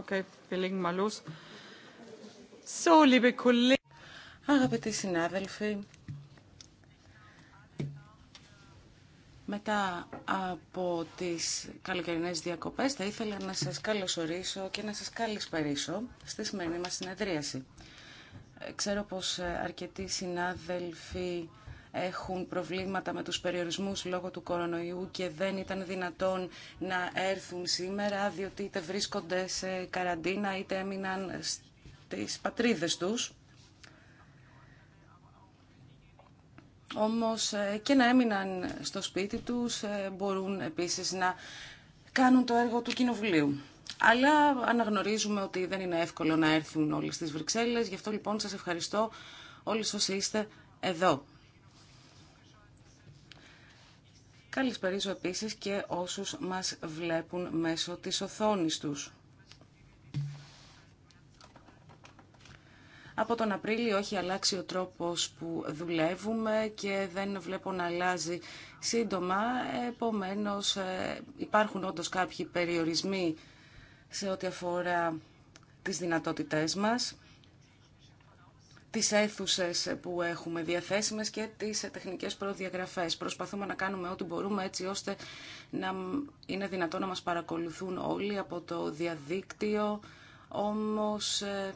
Okay, wir legen mal los. So, liebe Kollegen. Αγαπητοί συνάδελφοι, μετά από τις καλοκαιρινές διακοπές θα ήθελα να σας καλωσορίσω και να σας καλησπερίσω στη σημερινή μας συνεδρίαση. Ε, ξέρω πως ε, αρκετοί συνάδελφοι έχουν προβλήματα με τους περιορισμούς λόγω του κορονοϊού και δεν ήταν δυνατόν να έρθουν σήμερα διότι είτε βρίσκονται σε καραντίνα είτε έμειναν στις πατρίδες τους. Όμως ε, και να έμειναν στο σπίτι τους ε, μπορούν επίσης να κάνουν το έργο του Κοινοβουλίου. Αλλά αναγνωρίζουμε ότι δεν είναι εύκολο να έρθουν όλοι στις Βρυξέλλες, γι' αυτό λοιπόν σας ευχαριστώ όλους όσοι είστε εδώ. Καλησπέριζω επίσης και όσους μας βλέπουν μέσω της οθόνης τους. Από τον Απρίλιο έχει αλλάξει ο τρόπος που δουλεύουμε και δεν βλέπω να αλλάζει σύντομα. Επομένως ε, υπάρχουν όντως κάποιοι περιορισμοί σε ό,τι αφορά τις δυνατότητές μας τις αίθουσε που έχουμε διαθέσιμες και τις τεχνικές προδιαγραφές. Προσπαθούμε να κάνουμε ό,τι μπορούμε έτσι ώστε να είναι δυνατό να μας παρακολουθούν όλοι από το διαδίκτυο, όμως ε,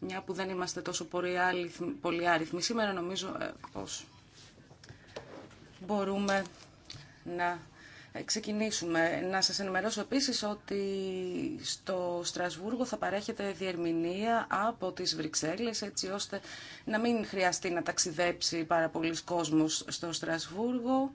μια που δεν είμαστε τόσο πολύ άριθμοι σήμερα νομίζω ε, πως μπορούμε να ξεκινήσουμε. Να σας ενημερώσω επίσης ότι στο Στρασβούργο θα παρέχεται διερμηνία από τις Βρυξέλλες έτσι ώστε να μην χρειαστεί να ταξιδέψει πάρα πολλοί κόσμος στο Στρασβούργο.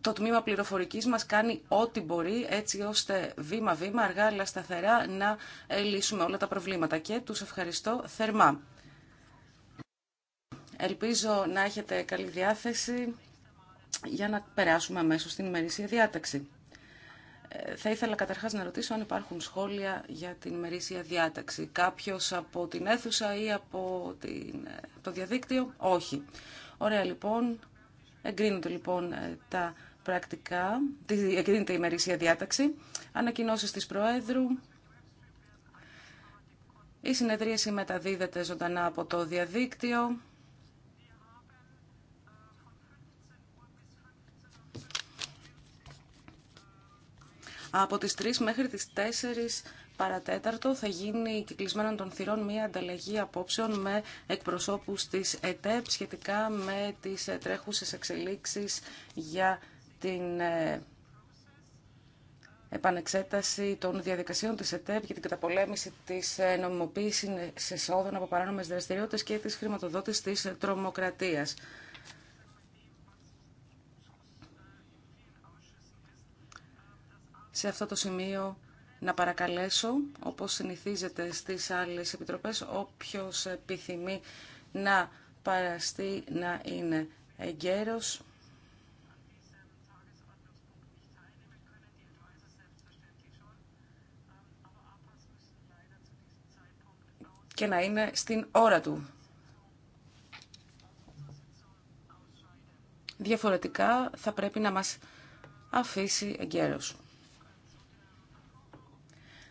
Το τμήμα πληροφορικής μας κάνει ό,τι μπορεί έτσι ώστε βήμα-βήμα, αργά αλλά σταθερά να ε, λύσουμε όλα τα προβλήματα και τους ευχαριστώ θερμά. Ελπίζω να έχετε καλή διάθεση για να περάσουμε αμέσω στην ημερήσια διάταξη. Ε, θα ήθελα καταρχάς να ρωτήσω αν υπάρχουν σχόλια για την ημερήσια διάταξη. Κάποιος από την αίθουσα ή από ε, το διαδίκτυο. Όχι. Ωραία λοιπόν. Εγκρίνονται λοιπόν ε, τα πρακτικά. Εγκρίνεται η ημερήσια διάταξη. Ανακοινώσεις της Προέδρου. Η συνεδρίαση μεταδίδεται ζωντανά από το διαδίκτυο. Από τις 3 μέχρι τις 4 παρατέταρτο θα γίνει κυκλισμένων των θυρών μία ανταλλαγή απόψεων με εκπροσώπους της ΕΤΕΠ σχετικά με τις ε, τρέχουσες εξελίξεις για την ε, επανεξέταση των διαδικασιών της ΕΤΕΠ για την καταπολέμηση της ε, νομιμοποίησης εσόδων από παράνομες δραστηριότητες και της χρηματοδότησης της τρομοκρατίας. σε αυτό το σημείο να παρακαλέσω, όπως συνηθίζεται στις άλλες επιτροπές, όποιος επιθυμεί να παραστεί να είναι εγκαίρος. και να είναι στην ώρα του. Διαφορετικά θα πρέπει να μας αφήσει εγκαίρος.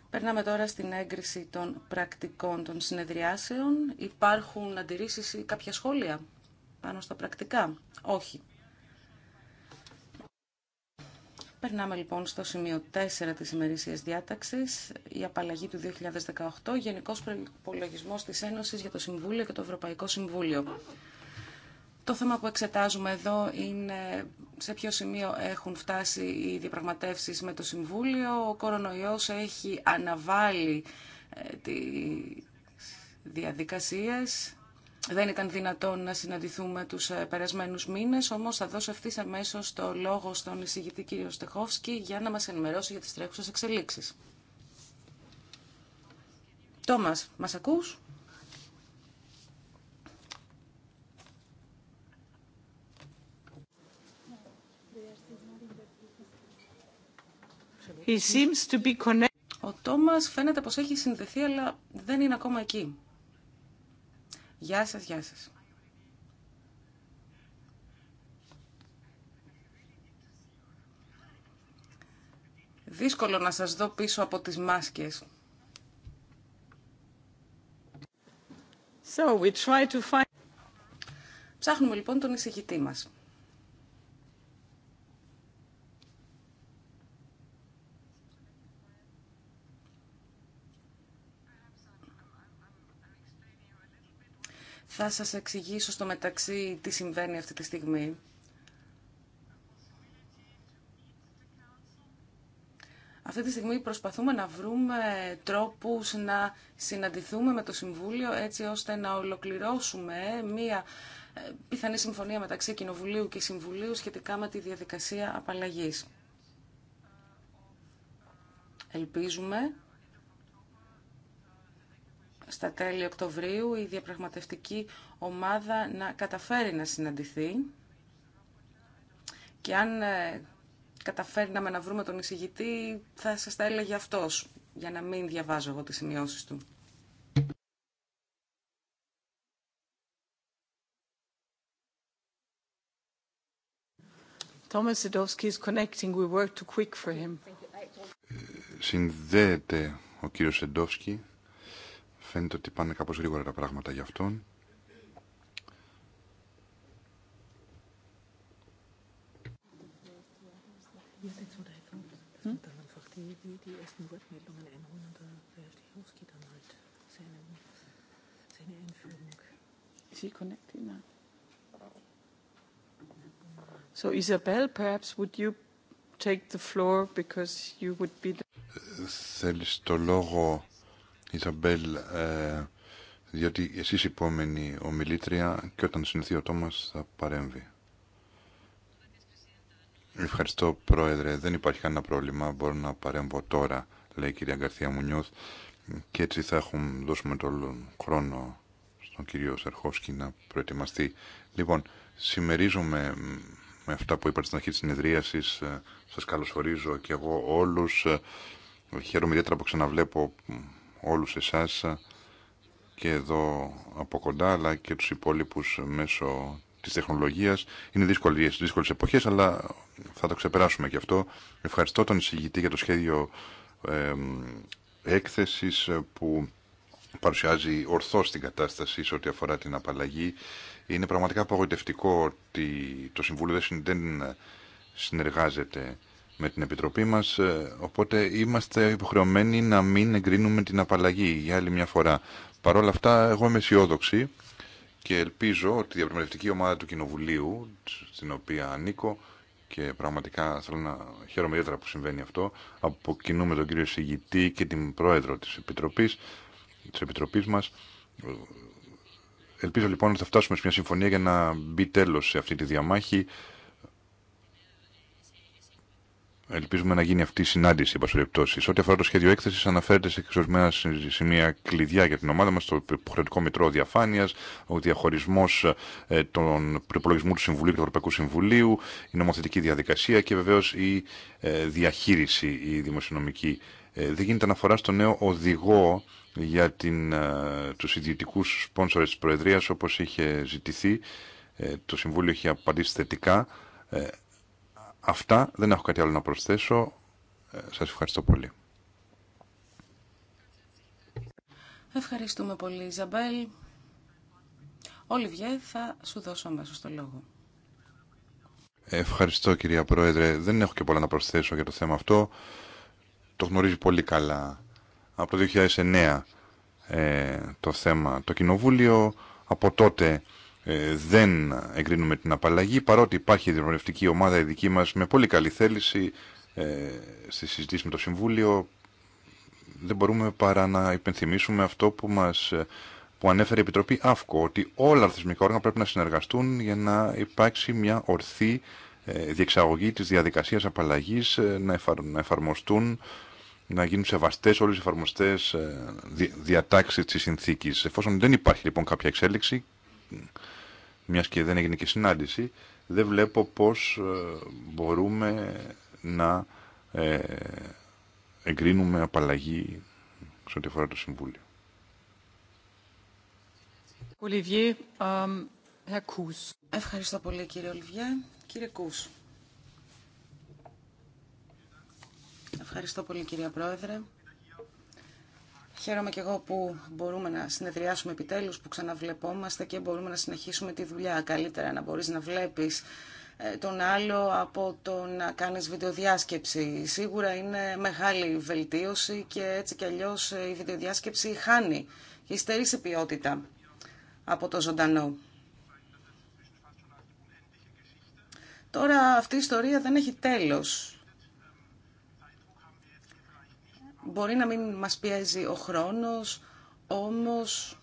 Περνάμε τώρα στην έγκριση των πρακτικών των συνεδριάσεων. Υπάρχουν αντιρρήσει ή κάποια σχόλια πάνω στα πρακτικά. Όχι. Περνάμε λοιπόν στο σημείο 4 της ημερήσιας διάταξης, η απαλλαγή του 2018, Γενικός Προπολογισμός της Ένωσης για το Συμβούλιο και το Ευρωπαϊκό Συμβούλιο. Το θέμα που εξετάζουμε εδώ είναι σε ποιο σημείο έχουν φτάσει οι διαπραγματεύσεις με το Συμβούλιο. Ο κορονοϊός έχει αναβάλει ε, τη διαδικασίες. Δεν ήταν δυνατόν να συναντηθούμε τους ε, περασμένους μήνες, όμως θα δώσω ευθύ αμέσω το λόγο στον εισηγητή κύριο Στεχόφσκι για να μας ενημερώσει για τις τρέχουσες εξελίξεις. Τόμας, μας ακούς? He seems to be Ο Τόμας φαίνεται πως έχει συνδεθεί, αλλά δεν είναι ακόμα εκεί. Γεια σας, γεια σας. Δύσκολο να σας δω πίσω από τις μάσκες. So we try to find... Ψάχνουμε λοιπόν τον εισηγητή μας. Θα σας εξηγήσω στο μεταξύ τι συμβαίνει αυτή τη στιγμή. Αυτή τη στιγμή προσπαθούμε να βρούμε τρόπους να συναντηθούμε με το Συμβούλιο έτσι ώστε να ολοκληρώσουμε μία ε, πιθανή συμφωνία μεταξύ Κοινοβουλίου και Συμβουλίου σχετικά με τη διαδικασία απαλλαγής. Ελπίζουμε στα τέλη Οκτωβρίου η διαπραγματευτική ομάδα να καταφέρει να συναντηθεί και αν ε, καταφέρει να βρούμε τον εισηγητή θα σας τα έλεγε αυτός για να μην διαβάζω εγώ τις σημειώσεις του. Thomas is connecting. We work too quick for him. Ε, συνδέεται ο κύριος Σεντόφσκι. Φαίνεται ότι πάνε κάπως γρήγορα τα πράγματα για αυτόν. So Isabel, perhaps would you take the floor because you would be the... Θέλεις το λόγο Ιζαμπέλ, ε, διότι εσείς επόμενη ομιλήτρια και όταν συνηθεί ο Τόμας θα παρέμβει. Ευχαριστώ Πρόεδρε, δεν υπάρχει κανένα πρόβλημα, μπορώ να παρέμβω τώρα, λέει η κυρία Γκαρθία Μουνιώθ και έτσι θα έχουμε, δώσουμε τον χρόνο στον κύριο Σερχόσκι να προετοιμαστεί. Λοιπόν, συμμερίζομαι με αυτά που είπατε στην αρχή της συνεδρίασης, ε, σας καλωσορίζω και εγώ όλους, ε, χαίρομαι ιδιαίτερα που ξαναβλέπω όλους εσάς και εδώ από κοντά αλλά και τους υπόλοιπους μέσω της τεχνολογίας. Είναι δύσκολες, δύσκολες εποχές αλλά θα το ξεπεράσουμε και αυτό. Ευχαριστώ τον εισηγητή για το σχέδιο ε, έκθεσης που παρουσιάζει ορθώς την κατάσταση σε ό,τι αφορά την απαλλαγή. Είναι πραγματικά απογοητευτικό ότι το Συμβούλιο δεν συνεργάζεται με την Επιτροπή μας, ε, οπότε είμαστε υποχρεωμένοι να μην εγκρίνουμε την απαλλαγή για άλλη μια φορά. Παρ' όλα αυτά, εγώ είμαι αισιόδοξη και ελπίζω ότι η διαπραγματευτική ομάδα του Κοινοβουλίου, στην οποία ανήκω, και πραγματικά θέλω να χαίρομαι ιδιαίτερα που συμβαίνει αυτό, αποκοινούμε τον κύριο Συγητή και την πρόεδρο της Επιτροπής, της Επιτροπής μας, ε, Ελπίζω λοιπόν ότι θα φτάσουμε σε μια συμφωνία για να μπει τέλος σε αυτή τη διαμάχη. Ελπίζουμε να γίνει αυτή η συνάντηση, εν Ό,τι αφορά το σχέδιο έκθεση, αναφέρεται σε ορισμένα σημεία κλειδιά για την ομάδα μα, το υποχρεωτικό μητρό διαφάνεια, ο διαχωρισμό ε, των προπολογισμού του Συμβουλίου και του Ευρωπαϊκού Συμβουλίου, η νομοθετική διαδικασία και βεβαίω η ε, διαχείριση, η δημοσιονομική. Ε, δεν γίνεται αναφορά στο νέο οδηγό για ε, τους ιδιωτικούς σπόνσορες της Προεδρίας είχε ζητηθεί. Ε, το Συμβούλιο είχε απαντήσει θετικά. Ε, Αυτά δεν έχω κάτι άλλο να προσθέσω. Ε, σας ευχαριστώ πολύ. Ευχαριστούμε πολύ, Ιζαμπέλ. Όλιβιέ, θα σου δώσω αμέσω το λόγο. Ευχαριστώ, κυρία Πρόεδρε. Δεν έχω και πολλά να προσθέσω για το θέμα αυτό. Το γνωρίζει πολύ καλά. Από το 2009 ε, το θέμα το Κοινοβούλιο. Από τότε ε, δεν εγκρίνουμε την απαλλαγή, παρότι υπάρχει διαπραγματευτική ομάδα η δική μας με πολύ καλή θέληση ε, στη συζήτηση με το Συμβούλιο, δεν μπορούμε παρά να υπενθυμίσουμε αυτό που μας ε, που ανέφερε η Επιτροπή ΑΦΚΟ, ότι όλα τα θεσμικά όργανα πρέπει να συνεργαστούν για να υπάρξει μια ορθή διεξαγωγή της διαδικασίας απαλλαγής, να, εφαρ, να εφαρμοστούν, να γίνουν σεβαστές όλες οι εφαρμοστές διατάξεις της συνθήκης. Εφόσον δεν υπάρχει λοιπόν κάποια εξέλιξη, μιας και δεν έγινε και συνάντηση, δεν βλέπω πώς ε, μπορούμε να ε, εγκρίνουμε απαλλαγή σε ό,τι αφορά το Συμβούλιο. Um, Ευχαριστώ πολύ κύριε Ολιβιέ. Κύριε Κούς. Ευχαριστώ πολύ κυρία Πρόεδρε. Χαίρομαι και εγώ που μπορούμε να συνεδριάσουμε επιτέλους, που ξαναβλεπόμαστε και μπορούμε να συνεχίσουμε τη δουλειά. Καλύτερα να μπορείς να βλέπεις ε, τον άλλο από το να κάνεις βιντεοδιάσκεψη. Σίγουρα είναι μεγάλη βελτίωση και έτσι κι αλλιώς ε, η βιντεοδιάσκεψη χάνει και υστερεί σε ποιότητα από το ζωντανό. Τώρα αυτή η ιστορία δεν έχει τέλος. Μπορεί να μην μας πιέζει ο χρόνος, όμως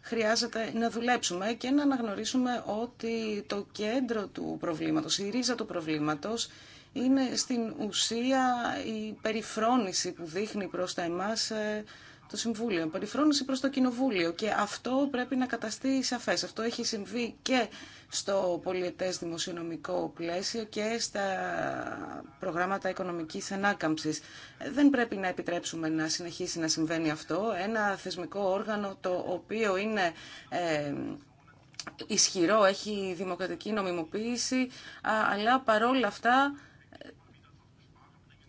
χρειάζεται να δουλέψουμε και να αναγνωρίσουμε ότι το κέντρο του προβλήματος, η ρίζα του προβλήματος είναι στην ουσία η περιφρόνηση που δείχνει προς τα εμάς ε, το Συμβούλιο, Περιφρόνηση προ το Κοινοβούλιο και αυτό πρέπει να καταστεί σαφές. Αυτό έχει συμβεί και στο πολιτέ δημοσιονομικό πλαίσιο και στα προγράμματα οικονομική ανάκαμψη. Δεν πρέπει να επιτρέψουμε να συνεχίσει να συμβαίνει αυτό. Ένα θεσμικό όργανο το οποίο είναι... Ε, ισχυρό, έχει δημοκρατική νομιμοποίηση, αλλά παρόλα αυτά ε,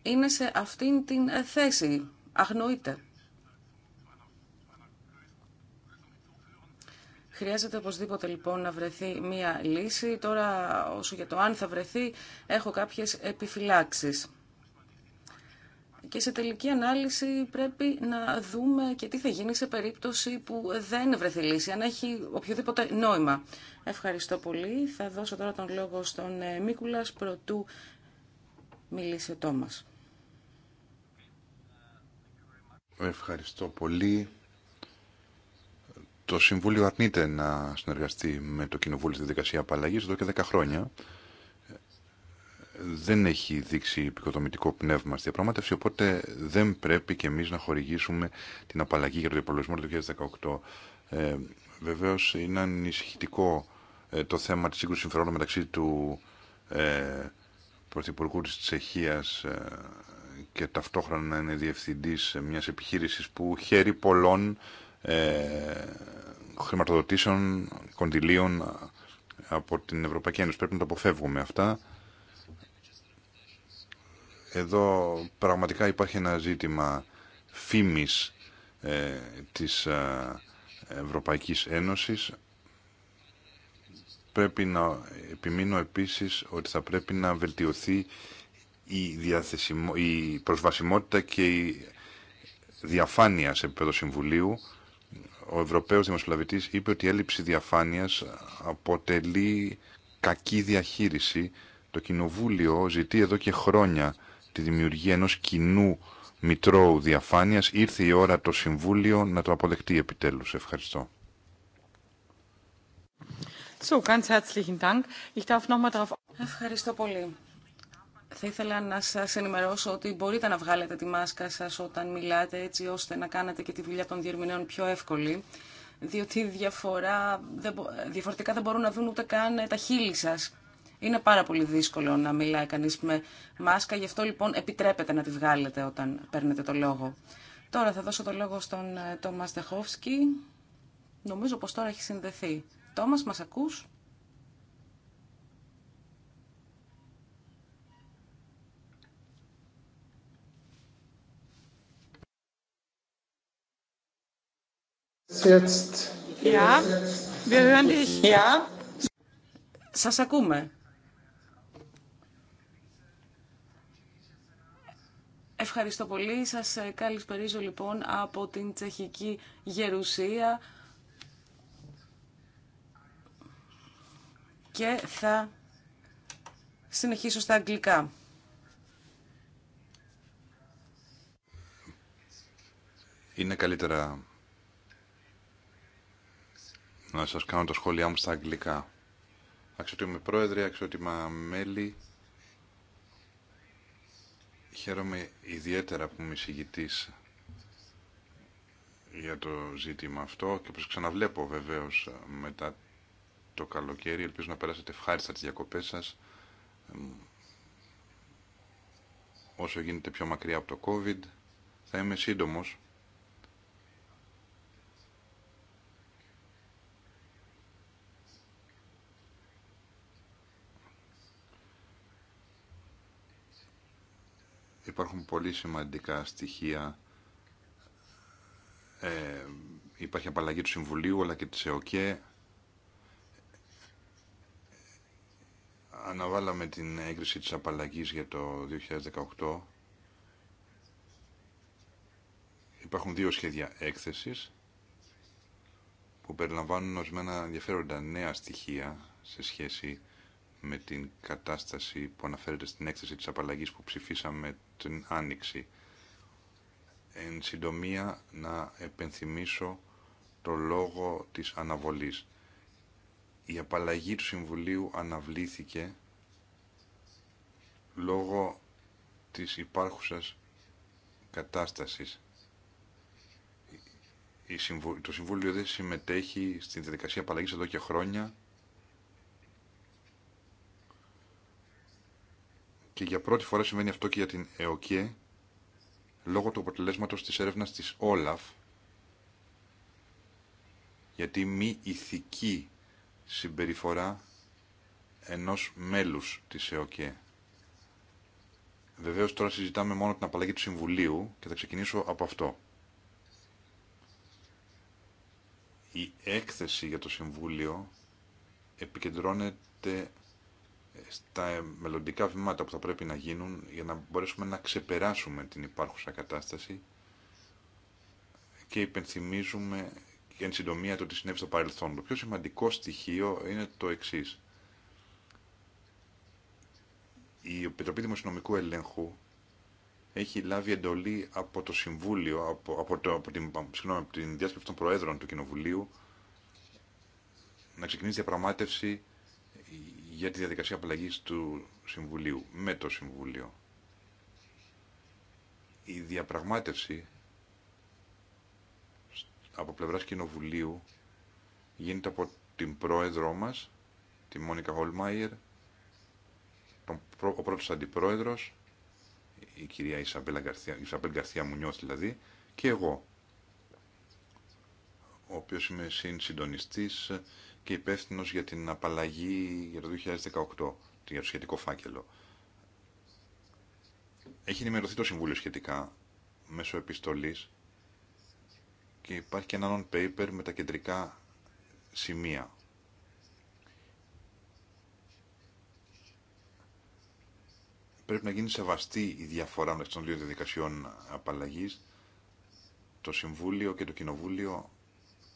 είναι σε αυτήν την θέση. Αγνοείται. Χρειάζεται οπωσδήποτε λοιπόν να βρεθεί μία λύση. Τώρα όσο για το αν θα βρεθεί έχω κάποιες επιφυλάξεις. Και σε τελική ανάλυση πρέπει να δούμε και τι θα γίνει σε περίπτωση που δεν βρεθεί λύση, αν έχει οποιοδήποτε νόημα. Ευχαριστώ πολύ. Θα δώσω τώρα τον λόγο στον ε, Μίκουλας προτού μιλήσει ο Τόμας. Ευχαριστώ πολύ. Το Συμβούλιο αρνείται να συνεργαστεί με το Κοινοβούλιο στη δικασία απαλλαγής εδώ και 10 χρόνια. Δεν έχει δείξει επικοδομητικό πνεύμα στη διαπραγμάτευση, οπότε δεν πρέπει και εμείς να χορηγήσουμε την απαλλαγή για το υπολογισμό του 2018. Ε, βεβαίως είναι ανησυχητικό ε, το θέμα της σύγκρουσης συμφερόντων μεταξύ του ε, Πρωθυπουργού της Τσεχίας ε, και ταυτόχρονα είναι διευθυντής μιας επιχείρησης που χαίρει πολλών ε, χρηματοδοτήσεων, κοντιλίων ε, από την Ευρωπαϊκή Ένωση. Πρέπει να τα αποφεύγουμε αυτά. Εδώ πραγματικά υπάρχει ένα ζήτημα φήμης ε, της Ευρωπαϊκής Ένωσης. Πρέπει να επιμείνω επίσης ότι θα πρέπει να βελτιωθεί η, η προσβασιμότητα και η διαφάνεια σε επίπεδο Συμβουλίου ο Ευρωπαίος Δημοσιολαβητής είπε ότι η έλλειψη διαφάνειας αποτελεί κακή διαχείριση. Το Κοινοβούλιο ζητεί εδώ και χρόνια τη δημιουργία ενός κοινού μητρώου διαφάνειας. Ήρθε η ώρα το Συμβούλιο να το αποδεχτεί επιτέλους. Ευχαριστώ. Ευχαριστώ πολύ. Θα ήθελα να σας ενημερώσω ότι μπορείτε να βγάλετε τη μάσκα σας όταν μιλάτε έτσι ώστε να κάνετε και τη δουλειά των διερμηνέων πιο εύκολη διότι διαφορά, διαφορετικά δεν μπορούν να δουν ούτε καν ε, τα χείλη σας. Είναι πάρα πολύ δύσκολο να μιλάει κανείς με μάσκα, γι' αυτό λοιπόν επιτρέπετε να τη βγάλετε όταν παίρνετε το λόγο. Τώρα θα δώσω το λόγο στον ε, Τόμας Δεχόφσκι. Νομίζω πως τώρα έχει συνδεθεί. Τόμας, μας ακούς? Jetzt. Ja, wir hören dich. Σας ακούμε. Ευχαριστώ πολύ. Σας ε, καλησπερίζω λοιπόν από την Τσεχική Γερουσία και θα συνεχίσω στα αγγλικά. Είναι καλύτερα να σας κάνω τα σχόλιά μου στα αγγλικά. Αξιότιμη πρόεδρε, αξιότιμα μέλη, χαίρομαι ιδιαίτερα που είμαι εισηγητής για το ζήτημα αυτό και όπως ξαναβλέπω βεβαίως μετά το καλοκαίρι, ελπίζω να περάσετε ευχάριστα τις διακοπές σας όσο γίνεται πιο μακριά από το COVID. Θα είμαι σύντομος υπάρχουν πολύ σημαντικά στοιχεία. Ε, υπάρχει απαλλαγή του Συμβουλίου αλλά και της ΕΟΚΕ. Αναβάλαμε την έγκριση της απαλλαγής για το 2018. Υπάρχουν δύο σχέδια έκθεσης που περιλαμβάνουν ορισμένα ενδιαφέροντα νέα στοιχεία σε σχέση με την κατάσταση που αναφέρεται στην έκθεση της απαλλαγής που ψηφίσαμε την Άνοιξη. Εν συντομία να επενθυμίσω το λόγο της αναβολής. Η απαλλαγή του Συμβουλίου αναβλήθηκε λόγω της υπάρχουσας κατάστασης. Το Συμβούλιο δεν συμμετέχει στην διαδικασία απαλλαγής εδώ και χρόνια και για πρώτη φορά συμβαίνει αυτό και για την ΕΟΚΕ λόγω του αποτελέσματος της έρευνας της Όλαφ Γιατί μη ηθική συμπεριφορά ενός μέλους της ΕΟΚΕ. Βεβαίως τώρα συζητάμε μόνο την απαλλαγή του Συμβουλίου και θα ξεκινήσω από αυτό. Η έκθεση για το Συμβούλιο επικεντρώνεται στα μελλοντικά βήματα που θα πρέπει να γίνουν για να μπορέσουμε να ξεπεράσουμε την υπάρχουσα κατάσταση και υπενθυμίζουμε και εν συντομία το τι συνέβη στο παρελθόν. Το πιο σημαντικό στοιχείο είναι το εξή. Η Επιτροπή Δημοσιονομικού Ελέγχου έχει λάβει εντολή από το Συμβούλιο, από, από, το, από την, συγγνώμη, από την διάσκεψη των Προέδρων του Κοινοβουλίου, να ξεκινήσει διαπραγμάτευση για τη διαδικασία απαλλαγή του Συμβουλίου, με το Συμβούλιο. Η διαπραγμάτευση από πλευράς Κοινοβουλίου γίνεται από την πρόεδρό μας, τη Μόνικα Χολμάιερ, ο πρώτος αντιπρόεδρος, η κυρία Ισαμπέλ Γκαρθία Μουνιώθ δηλαδή, και εγώ, ο οποίος είμαι συντονιστής και υπεύθυνο για την απαλλαγή για το 2018, για το σχετικό φάκελο. Έχει ενημερωθεί το Συμβούλιο σχετικά μέσω επιστολή και υπάρχει και ένα non-paper με τα κεντρικά σημεία. Πρέπει να γίνει σεβαστή η διαφορά μεταξύ των δύο διαδικασιών απαλλαγή. Το Συμβούλιο και το Κοινοβούλιο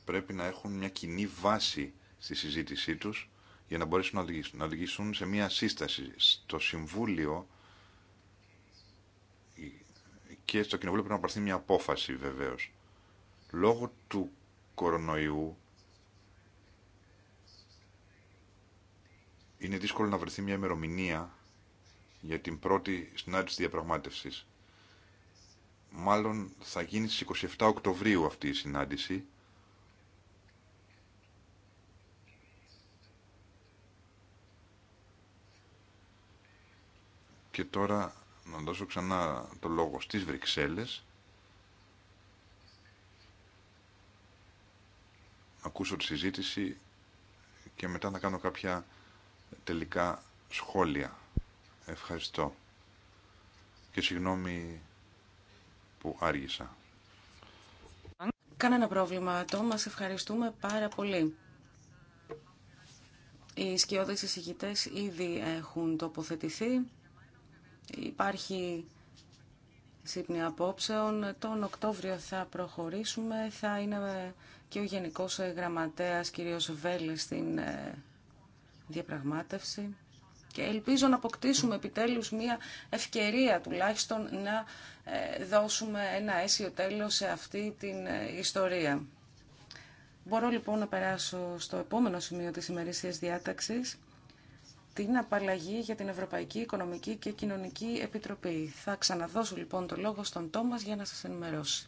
πρέπει να έχουν μια κοινή βάση στη συζήτησή τους για να μπορέσουν να οδηγήσουν, σε μια σύσταση στο Συμβούλιο και στο Κοινοβούλιο πρέπει να πάρθει μια απόφαση βεβαίως. Λόγω του κορονοϊού είναι δύσκολο να βρεθεί μια ημερομηνία για την πρώτη συνάντηση διαπραγμάτευσης. Μάλλον θα γίνει στις 27 Οκτωβρίου αυτή η συνάντηση Και τώρα να δώσω ξανά το λόγο στις Βρυξέλλες. Ακούσω τη συζήτηση και μετά να κάνω κάποια τελικά σχόλια. Ευχαριστώ. Και συγγνώμη που άργησα. Κανένα πρόβλημα, μας Ευχαριστούμε πάρα πολύ. Οι σκιώδες εισηγητές ήδη έχουν τοποθετηθεί υπάρχει σύπνη απόψεων. Τον Οκτώβριο θα προχωρήσουμε. Θα είναι και ο Γενικός Γραμματέας κυρίως Βέλη στην ε, διαπραγμάτευση. Και ελπίζω να αποκτήσουμε επιτέλους μια ευκαιρία τουλάχιστον να ε, δώσουμε ένα αίσιο τέλος σε αυτή την ε, ιστορία. Μπορώ λοιπόν να περάσω στο επόμενο σημείο της ημερήσιας διάταξης την απαλλαγή για την Ευρωπαϊκή Οικονομική και Κοινωνική Επιτροπή. Θα ξαναδώσω λοιπόν το λόγο στον Τόμας για να σας ενημερώσει.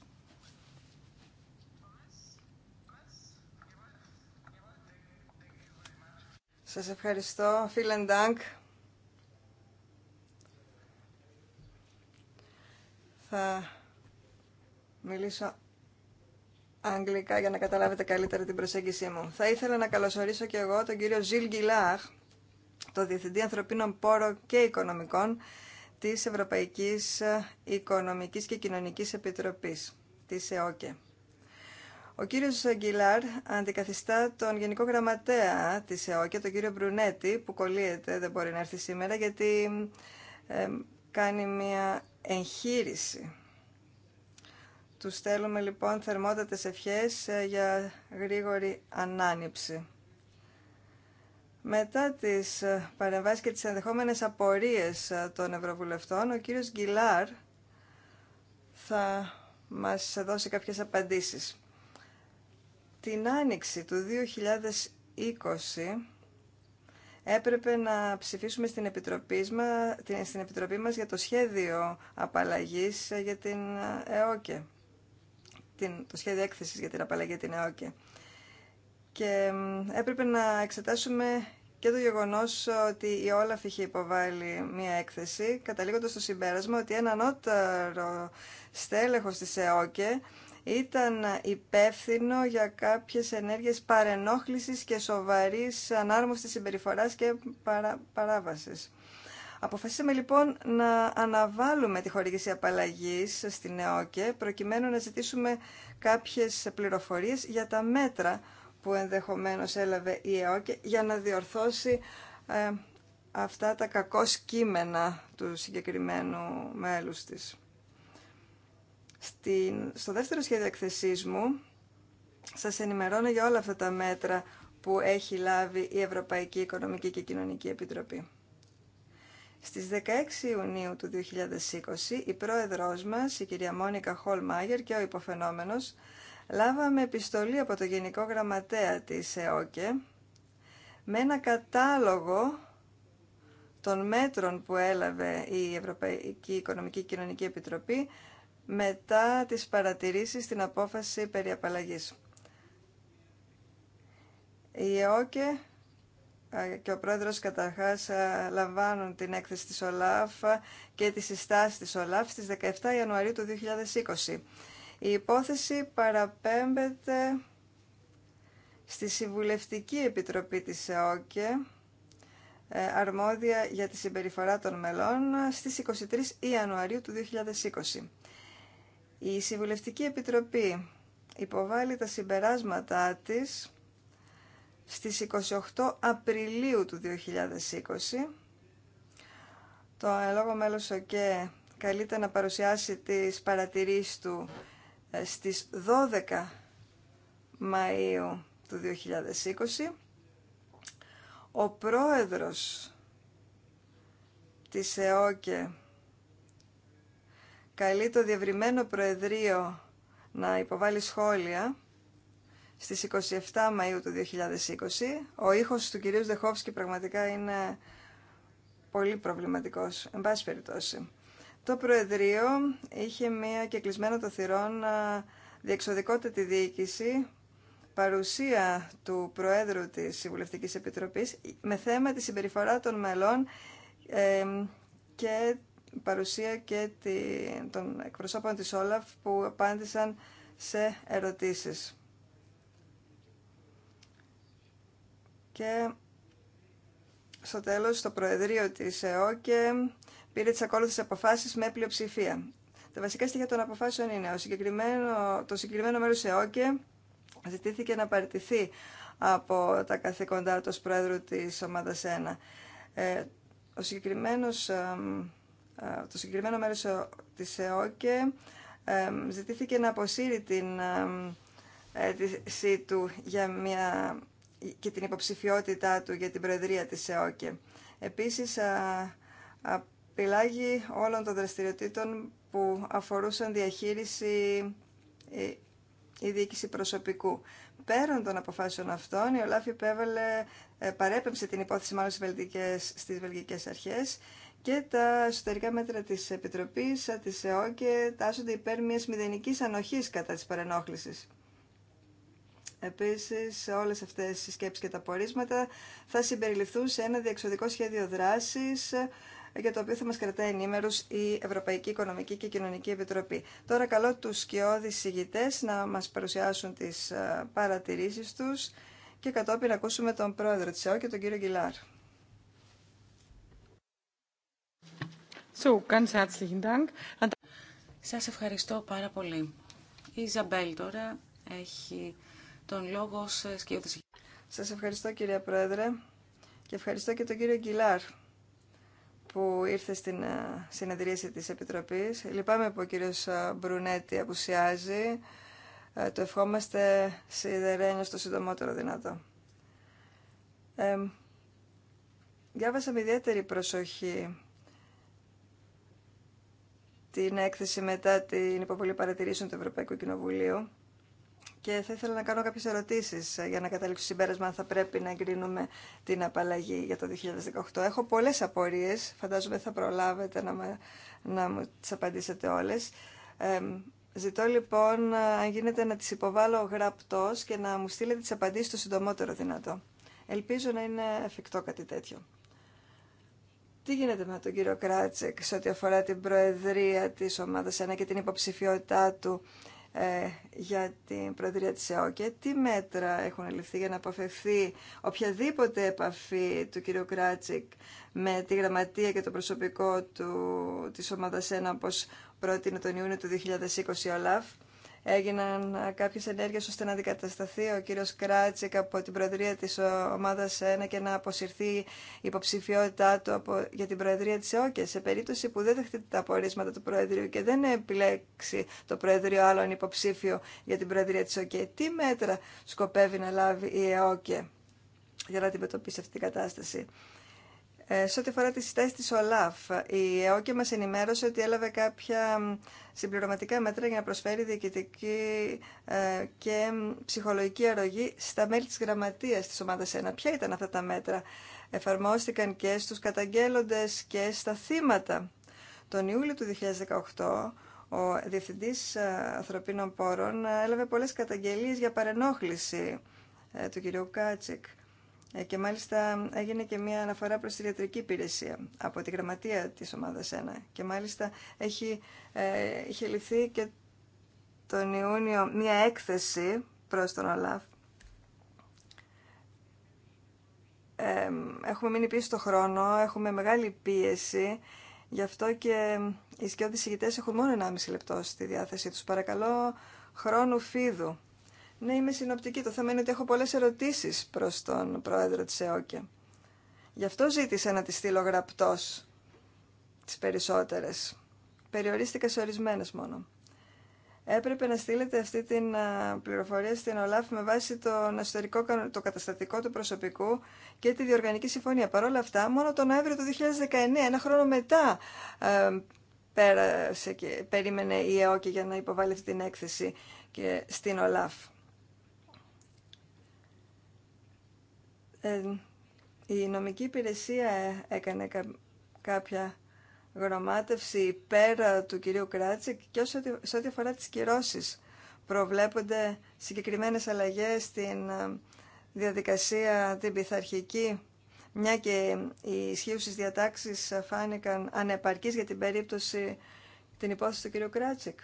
Σας ευχαριστώ. Vielen Dank. Θα μιλήσω αγγλικά για να καταλάβετε καλύτερα την προσέγγιση μου. Θα ήθελα να καλωσορίσω και εγώ τον κύριο Ζιλ Γκυλάχ, το Διευθυντή Ανθρωπίνων Πόρων και Οικονομικών της Ευρωπαϊκής Οικονομικής και Κοινωνικής Επιτροπής, της ΕΟΚΕ. Ο κύριος Αγγιλάρ αντικαθιστά τον Γενικό Γραμματέα της ΕΟΚΕ, τον κύριο Μπρουνέτη, που κολλείεται, δεν μπορεί να έρθει σήμερα, γιατί κάνει μια εγχείρηση. Του στέλνουμε λοιπόν θερμότατες ευχές ε, για γρήγορη ανάνυψη. Μετά τις ε, παρεμβάσεις και τις ενδεχόμενες απορίες ε, των Ευρωβουλευτών, ο κύριος Γκυλάρ θα μας δώσει κάποιες απαντήσεις. Την Άνοιξη του 2020 έπρεπε να ψηφίσουμε στην Επιτροπή, μας, στην Επιτροπή για το σχέδιο απαλλαγής για την ε, ΕΟΚΕ. το σχέδιο έκθεσης για την απαλλαγή για την ΕΟΚΕ. Και έπρεπε να εξετάσουμε και το γεγονός ότι η Όλαφ είχε υποβάλει μία έκθεση, καταλήγοντα στο συμπέρασμα ότι ένα ανώτερο στέλεχος της ΕΟΚΕ ήταν υπεύθυνο για κάποιες ενέργειες παρενόχλησης και σοβαρής ανάρμοστης συμπεριφοράς και παρά, Αποφασίσαμε λοιπόν να αναβάλουμε τη χορήγηση απαλλαγή στην ΕΟΚΕ προκειμένου να ζητήσουμε κάποιες πληροφορίες για τα μέτρα που ενδεχομένως έλαβε η ΕΟΚ για να διορθώσει ε, αυτά τα κακό κείμενα του συγκεκριμένου μέλους της. Στην, στο δεύτερο σχέδιο εκθεσής μου σας ενημερώνω για όλα αυτά τα μέτρα που έχει λάβει η Ευρωπαϊκή Οικονομική και Κοινωνική Επιτροπή. Στις 16 Ιουνίου του 2020, η πρόεδρός μας, η κυρία Μόνικα Χολμάγερ και ο υποφαινόμενος λάβαμε επιστολή από το Γενικό Γραμματέα της ΕΟΚΕ με ένα κατάλογο των μέτρων που έλαβε η Ευρωπαϊκή Οικονομική Κοινωνική Επιτροπή μετά τις παρατηρήσεις στην απόφαση περί απαλλαγής. Η ΕΟΚΕ και ο πρόεδρος καταρχάς λαμβάνουν την έκθεση της ΟΛΑΦ και τις συστάσεις της ΟΛΑΦ στις 17 Ιανουαρίου του 2020. Η υπόθεση παραπέμπεται στη Συμβουλευτική Επιτροπή της ΕΟΚΕ, ε, αρμόδια για τη συμπεριφορά των μελών, στις 23 Ιανουαρίου του 2020. Η Συμβουλευτική Επιτροπή υποβάλλει τα συμπεράσματά της στις 28 Απριλίου του 2020. Το λόγο μέλος ΟΚΕ καλείται να παρουσιάσει τις παρατηρήσεις του ε, στις 12 Μαΐου του 2020 ο πρόεδρος της ΕΟΚΕ καλεί το διευρυμένο Προεδρείο να υποβάλει σχόλια στις 27 Μαΐου του 2020. Ο ήχος του κυρίου Δεχόφσκη πραγματικά είναι πολύ προβληματικός, εν πάση περιπτώσει. Το Προεδρείο είχε μία κεκλεισμένα το θυρών τη διοίκηση παρουσία του Προέδρου της Συμβουλευτικής Επιτροπής με θέμα τη συμπεριφορά των μελών και παρουσία και των εκπροσώπων της Όλαφ που απάντησαν σε ερωτήσεις. Και στο τέλος, στο Προεδρείο της ΕΟΚΕ πήρε τι ακόλουθε αποφάσει με πλειοψηφία. Τα βασικά στοιχεία των αποφάσεων είναι ο συγκεκριμένο, το συγκεκριμένο μέρο ΕΟΚΕ ζητήθηκε να παραιτηθεί από τα καθήκοντά του πρόεδρου της ομάδας 1. Ε, ο συγκεκριμένος, ε, το συγκεκριμένο μέρο τη ΕΟΚΕ ε, ζητήθηκε να αποσύρει την αίτησή του για μια, και την υποψηφιότητά του για την προεδρία της ΕΟΚΕ. Επίσης, α, πελάγι όλων των δραστηριοτήτων που αφορούσαν διαχείριση ή ε, διοίκηση προσωπικού. Πέραν των αποφάσεων αυτών, η Ολάφ υπέβαλε, ολαφη υπεβαλε παρεπεμψε την υπόθεση μάλλον στις βελγικές, αρχές και τα εσωτερικά μέτρα της Επιτροπής, ε, της ΕΟΚΕ και τάσσονται υπέρ μιας μηδενικής ανοχής κατά της παρενόχλησης. Επίσης, όλες αυτές οι σκέψεις και τα πορίσματα θα συμπεριληφθούν σε ένα διεξοδικό σχέδιο δράσης για το οποίο θα μας κρατάει ενήμερους η Ευρωπαϊκή Οικονομική και Κοινωνική Επιτροπή. Τώρα καλώ τους σκιώδεις ηγητές να μας παρουσιάσουν τις ε, παρατηρήσεις τους και κατόπιν να ακούσουμε τον πρόεδρο της ΕΟ και τον κύριο Γκυλάρ. So, Σας ευχαριστώ πάρα πολύ. Η Ιζαμπέλ τώρα έχει τον λόγο σε σκιώδηση. Σας ευχαριστώ κύριε Πρόεδρε και ευχαριστώ και τον κύριο Γκυλάρ που ήρθε στην ε, συνεδρίαση της Επιτροπής. Λυπάμαι που ο κύριος ε, Μπρουνέτη απουσιάζει. Ε, το ευχόμαστε σιδερένιο στο συντομότερο δυνατό. Ε, διάβασα με ιδιαίτερη προσοχή την έκθεση μετά την υποβολή παρατηρήσεων του Ευρωπαϊκού Κοινοβουλίου και θα ήθελα να κάνω κάποιες ερωτήσεις ε, για να καταλήξω συμπέρασμα αν θα πρέπει να εγκρίνουμε την απαλλαγή για το 2018. Έχω πολλές απορίες, φαντάζομαι θα προλάβετε να, να μου τις απαντήσετε όλες. Ε, ζητώ λοιπόν, ε, αν γίνεται, να τις υποβάλω γραπτός και να μου στείλετε τις απαντήσεις το συντομότερο δυνατό. Ελπίζω να είναι εφικτό κάτι τέτοιο. Τι γίνεται με τον κύριο Κράτσεκ σε ό,τι αφορά την προεδρία της ομάδας 1 και την υποψηφιότητά του ε, για την Προεδρία της ΕΟΚΕ. τι μέτρα έχουν ληφθεί για να αποφευθεί οποιαδήποτε επαφή του κ. Κράτσικ με τη γραμματεία και το προσωπικό του, της ομάδας 1 όπως πρότεινε τον Ιούνιο του 2020 η ΟΛΑΦ έγιναν ε, κάποιες ενέργειες ώστε να αντικατασταθεί ο κύριος Κράτσικ από την Προεδρία της Ομάδας 1 και να αποσυρθεί η υποψηφιότητά του από, για την Προεδρία της ΕΟΚΕ. Σε περίπτωση που δεν δεχτείτε τα απορίσματα του Προεδρείου και δεν επιλέξει το Προεδρείο άλλον υποψήφιο για την Προεδρία της ΕΟΚΕ, τι μέτρα σκοπεύει να λάβει η ΕΟΚΕ για να αντιμετωπίσει αυτή την κατάσταση. Ε, σε ό,τι αφορά τις της ΟΛΑΦ, η ΕΟΚΕ μας ενημέρωσε ότι έλαβε κάποια συμπληρωματικά μέτρα για να προσφέρει διοικητική ε, και ψυχολογική αρρωγή στα μέλη της γραμματείας της ομάδας 1. Ποια ήταν αυτά τα μέτρα. Εφαρμόστηκαν και στους καταγγέλλοντες και στα θύματα. Τον Ιούλιο του 2018, ο Διευθυντής ε, Ανθρωπίνων Πόρων έλαβε πολλές καταγγελίες για παρενόχληση του κ. Κάτσικ ε, και μάλιστα έγινε και μια αναφορά προς τη ιατρική υπηρεσία από τη γραμματεία της ομάδας 1. Και μάλιστα έχει, ε, και τον Ιούνιο μια έκθεση προς τον ΟΛΑΦ. Ε, έχουμε μείνει πίσω στο χρόνο, έχουμε μεγάλη πίεση, γι' αυτό και οι σκιώδεις ηγητές έχουν μόνο 1,5 λεπτό στη διάθεσή τους. Παρακαλώ, χρόνου φίδου. Ναι, είμαι συνοπτική. Το θέμα είναι ότι έχω πολλές ερωτήσεις προς τον πρόεδρο της ΕΟΚΕ. Γι' αυτό ζήτησα να τη στείλω γραπτός τις περισσότερες. Περιορίστηκα σε ορισμένες μόνο. Έπρεπε να στείλετε αυτή την πληροφορία στην ΟΛΑΦ με βάση τον εσωτερικό, το καταστατικό του προσωπικού και τη διοργανική συμφωνία. Παρ' όλα αυτά, μόνο τον Νοέμβριο του 2019, ένα χρόνο μετά, πέρασε και, περίμενε η ΕΟΚΕ για να υποβάλει αυτή την έκθεση και στην ΟΛΑΦ. Ε, η νομική υπηρεσία έκανε κάποια γραμμάτευση πέρα του κυρίου Κράτσεκ και σε ό,τι αφορά τις κυρώσεις. Προβλέπονται συγκεκριμένες αλλαγές στην ε, διαδικασία την πειθαρχική, μια και οι ισχύουσε διατάξεις φάνηκαν ανεπαρκείς για την περίπτωση την υπόθεση του κυρίου Κράτσικ.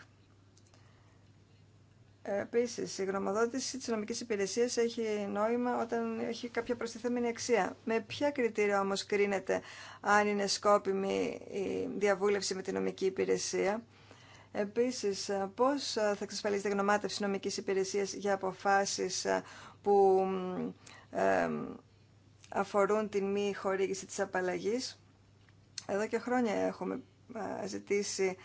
Επίση, η γνωμοδότηση τη νομική υπηρεσία έχει νόημα όταν έχει κάποια προστιθέμενη αξία. Με ποια κριτήρια όμω κρίνεται αν είναι σκόπιμη η διαβούλευση με την νομική υπηρεσία. Επίση, πώ θα εξασφαλίζεται η γνωμάτευση νομική υπηρεσία για αποφάσει που ε, αφορούν την μη χορήγηση της απαλλαγής. Εδώ και χρόνια έχουμε ε, ζητήσει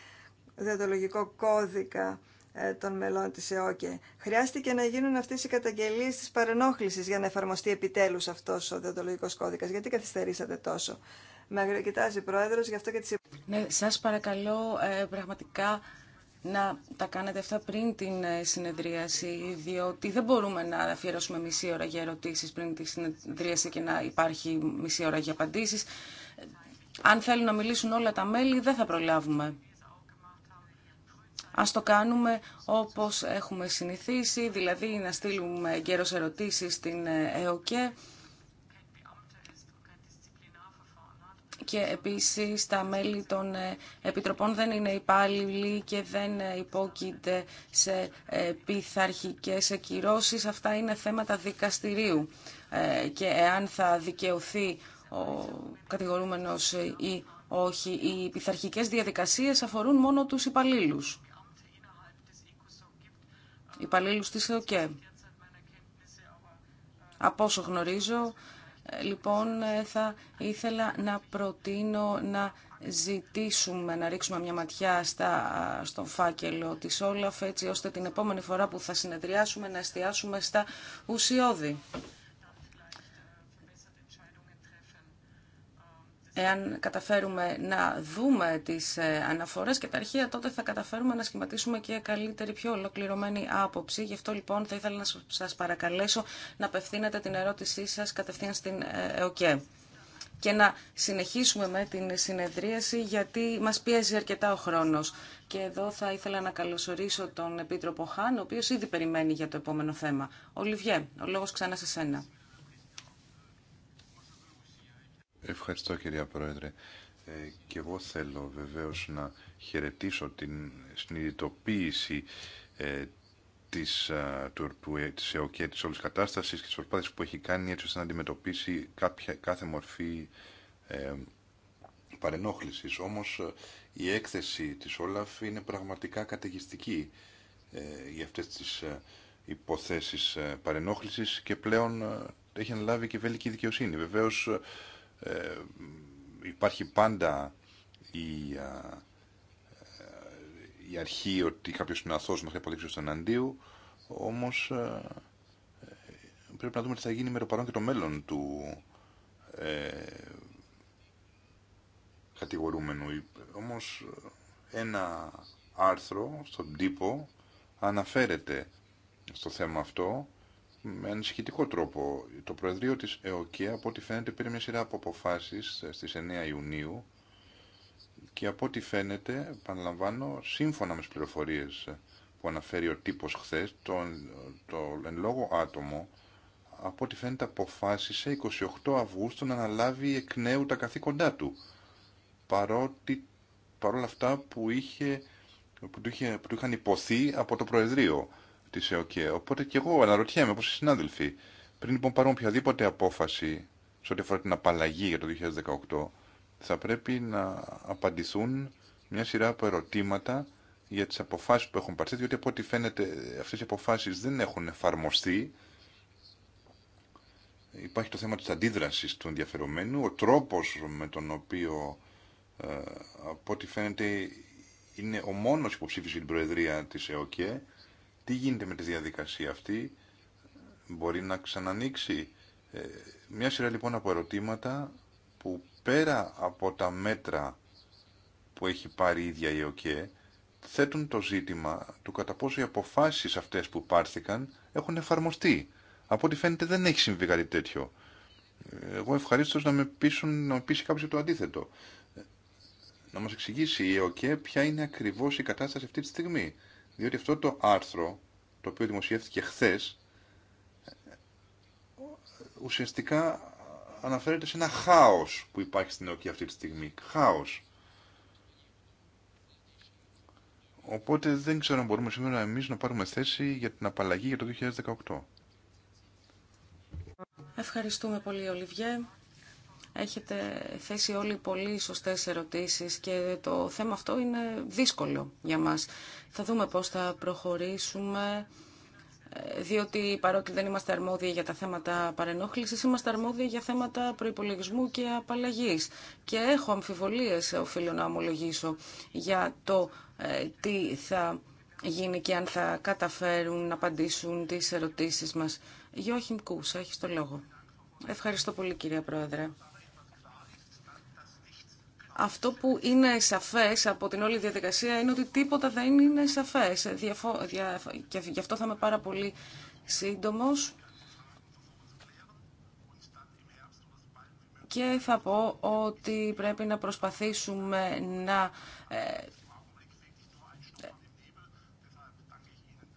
διοντολογικό κώδικα ε, των μελών της ΕΟΚΕ. Χρειάστηκε να γίνουν αυτές οι καταγγελίες της παρενόχλησης για να εφαρμοστεί επιτέλους αυτός ο διοντολογικός κώδικας. Γιατί καθυστερήσατε τόσο. Με αγροκοιτάζει η Πρόεδρος, γι' αυτό και τις... Ναι, σας παρακαλώ ε, πραγματικά να τα κάνετε αυτά πριν την ε, συνεδρίαση, διότι δεν μπορούμε να αφιερώσουμε μισή ώρα για ερωτήσεις πριν τη συνεδρίαση και να υπάρχει μισή ώρα για απαντήσεις. Αν θέλουν να μιλήσουν όλα τα μέλη, δεν θα προλάβουμε. Ας το κάνουμε όπως έχουμε συνηθίσει, δηλαδή να στείλουμε γέρος ερωτήσεις στην ε, ΕΟΚΕ και επίσης τα μέλη των ε, επιτροπών δεν είναι υπάλληλοι και δεν ε, υπόκειται σε πειθαρχικές κυρώσεις. Αυτά είναι θέματα δικαστηρίου και εάν θα δικαιωθεί ο κατηγορούμενος ή όχι. Οι πειθαρχικές διαδικασίες αφορούν μόνο τους υπαλλήλους υπαλλήλους της ΕΟΚΕ. Από όσο γνωρίζω, ε, λοιπόν, ε, θα ήθελα να προτείνω να ζητήσουμε να ρίξουμε μια ματιά στα, στον φάκελο της Όλαφ, έτσι ώστε την επόμενη φορά που θα συνεδριάσουμε να εστιάσουμε στα ουσιώδη. Εάν καταφέρουμε να δούμε τις ε, αναφορές και τα αρχεία, τότε θα καταφέρουμε να σχηματίσουμε και καλύτερη, πιο ολοκληρωμένη άποψη. Γι' αυτό λοιπόν θα ήθελα να σας παρακαλέσω να απευθύνετε την ερώτησή σας κατευθείαν στην ε, ΕΟΚΕ και να συνεχίσουμε με την συνεδρίαση γιατί μας πιέζει αρκετά ο χρόνος. Και εδώ θα ήθελα να καλωσορίσω τον Επίτροπο Χάν, ο οποίος ήδη περιμένει για το επόμενο θέμα. Ολιβιέ, ο λόγος ξανά σε σένα. Ευχαριστώ κυρία Πρόεδρε. Ε, και εγώ θέλω βεβαίως να χαιρετήσω την συνειδητοποίηση ε, της, του, του, ε, της ΕΟΚΕ, της όλης κατάστασης και της προσπάθειας που έχει κάνει έτσι ώστε να αντιμετωπίσει κάποια, κάθε μορφή ε, παρενόχλησης. Όμως ε, η έκθεση της Όλαφ είναι πραγματικά καταιγιστική ε, για αυτές τις ε, υποθέσεις ε, παρενόχλησης και πλέον έχει αναλάβει και βελική δικαιοσύνη. Βεβαίως ε, υπάρχει πάντα η, ε, η αρχή ότι κάποιος είναι αθώος μέχρι αποδείξει στον αντίου, όμως ε, πρέπει να δούμε τι θα γίνει με το παρόν και το μέλλον του ε, κατηγορούμενου. Όμως ένα άρθρο στον τύπο αναφέρεται στο θέμα αυτό με ανησυχητικό τρόπο. Το Προεδρείο της ΕΟΚΕ, από ό,τι φαίνεται, πήρε μια σειρά από αποφάσεις στις 9 Ιουνίου και από ό,τι φαίνεται, επαναλαμβάνω, σύμφωνα με τις πληροφορίες που αναφέρει ο τύπος χθες, το, το εν λόγω άτομο, από ό,τι φαίνεται, αποφάσισε 28 Αυγούστου να αναλάβει εκ νέου τα καθήκοντά του. Παρότι, παρόλα αυτά που, είχε, που, του είχε, που του είχαν υποθεί από το Προεδρείο της ΕΟΚΕ. Οπότε και εγώ αναρωτιέμαι, όπω οι συνάδελφοι, πριν λοιπόν πάρουμε οποιαδήποτε απόφαση σε ό,τι αφορά την απαλλαγή για το 2018, θα πρέπει να απαντηθούν μια σειρά από ερωτήματα για τι αποφάσει που έχουν πάρθει, διότι από ό,τι φαίνεται αυτέ οι αποφάσει δεν έχουν εφαρμοστεί. Υπάρχει το θέμα της αντίδρασης του ενδιαφερομένου, ο τρόπος με τον οποίο, ε, από ό,τι φαίνεται, είναι ο μόνος υποψήφιος για την Προεδρία της ΕΟΚΕ, τι γίνεται με τη διαδικασία αυτή, μπορεί να ξανανοίξει. Ε, μια σειρά λοιπόν από ερωτήματα που πέρα από τα μέτρα που έχει πάρει η ίδια η ΟΚΕ, θέτουν το ζήτημα του κατά πόσο οι αποφάσεις αυτές που πάρθηκαν έχουν εφαρμοστεί. Από ό,τι φαίνεται δεν έχει συμβεί κάτι τέτοιο. Εγώ ευχαρίστω να με πείσουν, να με πείσει κάποιο το αντίθετο. Ε, να μας εξηγήσει η ΕΟΚΕ ποια είναι ακριβώς η κατάσταση αυτή τη στιγμή διότι αυτό το άρθρο, το οποίο δημοσιεύτηκε χθες, ουσιαστικά αναφέρεται σε ένα χάος που υπάρχει στην ΕΟΚΙ αυτή τη στιγμή. Χάος. Οπότε δεν ξέρω αν μπορούμε σήμερα εμείς να πάρουμε θέση για την απαλλαγή για το 2018. Ευχαριστούμε πολύ, Ολιβιέ. Έχετε θέσει όλοι πολύ σωστές ερωτήσεις και το θέμα αυτό είναι δύσκολο για μας. Θα δούμε πώς θα προχωρήσουμε, ε, διότι παρότι δεν είμαστε αρμόδιοι για τα θέματα παρενόχλησης, είμαστε αρμόδιοι για θέματα προϋπολογισμού και απαλλαγής. Και έχω αμφιβολίες, οφείλω να ομολογήσω, για το ε, τι θα γίνει και αν θα καταφέρουν να απαντήσουν τις ερωτήσεις μας. Γιώχιμ Κούς, έχεις το λόγο. Ευχαριστώ πολύ κυρία Πρόεδρε. Αυτό που είναι σαφές από την όλη διαδικασία είναι ότι τίποτα δεν είναι σαφές. Διαφο... Και γι' αυτό θα είμαι πάρα πολύ σύντομος. Και θα πω ότι πρέπει να προσπαθήσουμε να ε,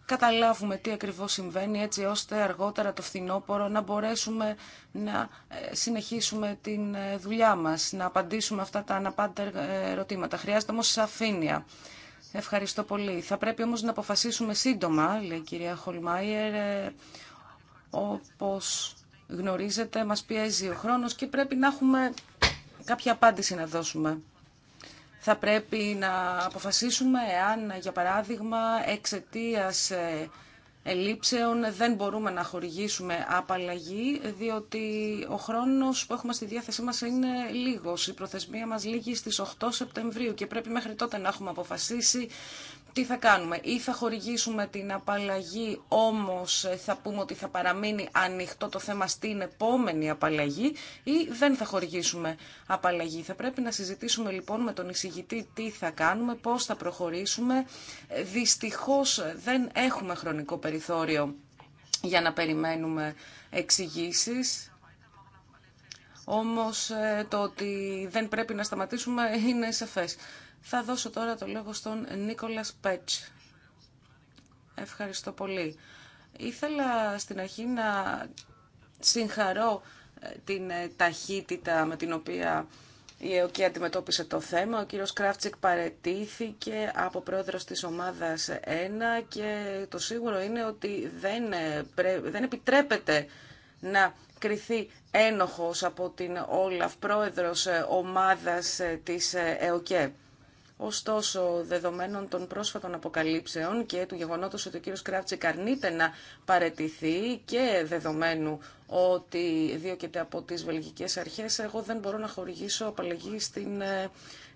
καταλάβουμε τι ακριβώς συμβαίνει έτσι ώστε αργότερα το φθινόπωρο να μπορέσουμε να ε, συνεχίσουμε την ε, δουλειά μας, να απαντήσουμε αυτά τα αναπάντα ε, ερωτήματα. Χρειάζεται όμως σαφήνεια. Ευχαριστώ πολύ. Θα πρέπει όμως να αποφασίσουμε σύντομα, λέει η κυρία Χολμάιερ, όπως γνωρίζετε μας πιέζει ο χρόνος και πρέπει να έχουμε κάποια απάντηση να δώσουμε θα πρέπει να αποφασίσουμε εάν, για παράδειγμα, εξαιτία ε, ελλείψεων δεν μπορούμε να χορηγήσουμε απαλλαγή, διότι ο χρόνος που έχουμε στη διάθεσή μας είναι λίγος. Η προθεσμία μας λήγει στις 8 Σεπτεμβρίου και πρέπει μέχρι τότε να έχουμε αποφασίσει τι θα κάνουμε. Ή θα χορηγήσουμε την απαλλαγή, όμως ε, θα πούμε ότι θα παραμείνει ανοιχτό το θέμα στην επόμενη απαλλαγή ή δεν θα χορηγήσουμε απαλλαγή. Θα πρέπει να συζητήσουμε λοιπόν με τον εισηγητή τι θα κάνουμε, πώς θα προχωρήσουμε. Ε, δυστυχώς ε, δεν έχουμε χρονικό περιθώριο για να περιμένουμε εξηγήσει. Όμως το ότι δεν πρέπει να σταματήσουμε είναι σαφές. Θα δώσω τώρα το λόγο στον Νίκολας Πέτς. Ευχαριστώ πολύ. Ήθελα στην αρχή να συγχαρώ ε, την ε, ταχύτητα με την οποία η ΕΟΚΕ αντιμετώπισε το θέμα. Ο κύριος Κράφτσικ παρετήθηκε από πρόεδρος της ομάδας 1 και το σίγουρο είναι ότι δεν, ε, δεν επιτρέπεται να κριθεί ένοχος από την Όλαφ πρόεδρος ομάδας της ΕΟΚΕ. Ωστόσο, δεδομένων των πρόσφατων αποκαλύψεων και του γεγονότος ότι ο κύριος Κράφτσικ καρνείται να παρετηθεί και δεδομένου ότι δίωκεται από τις βελγικές αρχές, εγώ δεν μπορώ να χορηγήσω απαλλαγή στην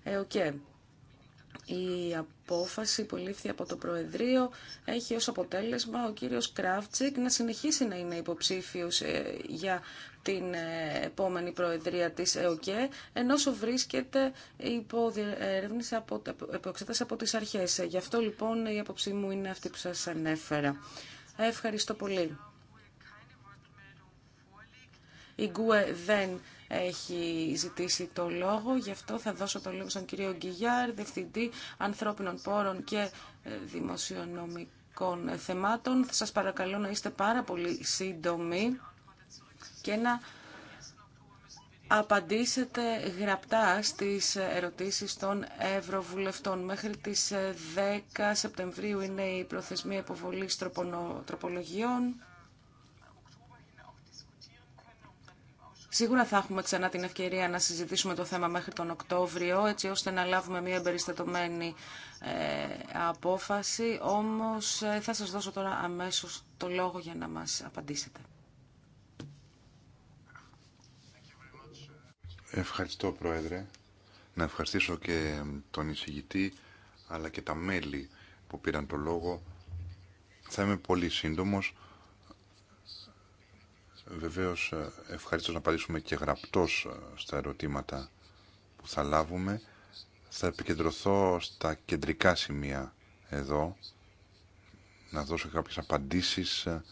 ΕΟΚΕ. Ε, η απόφαση που λήφθη από το Προεδρείο έχει ως αποτέλεσμα ο κύριος Κράφτσικ να συνεχίσει να είναι υποψήφιος ε, για την ε, επόμενη Προεδρία της ΕΟΚΕ, ενώ βρίσκεται υπό διερεύνηση από, από τις αρχές. Γι' αυτό λοιπόν η απόψη μου είναι αυτή που σας ανέφερα. Ευχαριστώ πολύ. Η έχει ζητήσει το λόγο. Γι' αυτό θα δώσω το λόγο στον κύριο Γκυγιάρ, Διευθυντή Ανθρώπινων Πόρων και ε, Δημοσιονομικών Θεμάτων. Σας παρακαλώ να είστε πάρα πολύ σύντομοι και να απαντήσετε γραπτά στις ερωτήσεις των Ευρωβουλευτών. Μέχρι τις 10 ε, Σεπτεμβρίου είναι η προθεσμία υποβολής τροπολογιών. Σίγουρα θα έχουμε ξανά την ευκαιρία να συζητήσουμε το θέμα μέχρι τον Οκτώβριο, έτσι ώστε να λάβουμε μια εμπεριστατωμένη ε, απόφαση. Όμως ε, θα σας δώσω τώρα αμέσως το λόγο για να μας απαντήσετε. Ευχαριστώ, Πρόεδρε. Να ευχαριστήσω και τον εισηγητή, αλλά και τα μέλη που πήραν το λόγο. Θα είμαι πολύ σύντομος. Βεβαίως ε, ευχαριστώ να απαντήσουμε και γραπτός ε, στα ερωτήματα που θα λάβουμε. Θα επικεντρωθώ στα κεντρικά σημεία εδώ, να δώσω κάποιες απαντήσεις ε,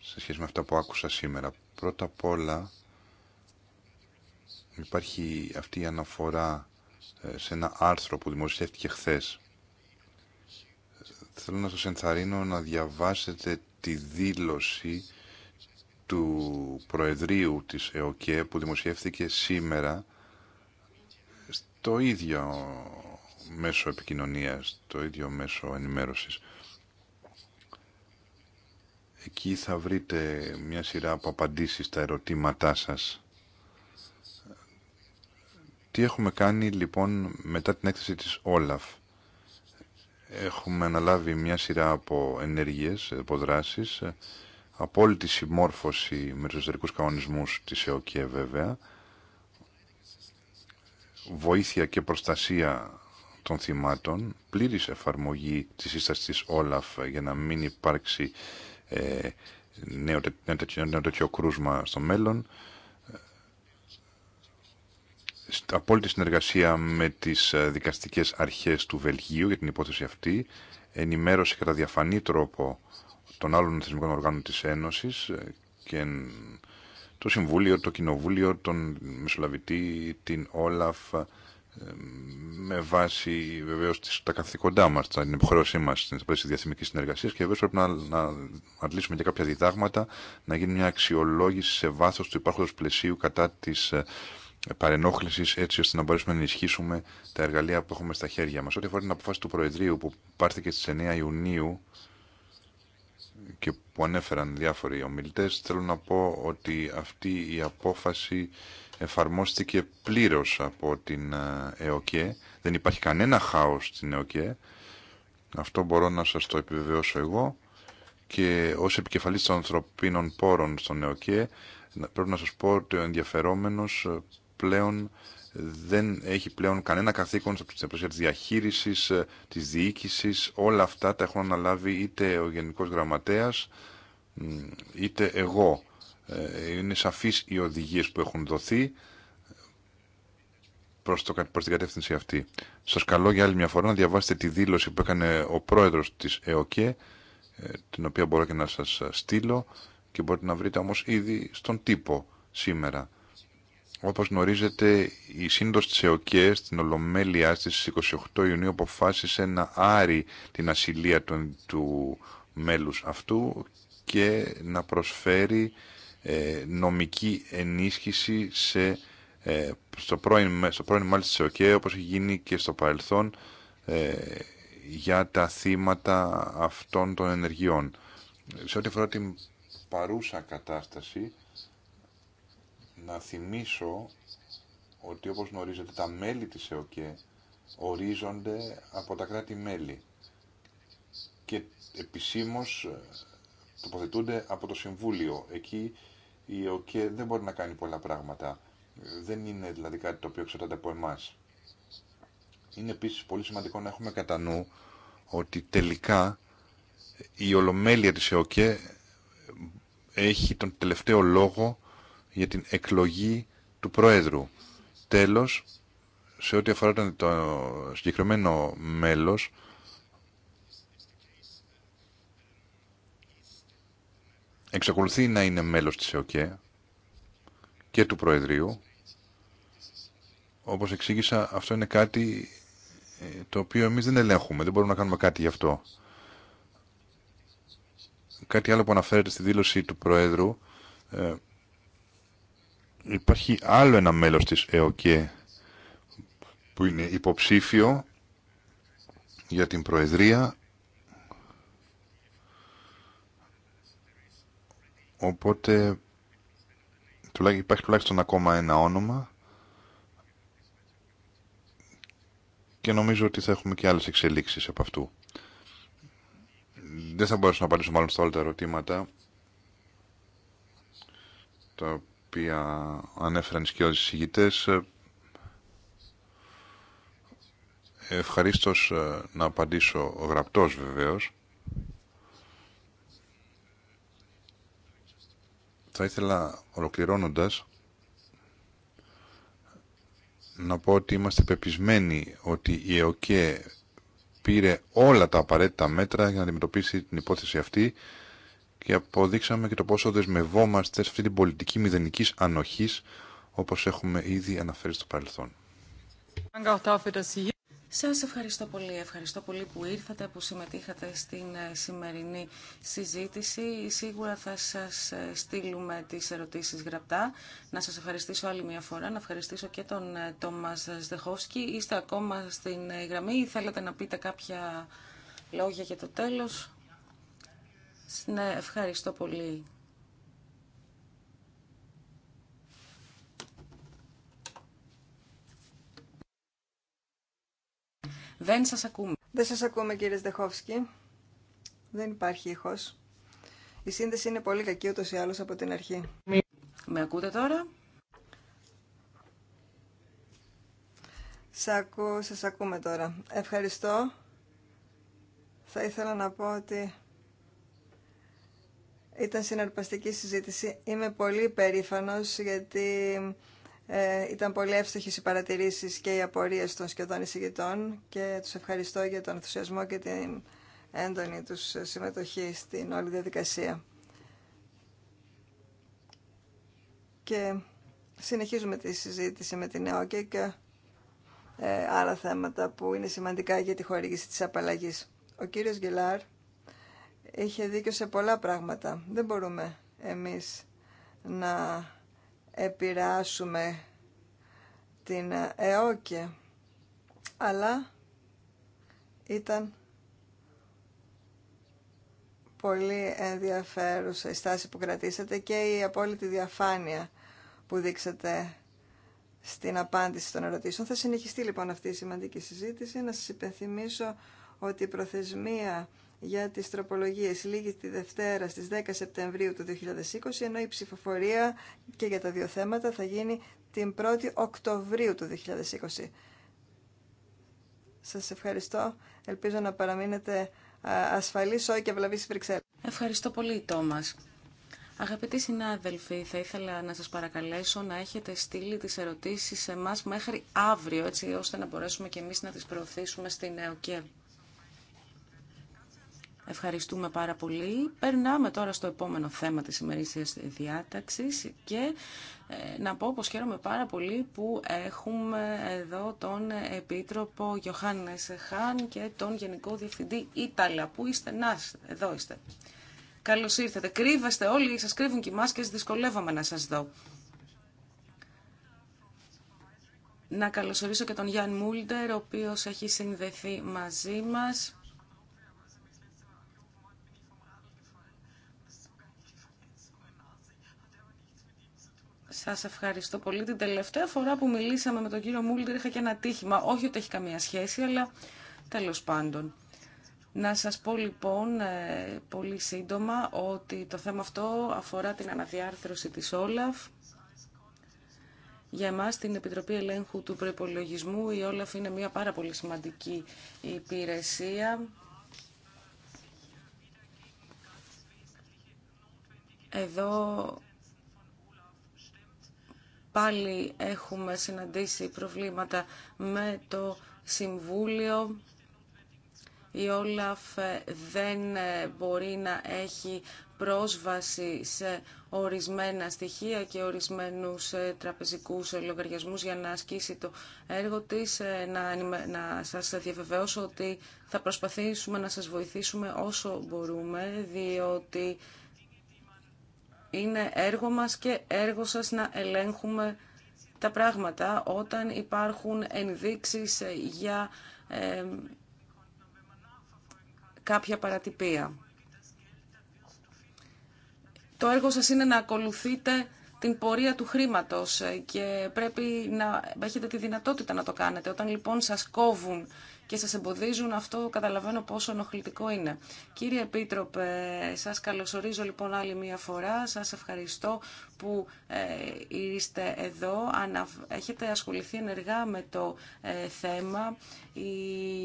σε σχέση με αυτά που άκουσα σήμερα. Πρώτα απ' όλα υπάρχει αυτή η αναφορά σε ένα άρθρο που δημοσιεύτηκε χθες. Θέλω να σας ενθαρρύνω να διαβάσετε τη δήλωση του Προεδρείου της ΕΟΚΕ που δημοσιεύθηκε σήμερα στο ίδιο μέσο επικοινωνίας, το ίδιο μέσο ενημέρωσης. Εκεί θα βρείτε μια σειρά από απαντήσεις στα ερωτήματά σας. Τι έχουμε κάνει λοιπόν μετά την έκθεση της Όλαφ. Έχουμε αναλάβει μια σειρά από ενέργειες, από δράσεις απόλυτη συμμόρφωση με τους εσωτερικούς κανονισμούς της ΕΟΚΕ βέβαια, βοήθεια και προστασία των θυμάτων, πλήρης εφαρμογή της σύστασης της Όλαφ για να μην υπάρξει ε, νέο, νέο, νέο τέτοιο κρούσμα στο μέλλον, απόλυτη συνεργασία με τις ε, δικαστικές αρχές του Βελγίου για την υπόθεση αυτή, ενημέρωση κατά διαφανή τρόπο των άλλων θεσμικών οργάνων της Ένωσης ε, και το Συμβούλιο, το Κοινοβούλιο, τον Μεσολαβητή, την Όλαφ ε, με βάση βεβαίως τα καθήκοντά μας, την υποχρέωσή μας στην πλαίσια διαθυμικής συνεργασίας και βέβαια πρέπει να, να αντλήσουμε και κάποια διδάγματα, να γίνει μια αξιολόγηση σε βάθος του υπάρχοντος πλαισίου κατά της ε, παρενόχλησης έτσι ώστε να μπορέσουμε να ενισχύσουμε τα εργαλεία που έχουμε στα χέρια μας. Ό,τι αφορά την αποφάση του Προεδρείου που πάρθηκε στις 9 Ιουνίου και που ανέφεραν διάφοροι ομιλητές, θέλω να πω ότι αυτή η απόφαση εφαρμόστηκε πλήρως από την ε, ΕΟΚΕ. Δεν υπάρχει κανένα χάος στην ΕΟΚΕ. Αυτό μπορώ να σας το επιβεβαιώσω εγώ. Και ως επικεφαλής των ανθρωπίνων πόρων στον ΕΟΚΕ, πρέπει να σας πω ότι ο ενδιαφερόμενος ε, πλέον δεν έχει πλέον κανένα καθήκον στην πλαίσια της διαχείρισης, ε, της διοίκησης. Όλα αυτά τα έχουν αναλάβει είτε ο Γενικός Γραμματέας, είτε εγώ. Ε, είναι σαφείς οι οδηγίες που έχουν δοθεί προς, το, προς την κατεύθυνση αυτή. Σας καλώ για άλλη μια φορά να διαβάσετε τη δήλωση που έκανε ο πρόεδρος της ΕΟΚΕ, την οποία μπορώ και να σας ε, στείλω και μπορείτε να βρείτε όμως ήδη στον τύπο σήμερα. Όπως γνωρίζετε, η σύντοση της ΕΟΚΕ στην Ολομέλεια στις 28 Ιουνίου αποφάσισε να άρει την ασυλία του, του μέλους αυτού και να προσφέρει ε, νομική ενίσχυση σε, ε, στο, πρώην, στο πρώην μάλιστα της ΕΟΚΕ, όπως έχει γίνει και στο παρελθόν, ε, για τα θύματα αυτών των ενεργειών. Σε ό,τι αφορά την παρούσα κατάσταση, να θυμίσω ότι όπως γνωρίζετε τα μέλη της ΕΟΚΕ ορίζονται από τα κράτη-μέλη και επισήμως ε, τοποθετούνται από το Συμβούλιο. Εκεί η ΕΟΚΕ δεν μπορεί να κάνει πολλά πράγματα. Δεν είναι δηλαδή κάτι το οποίο εξαρτάται από εμάς. Είναι επίσης πολύ σημαντικό να έχουμε κατά νου ότι τελικά η ολομέλεια της ΕΟΚΕ έχει τον τελευταίο λόγο για την εκλογή του Προέδρου. Τέλος, σε ό,τι αφορά το συγκεκριμένο μέλος, εξακολουθεί να είναι μέλος της ΕΟΚΕ και του Προεδρίου. Όπως εξήγησα, αυτό είναι κάτι ε, το οποίο εμείς δεν ελέγχουμε, δεν μπορούμε να κάνουμε κάτι γι' αυτό. Κάτι άλλο που αναφέρεται στη δήλωση του Προέδρου, ε, υπάρχει άλλο ένα μέλος της ΕΟΚΕ που είναι υποψήφιο για την Προεδρία οπότε υπάρχει τουλάχιστον ακόμα ένα όνομα και νομίζω ότι θα έχουμε και άλλες εξελίξεις από αυτού. Δεν θα μπορέσω να απαντήσω μάλλον στα όλα τα ερωτήματα τα οποία ανέφεραν οι σκιώδεις ε, Ευχαρίστως ε, να απαντήσω γραπτός βεβαίως. Θα ήθελα ολοκληρώνοντας να πω ότι είμαστε πεπισμένοι ότι η ΕΟΚΕ πήρε όλα τα απαραίτητα μέτρα για να αντιμετωπίσει την υπόθεση αυτή και αποδείξαμε και το πόσο δεσμευόμαστε σε αυτή την πολιτική μηδενικής ανοχής όπως έχουμε ήδη αναφέρει στο παρελθόν. Σας ευχαριστώ πολύ. Ευχαριστώ πολύ που ήρθατε, που συμμετείχατε στην ε, σημερινή συζήτηση. Σίγουρα θα σας ε, στείλουμε τις ερωτήσεις γραπτά. Να σας ευχαριστήσω άλλη μια φορά. Να ευχαριστήσω και τον ε, Τόμας Δεχόσκι. Είστε ακόμα στην γραμμή ή θέλετε να πείτε κάποια λόγια για το τέλος. Ναι, ευχαριστώ πολύ. Δεν σας ακούμε. Δεν σας ακούμε κύριε Στεχόφσκι. Δεν υπάρχει ήχος. Η σύνδεση είναι πολύ κακή ούτως ή άλλως από την αρχή. Με ακούτε τώρα. Σας, ακού, σας ακούμε τώρα. Ευχαριστώ. Θα ήθελα να πω ότι ήταν συναρπαστική συζήτηση. Είμαι πολύ περήφανος γιατί ε, ήταν πολύ εύστοχες οι παρατηρήσεις και οι απορίες των σχεδόν εισηγητών και τους ευχαριστώ για τον ενθουσιασμό και την έντονη τους συμμετοχή στην όλη διαδικασία. Και συνεχίζουμε τη συζήτηση με την ΕΟΚΕ και ε, άλλα θέματα που είναι σημαντικά για τη χορήγηση της απαλλαγής. Ο κύριος Γκελάρ είχε δίκιο σε πολλά πράγματα. Δεν μπορούμε εμείς να επηρεάσουμε την ΕΟΚΕ, αλλά ήταν πολύ ενδιαφέρουσα η στάση που κρατήσατε και η απόλυτη διαφάνεια που δείξατε στην απάντηση των ερωτήσεων. Θα συνεχιστεί λοιπόν αυτή η σημαντική συζήτηση. Να σας υπενθυμίσω ότι η προθεσμία για τις τροπολογίες λίγη τη Δευτέρα στις 10 Σεπτεμβρίου του 2020, ενώ η ψηφοφορία και για τα δύο θέματα θα γίνει την 1η Οκτωβρίου του 2020. Σας ευχαριστώ. Ελπίζω να παραμείνετε ασφαλείς όχι και βλαβή Βρυξέλλες. Ευχαριστώ πολύ, Τόμας. Αγαπητοί συνάδελφοι, θα ήθελα να σας παρακαλέσω να έχετε στείλει τις ερωτήσεις σε εμάς μέχρι αύριο, έτσι ώστε να μπορέσουμε και εμείς να τις προωθήσουμε στην ΕΟΚΕΒ. Ευχαριστούμε πάρα πολύ. Περνάμε τώρα στο επόμενο θέμα της ημερήσιας διάταξης και ε, να πω πως χαίρομαι πάρα πολύ που έχουμε εδώ τον Επίτροπο Γιωχάννης Χάν και τον Γενικό Διευθυντή Ήταλα. Πού είστε, να εδώ είστε. Καλώς ήρθατε. Κρύβεστε όλοι, σας κρύβουν και οι μάσκες, δυσκολεύομαι να σας δω. Να καλωσορίσω και τον Γιάνν Μούλτερ, ο οποίος έχει συνδεθεί μαζί μας Σας ευχαριστώ πολύ. Την τελευταία φορά που μιλήσαμε με τον κύριο Μούλτερ είχα και ένα τύχημα. Όχι ότι έχει καμία σχέση, αλλά τέλος πάντων. Να σας πω λοιπόν ε, πολύ σύντομα ότι το θέμα αυτό αφορά την αναδιάρθρωση της Όλαφ. Για εμάς την Επιτροπή Ελέγχου του Προϋπολογισμού η Όλαφ είναι μια πάρα πολύ σημαντική υπηρεσία. Εδώ Πάλι έχουμε συναντήσει προβλήματα με το Συμβούλιο. Η Όλαφ δεν μπορεί να έχει πρόσβαση σε ορισμένα στοιχεία και ορισμένους ε, τραπεζικούς ε, λογαριασμούς για να ασκήσει το έργο της. Ε, να, να σας διαβεβαιώσω ότι θα προσπαθήσουμε να σας βοηθήσουμε όσο μπορούμε, διότι είναι έργο μας και έργο σας να ελέγχουμε τα πράγματα όταν υπάρχουν ενδείξεις για κάποια παρατυπία. Το έργο σας είναι να ακολουθείτε την πορεία του χρήματος και πρέπει να έχετε τη δυνατότητα να το κάνετε. Όταν λοιπόν σας κόβουν και σας εμποδίζουν, αυτό καταλαβαίνω πόσο ενοχλητικό είναι. Κύριε Επίτροπε, σας καλωσορίζω λοιπόν άλλη μία φορά. Σας ευχαριστώ που ε, είστε εδώ. Έχετε ασχοληθεί ενεργά με το ε, θέμα. Η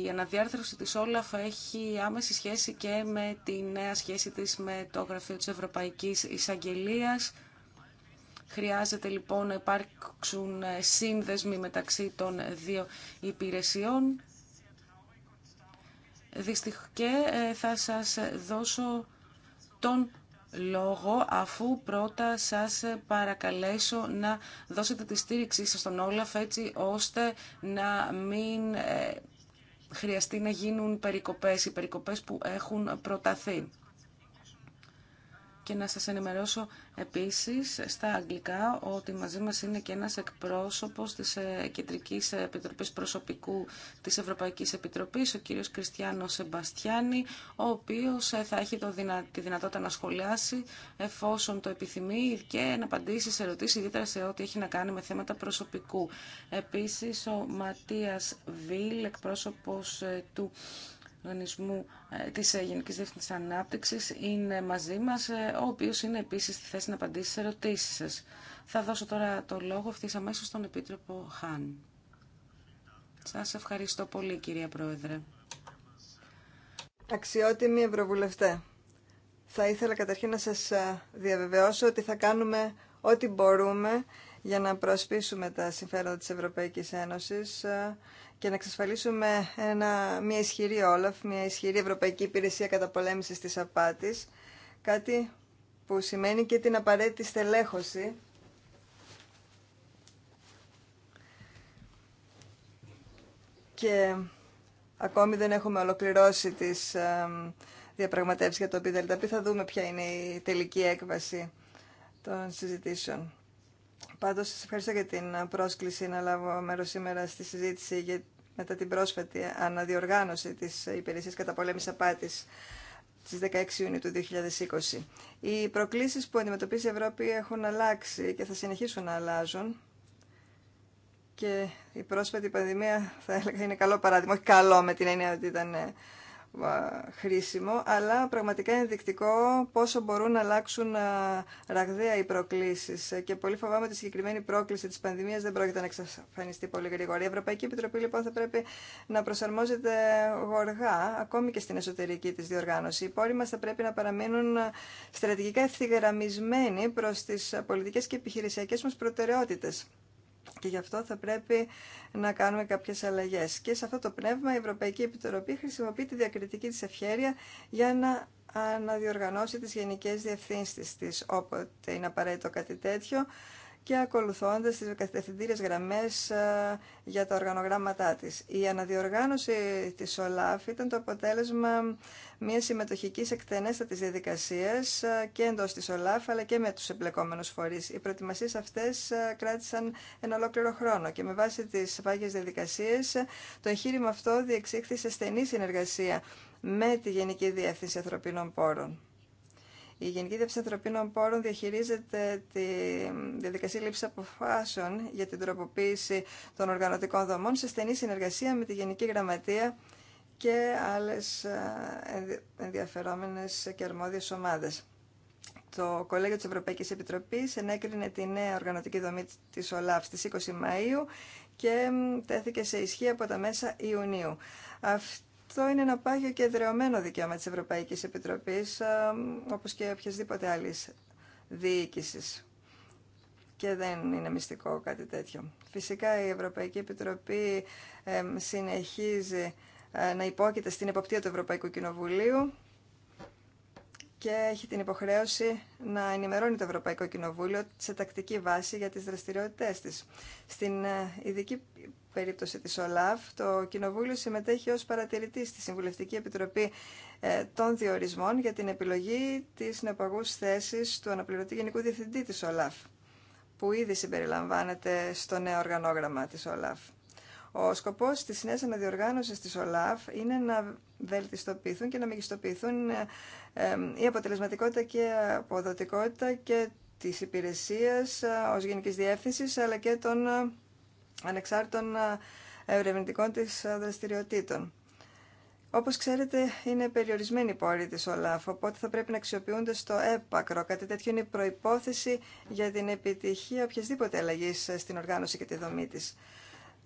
αναδιάρθρωση της Όλαφ έχει άμεση σχέση και με τη νέα σχέση της με το Γραφείο της Ευρωπαϊκής Εισαγγελίας. Χρειάζεται λοιπόν να υπάρξουν ε, σύνδεσμοι μεταξύ των δύο υπηρεσιών Δυστυχώς και ε, θα σας δώσω τον λόγο αφού πρώτα σας παρακαλέσω να δώσετε τη στήριξή σας στον Όλαφ έτσι ώστε να μην ε, χρειαστεί να γίνουν περικοπές, οι περικοπές που έχουν προταθεί. Και να σας ενημερώσω επίσης στα αγγλικά ότι μαζί μας είναι και ένας εκπρόσωπος της ε, Κεντρικής Επιτροπής Προσωπικού της Ευρωπαϊκής Επιτροπής, ο κύριος Κριστιανό Σεμπαστιάνη, ο οποίος ε, θα έχει το τη δυνατότητα να σχολιάσει εφόσον το επιθυμεί και να απαντήσει σε ερωτήσεις, ιδιαίτερα σε ό,τι έχει να κάνει με θέματα προσωπικού. Επίσης, ο Ματίας Βίλ, εκπρόσωπος ε, του οργανισμού ε, της ε, Γενική Διεύθυνσης Ανάπτυξης είναι μαζί μα, ε, ο οποίο είναι επίση στη θέση να απαντήσει σε ερωτήσει σας. Θα δώσω τώρα το λόγο ευθύ αμέσω στον Επίτροπο Χάν. Σα ευχαριστώ πολύ κυρία Πρόεδρε. Αξιότιμοι Ευρωβουλευτέ, θα ήθελα καταρχήν να σας διαβεβαιώσω ότι θα κάνουμε ό,τι μπορούμε για να προσπίσουμε τα συμφέροντα της Ευρωπαϊκής Ένωσης ε, και να εξασφαλίσουμε ένα, μια ισχυρή Όλαφ, μια ισχυρή Ευρωπαϊκή Υπηρεσία Καταπολέμησης της Απάτης, κάτι που σημαίνει και την απαραίτητη στελέχωση και ακόμη δεν έχουμε ολοκληρώσει τις ε, διαπραγματεύσεις για το ΠΔΛΤΑΠ. Θα δούμε ποια είναι η τελική έκβαση των συζητήσεων. Πάντω σα ευχαριστώ για την ε, πρόσκληση να λάβω μέρο σήμερα στη συζήτηση για, μετά την πρόσφατη αναδιοργάνωση της ε, υπηρεσία καταπολέμη απάτη στι 16 Ιουνίου του 2020. Οι προκλήσει που αντιμετωπίζει η Ευρώπη έχουν αλλάξει και θα συνεχίσουν να αλλάζουν και η πρόσφατη πανδημία θα έλεγα είναι καλό παράδειγμα, όχι καλό με την έννοια ότι ήταν ε, χρήσιμο, αλλά πραγματικά ενδεικτικό πόσο μπορούν να αλλάξουν ραγδαία οι προκλήσει. Και πολύ φοβάμαι ότι η συγκεκριμένη πρόκληση τη πανδημία δεν πρόκειται να εξαφανιστεί πολύ γρήγορα. Η Ευρωπαϊκή Επιτροπή λοιπόν θα πρέπει να προσαρμόζεται γοργά, ακόμη και στην εσωτερική τη διοργάνωση. Οι πόροι μας θα πρέπει να παραμείνουν στρατηγικά ευθυγραμμισμένοι προ τι πολιτικέ και επιχειρησιακέ μας προτεραιότητε και γι' αυτό θα πρέπει να κάνουμε κάποιες αλλαγές. Και σε αυτό το πνεύμα η Ευρωπαϊκή Επιτροπή χρησιμοποιεί τη διακριτική της ευχέρεια για να αναδιοργανώσει τι γενικέ διευθύνσει τη, όποτε είναι απαραίτητο κάτι τέτοιο, και ακολουθώντας τις καθευθυντήριες γραμμές ε, για τα οργανογράμματά της. Η αναδιοργάνωση της ΟΛΑΦ ήταν το αποτέλεσμα μιας συμμετοχικής εκτενέστατης διαδικασίας ε, και εντός της ΟΛΑΦ αλλά και με τους εμπλεκόμενους φορείς. Οι προετοιμασίες αυτές ε, κράτησαν ένα ολόκληρο χρόνο και με βάση τις πάγιες διαδικασίες το εγχείρημα αυτό διεξήχθη σε στενή συνεργασία με τη Γενική Διεύθυνση Ανθρωπίνων Πόρων. Η Γενική Διεύθυνση Ανθρωπίνων Πόρων διαχειρίζεται τη διαδικασία λήψη αποφάσεων για την τροποποίηση των οργανωτικών δομών σε στενή συνεργασία με τη Γενική Γραμματεία και άλλες ε, ενδιαφερόμενες και αρμόδιες ομάδες. Το Κολέγιο της Ευρωπαϊκής Επιτροπής ενέκρινε τη νέα οργανωτική δομή της ΟΛΑΒ στις 20 Μαΐου και τέθηκε σε ισχύ από τα μέσα Ιουνίου. Αυτό είναι ένα πάγιο και δρεωμένο δικαίωμα της Ευρωπαϊκής Επιτροπής, ε, όπως και οποιασδήποτε άλλη διοίκηση Και δεν είναι μυστικό κάτι τέτοιο. Φυσικά η Ευρωπαϊκή Επιτροπή ε, συνεχίζει ε, να υπόκειται στην εποπτεία του Ευρωπαϊκού Κοινοβουλίου και έχει την υποχρέωση να ενημερώνει το Ευρωπαϊκό Κοινοβούλιο σε τακτική βάση για τις δραστηριότητές της. Στην ε, ειδική περίπτωση της ΟΛΑΒ, το Κοινοβούλιο συμμετέχει ως παρατηρητή στη Συμβουλευτική Επιτροπή ε, των Διορισμών για την επιλογή της νεπαγούς θέσης του αναπληρωτή Γενικού Διευθυντή της ΟΛΑΒ, που ήδη συμπεριλαμβάνεται στο νέο οργανόγραμμα της ΟΛΑΒ. Ο σκοπό τη νέα αναδιοργάνωση τη ΟΛΑΒ είναι να βελτιστοποιηθούν και να μεγιστοποιηθούν ε, η αποτελεσματικότητα και η αποδοτικότητα και τη υπηρεσία ε, ω Γενική Διεύθυνση αλλά και των ε, ανεξάρτητων ερευνητικών τη δραστηριοτήτων. Όπω ξέρετε, είναι περιορισμένη η πόρη τη ΟΛΑΦ, οπότε θα πρέπει να αξιοποιούνται στο έπακρο. Κάτι τέτοιο είναι η προπόθεση για την επιτυχία οποιασδήποτε αλλαγή στην οργάνωση και τη δομή τη.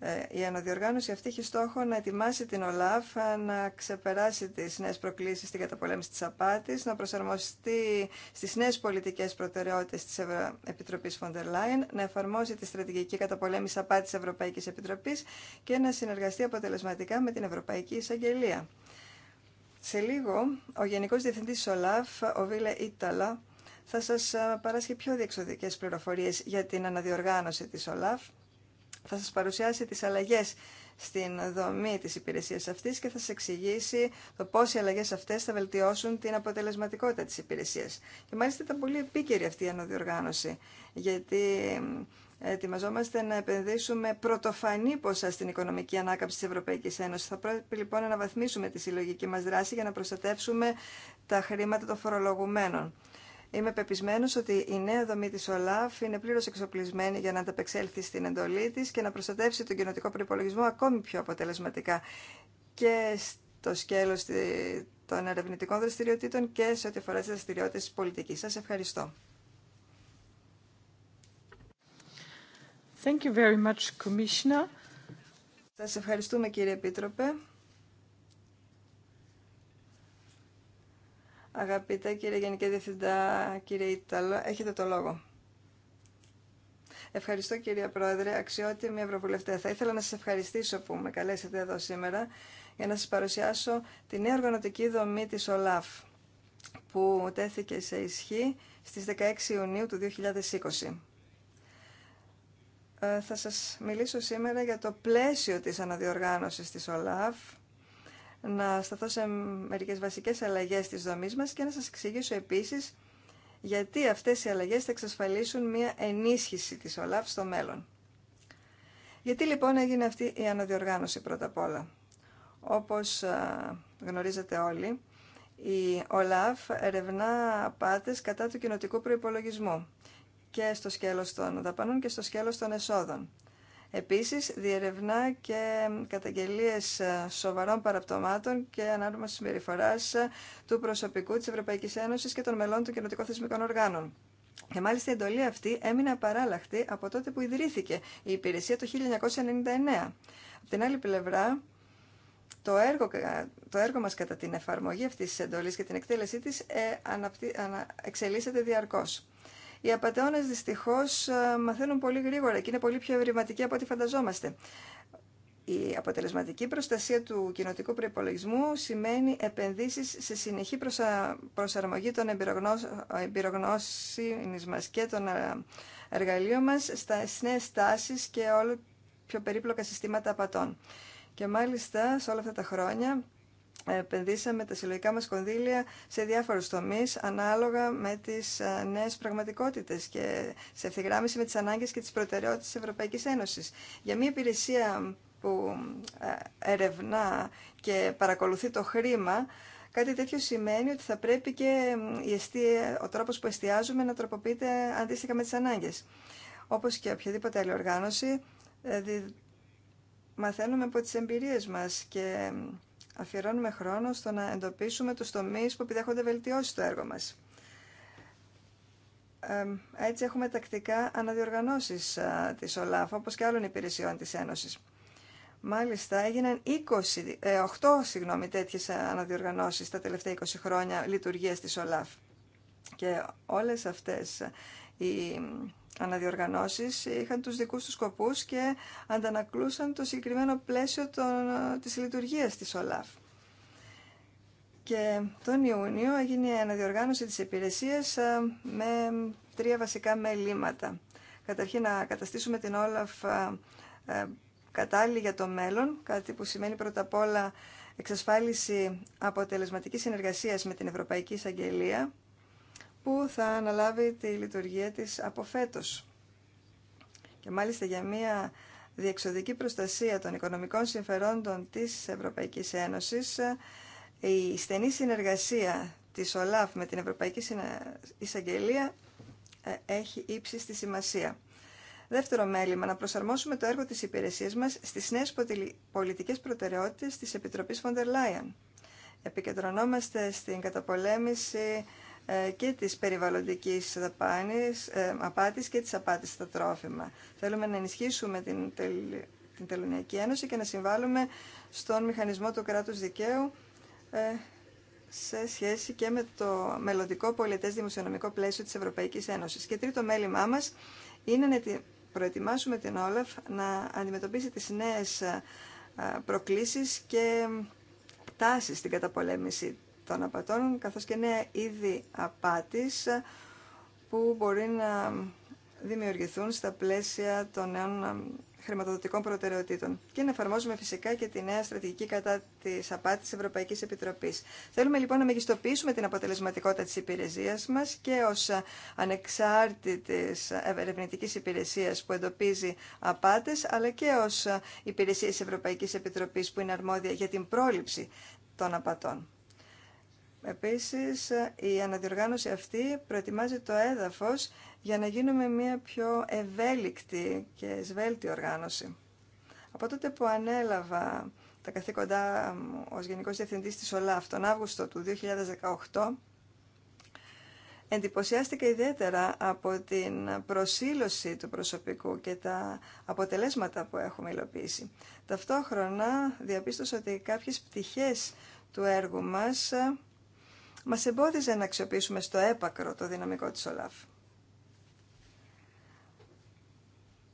Ε, η αναδιοργάνωση αυτή έχει στόχο να ετοιμάσει την ΟΛΑΦ να ξεπεράσει τι νέε προκλήσει στην καταπολέμηση τη Απάτη, να προσαρμοστεί στις νέε πολιτικέ προτεραιότητε τη Επιτροπή Φοντερ Λάιν, να εφαρμόσει τη στρατηγική καταπολέμηση απάτης Ευρωπαϊκή Επιτροπή και να συνεργαστεί αποτελεσματικά με την Ευρωπαϊκή Εισαγγελία. Σε λίγο, ο Γενικό Διευθυντής της ΟΛΑΦ, ο Βίλε Ήταλα, θα σα ε, παράσχει πιο διεξοδικέ πληροφορίε για την αναδιοργάνωση τη ΟΛΑΦ θα σας παρουσιάσει τις αλλαγές στην δομή της υπηρεσίας αυτής και θα σας εξηγήσει το πώς οι αλλαγές αυτές θα βελτιώσουν την αποτελεσματικότητα της υπηρεσίας. Και μάλιστα ήταν πολύ επίκαιρη αυτή η ανοδιοργάνωση, γιατί ετοιμαζόμαστε να επενδύσουμε πρωτοφανή ποσά στην οικονομική ανάκαμψη της Ευρωπαϊκής Ένωσης. Θα πρέπει λοιπόν να βαθμίσουμε τη συλλογική μας δράση για να προστατεύσουμε τα χρήματα των φορολογουμένων. Είμαι πεπισμένο ότι η νέα δομή τη ΟΛΑΦ είναι πλήρω εξοπλισμένη για να ανταπεξέλθει στην εντολή τη και να προστατεύσει τον κοινοτικό προπολογισμό ακόμη πιο αποτελεσματικά και στο σκέλο των ερευνητικών δραστηριοτήτων και σε ό,τι αφορά τι δραστηριότητε τη πολιτική. Σα ευχαριστώ. Thank you very much, Commissioner. Σας ευχαριστούμε κύριε Επίτροπε. Αγαπητέ κύριε Γενική Διευθυντά, κύριε Ιταλό, έχετε το λόγο. Ευχαριστώ κύριε Πρόεδρε, αξιότιμη Ευρωβουλευτέ. Θα ήθελα να σας ευχαριστήσω που με καλέσατε εδώ σήμερα για να σας παρουσιάσω τη νέα οργανωτική δομή της ΟΛΑΦ που τέθηκε σε ισχύ στις 16 Ιουνίου του 2020. Ε, θα σας μιλήσω σήμερα για το πλαίσιο της αναδιοργάνωσης της ΟΛΑΦ να σταθώ σε μερικές βασικές αλλαγές της δομής μας και να σας εξηγήσω επίσης γιατί αυτές οι αλλαγές θα εξασφαλίσουν μια ενίσχυση της ΟΛΑΒ στο μέλλον. Γιατί λοιπόν έγινε αυτή η αναδιοργάνωση πρώτα απ' όλα. Όπως γνωρίζετε όλοι, η ΟΛΑΒ ερευνά απάτες κατά του κοινοτικού προϋπολογισμού και στο σκέλος των δαπανών και στο σκέλος των εσόδων. Επίσης, διερευνά και καταγγελίες ε, σοβαρών παραπτωμάτων και ανάρμα συμπεριφορά ε, του προσωπικού της Ευρωπαϊκής Ένωσης και των μελών των κοινωτικών θεσμικών οργάνων. Και μάλιστα η εντολή αυτή έμεινε απαράλλαχτη από τότε που ιδρύθηκε η υπηρεσία το 1999. Από την άλλη πλευρά, το έργο, το έργο μας κατά την εφαρμογή αυτής της εντολής και την εκτέλεσή της ε, αναπτύ, ανα, εξελίσσεται διαρκώς. Οι απαταιώνε δυστυχώς ε, μαθαίνουν πολύ γρήγορα και είναι πολύ πιο ευρηματικοί από ό,τι φανταζόμαστε. Η αποτελεσματική προστασία του κοινοτικού προπολογισμού σημαίνει επενδύσεις σε συνεχή προσαρμογή των εμπειρογνώσεων μας και των ε, εργαλείων μας στα νέε τάσεις και όλο πιο περίπλοκα συστήματα απατών. Και μάλιστα σε όλα αυτά τα χρόνια επενδύσαμε τα συλλογικά μας κονδύλια σε διάφορους τομείς ανάλογα με τις ε, νέες πραγματικότητες και σε ευθυγράμμιση με τις ανάγκες και τις προτεραιότητες της Ευρωπαϊκής Ένωσης. Για μια υπηρεσία που ε, ερευνά και παρακολουθεί το χρήμα, κάτι τέτοιο σημαίνει ότι θα πρέπει και ο τρόπος που εστιάζουμε να τροποποιείται αντίστοιχα με τις ανάγκες. Όπως και οποιαδήποτε άλλη οργάνωση, ε, μαθαίνουμε από τις εμπειρίες μας και αφιερώνουμε χρόνο στο να εντοπίσουμε τους τομείς που επιδέχονται βελτιώσει στο έργο μας. έτσι έχουμε τακτικά αναδιοργανώσεις της ΟΛΑΦ, όπως και άλλων υπηρεσιών της Ένωσης. Μάλιστα, έγιναν 20, 8 ε, συγγνώμη, τέτοιες αναδιοργανώσεις τα τελευταία 20 χρόνια λειτουργίας της ΟΛΑΦ. Και όλες αυτές οι αναδιοργανώσεις είχαν τους δικούς τους σκοπούς και αντανακλούσαν το συγκεκριμένο πλαίσιο των, της λειτουργίας της ΟΛΑΦ. Και τον Ιούνιο έγινε η αναδιοργάνωση της υπηρεσίας ε, με τρία βασικά μελήματα. Καταρχήν να καταστήσουμε την Όλαφ ε, ε, κατάλληλη για το μέλλον, κάτι που σημαίνει πρώτα απ' όλα εξασφάλιση αποτελεσματικής συνεργασίας με την Ευρωπαϊκή Εισαγγελία, που θα αναλάβει τη λειτουργία της από φέτος. Και μάλιστα για μια διεξοδική προστασία των οικονομικών συμφερόντων της Ευρωπαϊκής Ένωσης, η στενή συνεργασία της ΟΛΑΦ με την Ευρωπαϊκή Εισαγγελία ε, έχει ύψη στη σημασία. Δεύτερο μέλημα, να προσαρμόσουμε το έργο της υπηρεσίας μας στις νέες πολιτικές προτεραιότητες της Επιτροπής Φοντερ Λάιαν. Επικεντρωνόμαστε στην καταπολέμηση ε, και της περιβαλλοντικής δαπάνης, ε, απάτης και της απάτης στα τρόφιμα. Θέλουμε να ενισχύσουμε την, τελ, την Τελωνιακή Ένωση και να συμβάλλουμε στον μηχανισμό του κράτους δικαίου ε, σε σχέση και με το μελλοντικό πολιτές δημοσιονομικό πλαίσιο της Ευρωπαϊκής Ένωσης. Και τρίτο μέλημά μας είναι να προετοιμάσουμε την Όλαφ να αντιμετωπίσει τις νέες προκλήσεις και τάσεις στην καταπολέμηση των καθώς και νέα είδη απάτης που μπορεί να δημιουργηθούν στα πλαίσια των νέων ε, χρηματοδοτικών προτεραιοτήτων και να εφαρμόζουμε φυσικά και τη νέα στρατηγική κατά τη απάτη Ευρωπαϊκή Επιτροπή. Θέλουμε λοιπόν να μεγιστοποιήσουμε την αποτελεσματικότητα τη υπηρεσία μα και ω ανεξάρτητη ερευνητική υπηρεσία που εντοπίζει απάτε, αλλά και ω υπηρεσία τη Ευρωπαϊκή Επιτροπή που είναι αρμόδια για την πρόληψη των απατών. Επίσης, η αναδιοργάνωση αυτή προετοιμάζει το έδαφος για να γίνουμε μια πιο ευέλικτη και σβέλτη οργάνωση. Από τότε που ανέλαβα τα καθήκοντά μου ως Γενικός Διευθυντής της ΟΛΑΦ τον Αύγουστο του 2018, εντυπωσιάστηκα ιδιαίτερα από την προσήλωση του προσωπικού και τα αποτελέσματα που έχουμε υλοποιήσει. Ταυτόχρονα διαπίστωσα ότι κάποιες πτυχές του έργου μας μας εμπόδιζε να αξιοποιήσουμε στο έπακρο το δυναμικό της ΟΛΑΦ.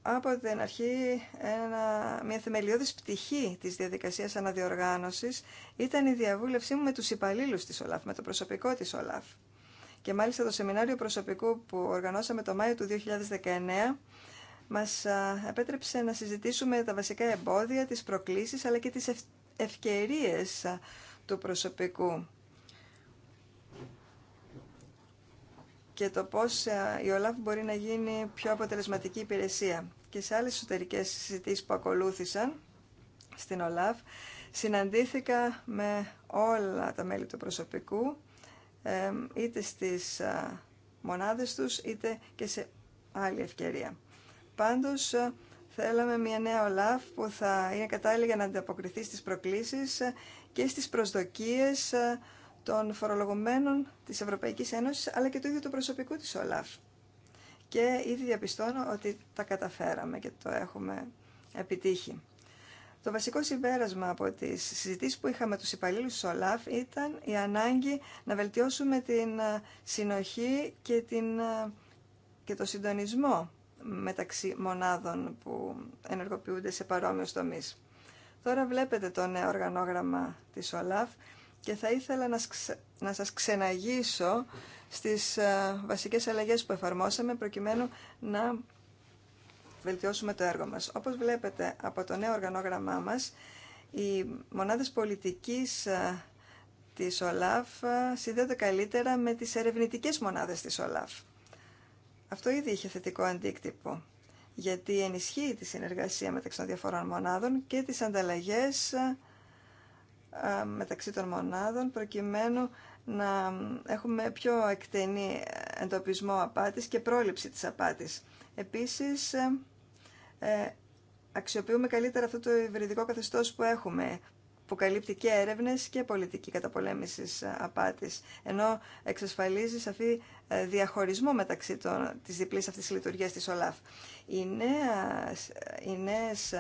Από την αρχή, ένα, μια θεμελιώδης πτυχή της διαδικασίας αναδιοργάνωσης ήταν η διαβούλευσή μου με τους υπαλλήλους της ΟΛΑΦ, με το προσωπικό της ΟΛΑΦ. Και μάλιστα το σεμινάριο προσωπικού που οργανώσαμε το Μάιο του 2019 μας επέτρεψε να συζητήσουμε τα βασικά εμπόδια, τις προκλήσεις αλλά και τις ευκαιρίες του προσωπικού και το πώς ε, η ΟΛΑΦ μπορεί να γίνει πιο αποτελεσματική υπηρεσία. Και σε άλλες εσωτερικέ συζητήσεις που ακολούθησαν στην ΟΛΑΦ, συναντήθηκα με όλα τα μέλη του προσωπικού, είτε στις μονάδες τους, είτε και σε άλλη ευκαιρία. Πάντως, ε, θέλαμε μια νέα ΟΛΑΦ που θα είναι κατάλληλη για να ανταποκριθεί στις προκλήσεις ε, και στις προσδοκίες των φορολογουμένων της Ευρωπαϊκής Ένωσης αλλά και του ίδιου του προσωπικού της ΟΛΑΦ. Και ήδη διαπιστώνω ότι τα καταφέραμε και το έχουμε επιτύχει. Το βασικό συμπέρασμα από τις συζητήσεις που είχαμε του υπαλλήλους της ΟΛΑΦ ήταν η ανάγκη να βελτιώσουμε την ε, συνοχή και, την, ε, και το συντονισμό μεταξύ μονάδων που ενεργοποιούνται σε παρόμοιους τομείς. Τώρα βλέπετε το νέο οργανόγραμμα της ΟΛΑΦ και θα ήθελα να, να σας ξεναγήσω στις ε, βασικές αλλαγές που εφαρμόσαμε προκειμένου να βελτιώσουμε το έργο μας. Όπως βλέπετε από το νέο οργανόγραμμά μας, οι μονάδες πολιτικής ε, της ΟΛΑΦ ε, συνδέονται καλύτερα με τις ερευνητικές μονάδες της ΟΛΑΦ. Αυτό ήδη είχε θετικό αντίκτυπο, γιατί ενισχύει τη συνεργασία μεταξύ των διαφορών μονάδων και τις ανταλλαγές μεταξύ των μονάδων προκειμένου να έχουμε πιο εκτενή εντοπισμό απάτης και πρόληψη της απάτης. Επίσης, ε, ε, αξιοποιούμε καλύτερα αυτό το υβριδικό καθεστώς που έχουμε, που καλύπτει και έρευνες και πολιτική καταπολέμησης ε, απάτης, ενώ εξασφαλίζει σαφή διαχωρισμό μεταξύ των, της διπλής αυτής λειτουργίας της ΟΛΑΦ. Οι νέες,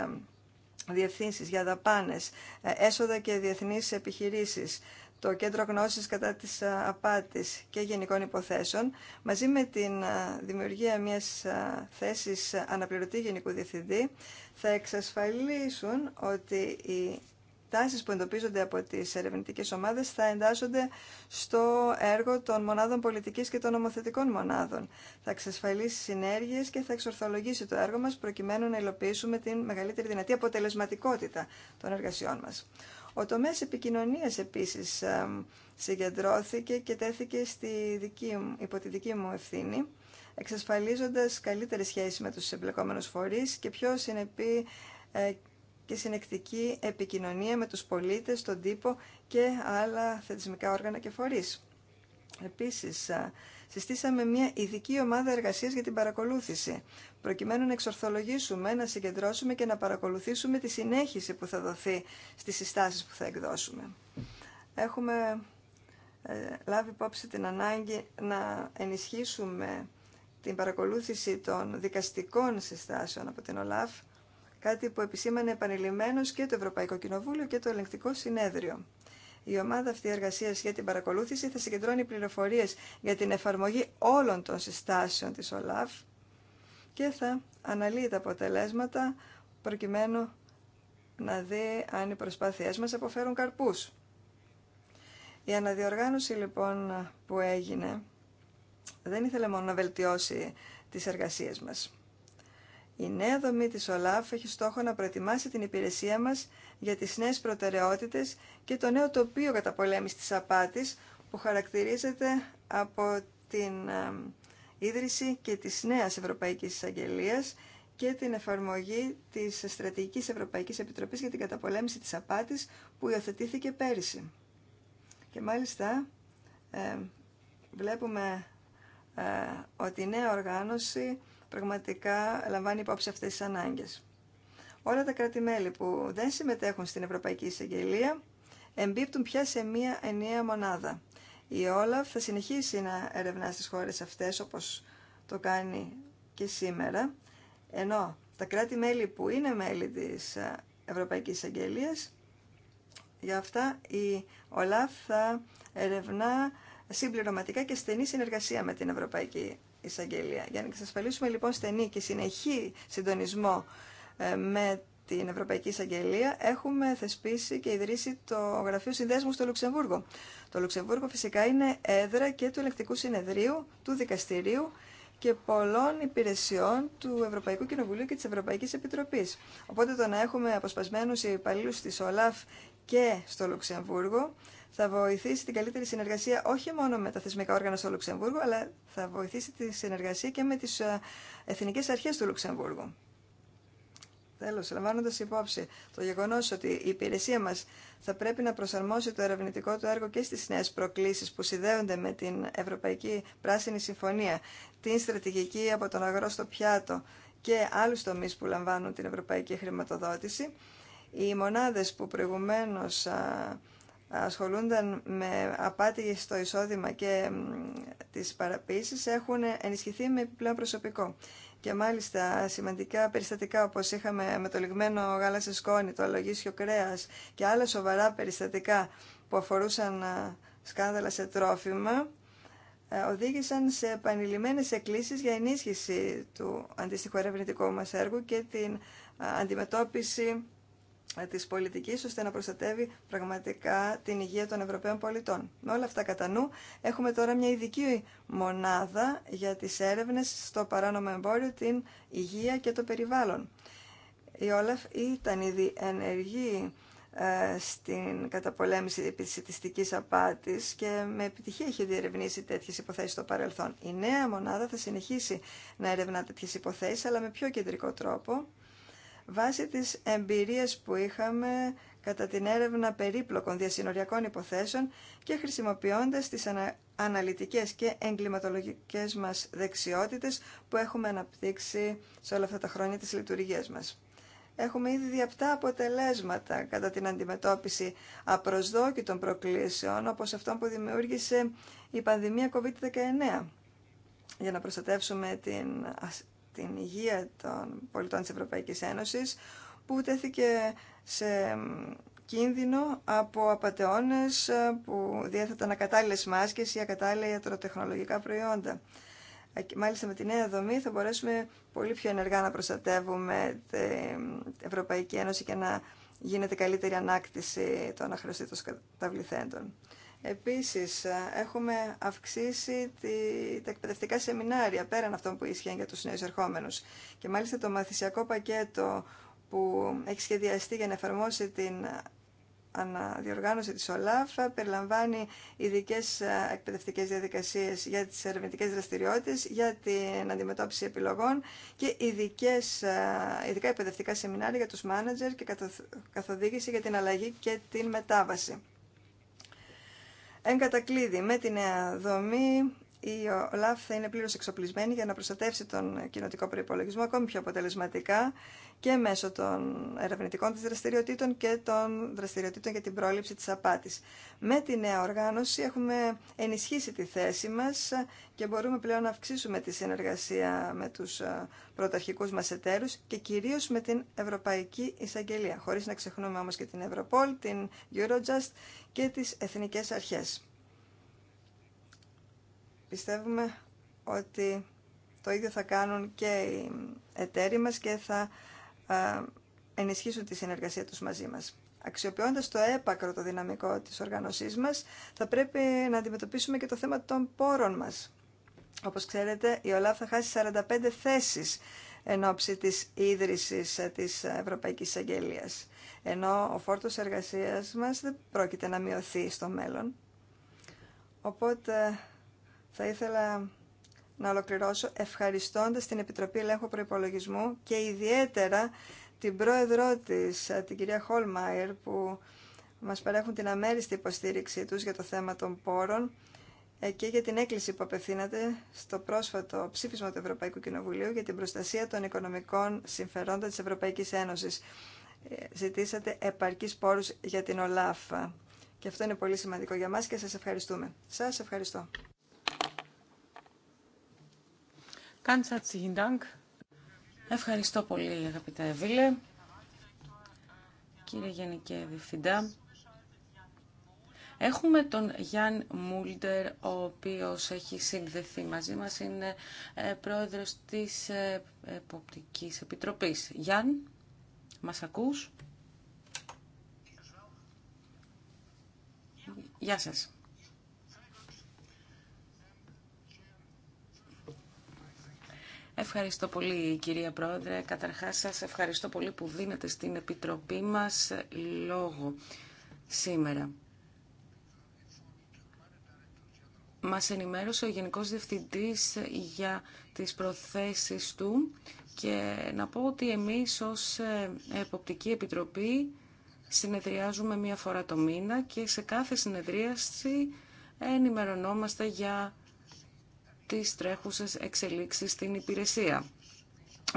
για δαπάνες, ε, έσοδα και διεθνείς επιχειρήσεις, το Κέντρο Γνώσης κατά της ε, απάτης και γενικών υποθέσεων, μαζί με την ε, δημιουργία μιας θέσης αναπληρωτή Γενικού Διευθυντή, θα εξασφαλίσουν ότι οι τάσεις που εντοπίζονται από τις ερευνητικές ομάδες θα εντάσσονται στο έργο των μονάδων πολιτικής και των νομοθετικών μονάδων. Θα εξασφαλίσει συνέργειες και θα εξορθολογήσει το έργο μας προκειμένου να υλοποιήσουμε την μεγαλύτερη δυνατή αποτελεσματικότητα των εργασιών μας. Ο τομέας επικοινωνίας επίσης ε, συγκεντρώθηκε και τέθηκε στη δική υπό τη δική μου ευθύνη, εξασφαλίζοντας καλύτερη σχέση με τους εμπλεκόμενους φορείς και πιο συνεπή ε, και συνεκτική επικοινωνία με τους πολίτες, τον τύπο και άλλα θεσμικά όργανα και φορείς. Επίσης, συστήσαμε μια ειδική ομάδα εργασίας για την παρακολούθηση, προκειμένου να εξορθολογήσουμε, να συγκεντρώσουμε και να παρακολουθήσουμε τη συνέχιση που θα δοθεί στις συστάσεις που θα εκδώσουμε. Έχουμε ε, λάβει υπόψη την ανάγκη να ενισχύσουμε την παρακολούθηση των δικαστικών συστάσεων από την ΟΛΑΦ Κάτι που επισήμανε επανειλημμένω και το Ευρωπαϊκό Κοινοβούλιο και το Ελεγκτικό Συνέδριο. Η ομάδα αυτή εργασία για την παρακολούθηση θα συγκεντρώνει πληροφορίε για την εφαρμογή όλων των συστάσεων τη ΟΛΑΒ και θα αναλύει τα αποτελέσματα προκειμένου να δει αν οι προσπάθειές μας αποφέρουν καρπού. Η αναδιοργάνωση λοιπόν που έγινε δεν ήθελε μόνο να βελτιώσει τις εργασίες μας. Η νέα δομή της ΟΛΑΦ έχει στόχο να προετοιμάσει την υπηρεσία μας για τις νέες προτεραιότητες και το νέο τοπίο καταπολέμησης της απάτης που χαρακτηρίζεται από την ίδρυση και της νέας Ευρωπαϊκής Εισαγγελίας και την εφαρμογή της Στρατηγικής Ευρωπαϊκής Επιτροπής για την καταπολέμηση της απάτης που υιοθετήθηκε πέρυσι. Και μάλιστα ε, βλέπουμε ότι η νέα οργάνωση πραγματικά λαμβάνει υπόψη αυτές τις ανάγκες. Όλα τα κράτη-μέλη που δεν συμμετέχουν στην Ευρωπαϊκή Εισαγγελία εμπίπτουν πια σε μία ενιαία μονάδα. Η Όλαφ θα συνεχίσει να ερευνά στις χώρες αυτές όπως το κάνει και σήμερα, ενώ τα κράτη-μέλη που είναι μέλη της ε, Ευρωπαϊκής Αγγελίας, για αυτά η ΟΛΑΦ θα ερευνά συμπληρωματικά και σημερα ενω τα κρατη μελη που ειναι μελη της ευρωπαικης Εισαγγελίας, συνεργασία με την Ευρωπαϊκή εισαγγελία. Για να εξασφαλίσουμε λοιπόν στενή και συνεχή συντονισμό ε, με την Ευρωπαϊκή Εισαγγελία έχουμε θεσπίσει και ιδρύσει το Γραφείο Συνδέσμου στο Λουξεμβούργο. Το Λουξεμβούργο φυσικά είναι έδρα και του Ελεκτικού Συνεδρίου, του Δικαστηρίου και πολλών υπηρεσιών του Ευρωπαϊκού Κοινοβουλίου και της Ευρωπαϊκής Επιτροπής. Οπότε το να έχουμε αποσπασμένους υπαλλήλου τη ΟΛΑΦ και στο Λουξεμβούργο θα βοηθήσει την καλύτερη συνεργασία όχι μόνο με τα θεσμικά όργανα στο Λουξεμβούργο, αλλά θα βοηθήσει τη συνεργασία και με τι ε, εθνικέ αρχέ του Λουξεμβούργου. Τέλο, λαμβάνοντα υπόψη το γεγονό ότι η υπηρεσία μα θα πρέπει να προσαρμόσει το ερευνητικό του έργο και στι νέε προκλήσει που συνδέονται με την Ευρωπαϊκή Πράσινη Συμφωνία, την στρατηγική από τον αγρό στο πιάτο και άλλου τομεί που λαμβάνουν την ευρωπαϊκή χρηματοδότηση, οι μονάδε που προηγουμένω ασχολούνταν με απάτη στο εισόδημα και τις παραποίησεις έχουν ενισχυθεί με επιπλέον προσωπικό. Και μάλιστα σημαντικά περιστατικά όπως είχαμε με το λιγμένο γάλα σε σκόνη, το αλογίσιο κρέας και άλλα σοβαρά περιστατικά που αφορούσαν σκάνδαλα σε τρόφιμα ε, οδήγησαν σε επανειλημμένες εκκλήσεις για ενίσχυση του αντίστοιχου ερευνητικού μας έργου και την αντιμετώπιση ε, της πολιτικής ώστε να προστατεύει πραγματικά την υγεία των Ευρωπαίων πολιτών. Με όλα αυτά κατά νου έχουμε τώρα μια ειδική μονάδα για τις έρευνες στο παράνομο εμπόριο, την υγεία και το περιβάλλον. Η Όλαφ ήταν ήδη ενεργή ε, στην καταπολέμηση επιστημιστικής απάτης και με επιτυχία έχει διερευνήσει τέτοιες υποθέσεις στο παρελθόν. Η νέα μονάδα θα συνεχίσει να ερευνά τέτοιες υποθέσεις αλλά με πιο κεντρικό τρόπο Βάσει της εμπειρίας που είχαμε κατά την έρευνα περίπλοκων διασυνοριακών υποθέσεων και χρησιμοποιώντας τις ανα... αναλυτικές και εγκληματολογικές μας δεξιότητες που έχουμε αναπτύξει σε όλα αυτά τα χρόνια της λειτουργίας μας. Έχουμε ήδη διαπτά αποτελέσματα κατά την αντιμετώπιση απροσδόκητων προκλήσεων, όπως αυτό που δημιούργησε η πανδημία COVID-19, για να προστατεύσουμε την την υγεία των πολιτών της Ευρωπαϊκής Ένωσης που τέθηκε σε κίνδυνο από απατεώνες ε, που διέθεταν ακατάλληλες μάσκες ή ακατάλληλα ιατροτεχνολογικά προϊόντα. Μάλιστα με τη νέα δομή θα μπορέσουμε πολύ πιο ενεργά να προστατεύουμε την Ευρωπαϊκή Ένωση και να γίνεται καλύτερη ανάκτηση των αχρηστήτων καταβληθέντων. Επίσης, έχουμε αυξήσει τη, τα εκπαιδευτικά σεμινάρια πέραν αυτών που ίσχυαν για τους νέους ερχόμενους. Και μάλιστα το μαθησιακό πακέτο που έχει σχεδιαστεί για να εφαρμόσει την αναδιοργάνωση της ΟΛΑΦ περιλαμβάνει ειδικέ ε, εκπαιδευτικές διαδικασίες για τις ερευνητικέ δραστηριότητες, για την αντιμετώπιση επιλογών και ειδικές, ε, ειδικά εκπαιδευτικά σεμινάρια για τους μάνατζερ και καθοδήγηση για την αλλαγή και την μετάβαση. Εν κατακλείδη, με τη νέα δομή η ΟΛΑΦ θα είναι πλήρως εξοπλισμένη για να προστατεύσει τον κοινοτικό προϋπολογισμό ακόμη πιο αποτελεσματικά και μέσω των ερευνητικών της δραστηριοτήτων και των δραστηριοτήτων για την πρόληψη της απάτης. Με τη νέα οργάνωση έχουμε ενισχύσει τη θέση μας και μπορούμε πλέον να αυξήσουμε τη συνεργασία με τους ε, πρωταρχικούς μας εταίρους και κυρίως με την Ευρωπαϊκή Εισαγγελία, χωρίς να ξεχνούμε όμως και την Ευρωπόλ, την Eurojust και τις Εθνικές Αρχές. Πιστεύουμε ότι το ίδιο θα κάνουν και οι εταίροι μας και θα ε, ενισχύσουν τη συνεργασία τους μαζί μας. Αξιοποιώντας το έπακρο το δυναμικό της οργανωσής μας, θα πρέπει να αντιμετωπίσουμε και το θέμα των πόρων μας. Όπως ξέρετε, η ΟΛΑΒ θα χάσει 45 θέσεις εν ώψη της ίδρυσης ε, της Ευρωπαϊκής Αγγελίας. Ενώ ο φόρτος εργασίας μας δεν πρόκειται να μειωθεί στο μέλλον. Οπότε θα ήθελα να ολοκληρώσω ευχαριστώντας την Επιτροπή Ελέγχου Προϋπολογισμού και ιδιαίτερα την πρόεδρό της, την κυρία Χόλμαϊρ, που μας παρέχουν την αμέριστη υποστήριξή τους για το θέμα των πόρων ε, και για την έκκληση που απευθύνατε στο πρόσφατο ψήφισμα του Ευρωπαϊκού Κοινοβουλίου για την προστασία των οικονομικών συμφερόντων της Ευρωπαϊκής Ένωσης. Ε, ζητήσατε επαρκείς πόρους για την ΟΛΑΦΑ. Και αυτό είναι πολύ σημαντικό για μας και σας ευχαριστούμε. Σας ευχαριστώ. Ευχαριστώ πολύ, αγαπητέ Εβίλε. Κύριε Γενική Διευθυντά, Έχουμε τον Γιάν Μούλτερ, ο οποίος έχει συνδεθεί μαζί μας, είναι ε, πρόεδρος της ε, Εποπτικής Επιτροπής. Γιάν, μας ακούς? Γεια σας. Ευχαριστώ πολύ κυρία Πρόεδρε. Καταρχάς σας ευχαριστώ πολύ που δίνετε στην Επιτροπή μας λόγο σήμερα. Μας ενημέρωσε ο Γενικός Διευθυντής για τις προθέσεις του και να πω ότι εμείς ως Εποπτική Επιτροπή συνεδριάζουμε μία φορά το μήνα και σε κάθε συνεδρίαση ενημερωνόμαστε για τις τρέχουσες εξελίξεις στην υπηρεσία.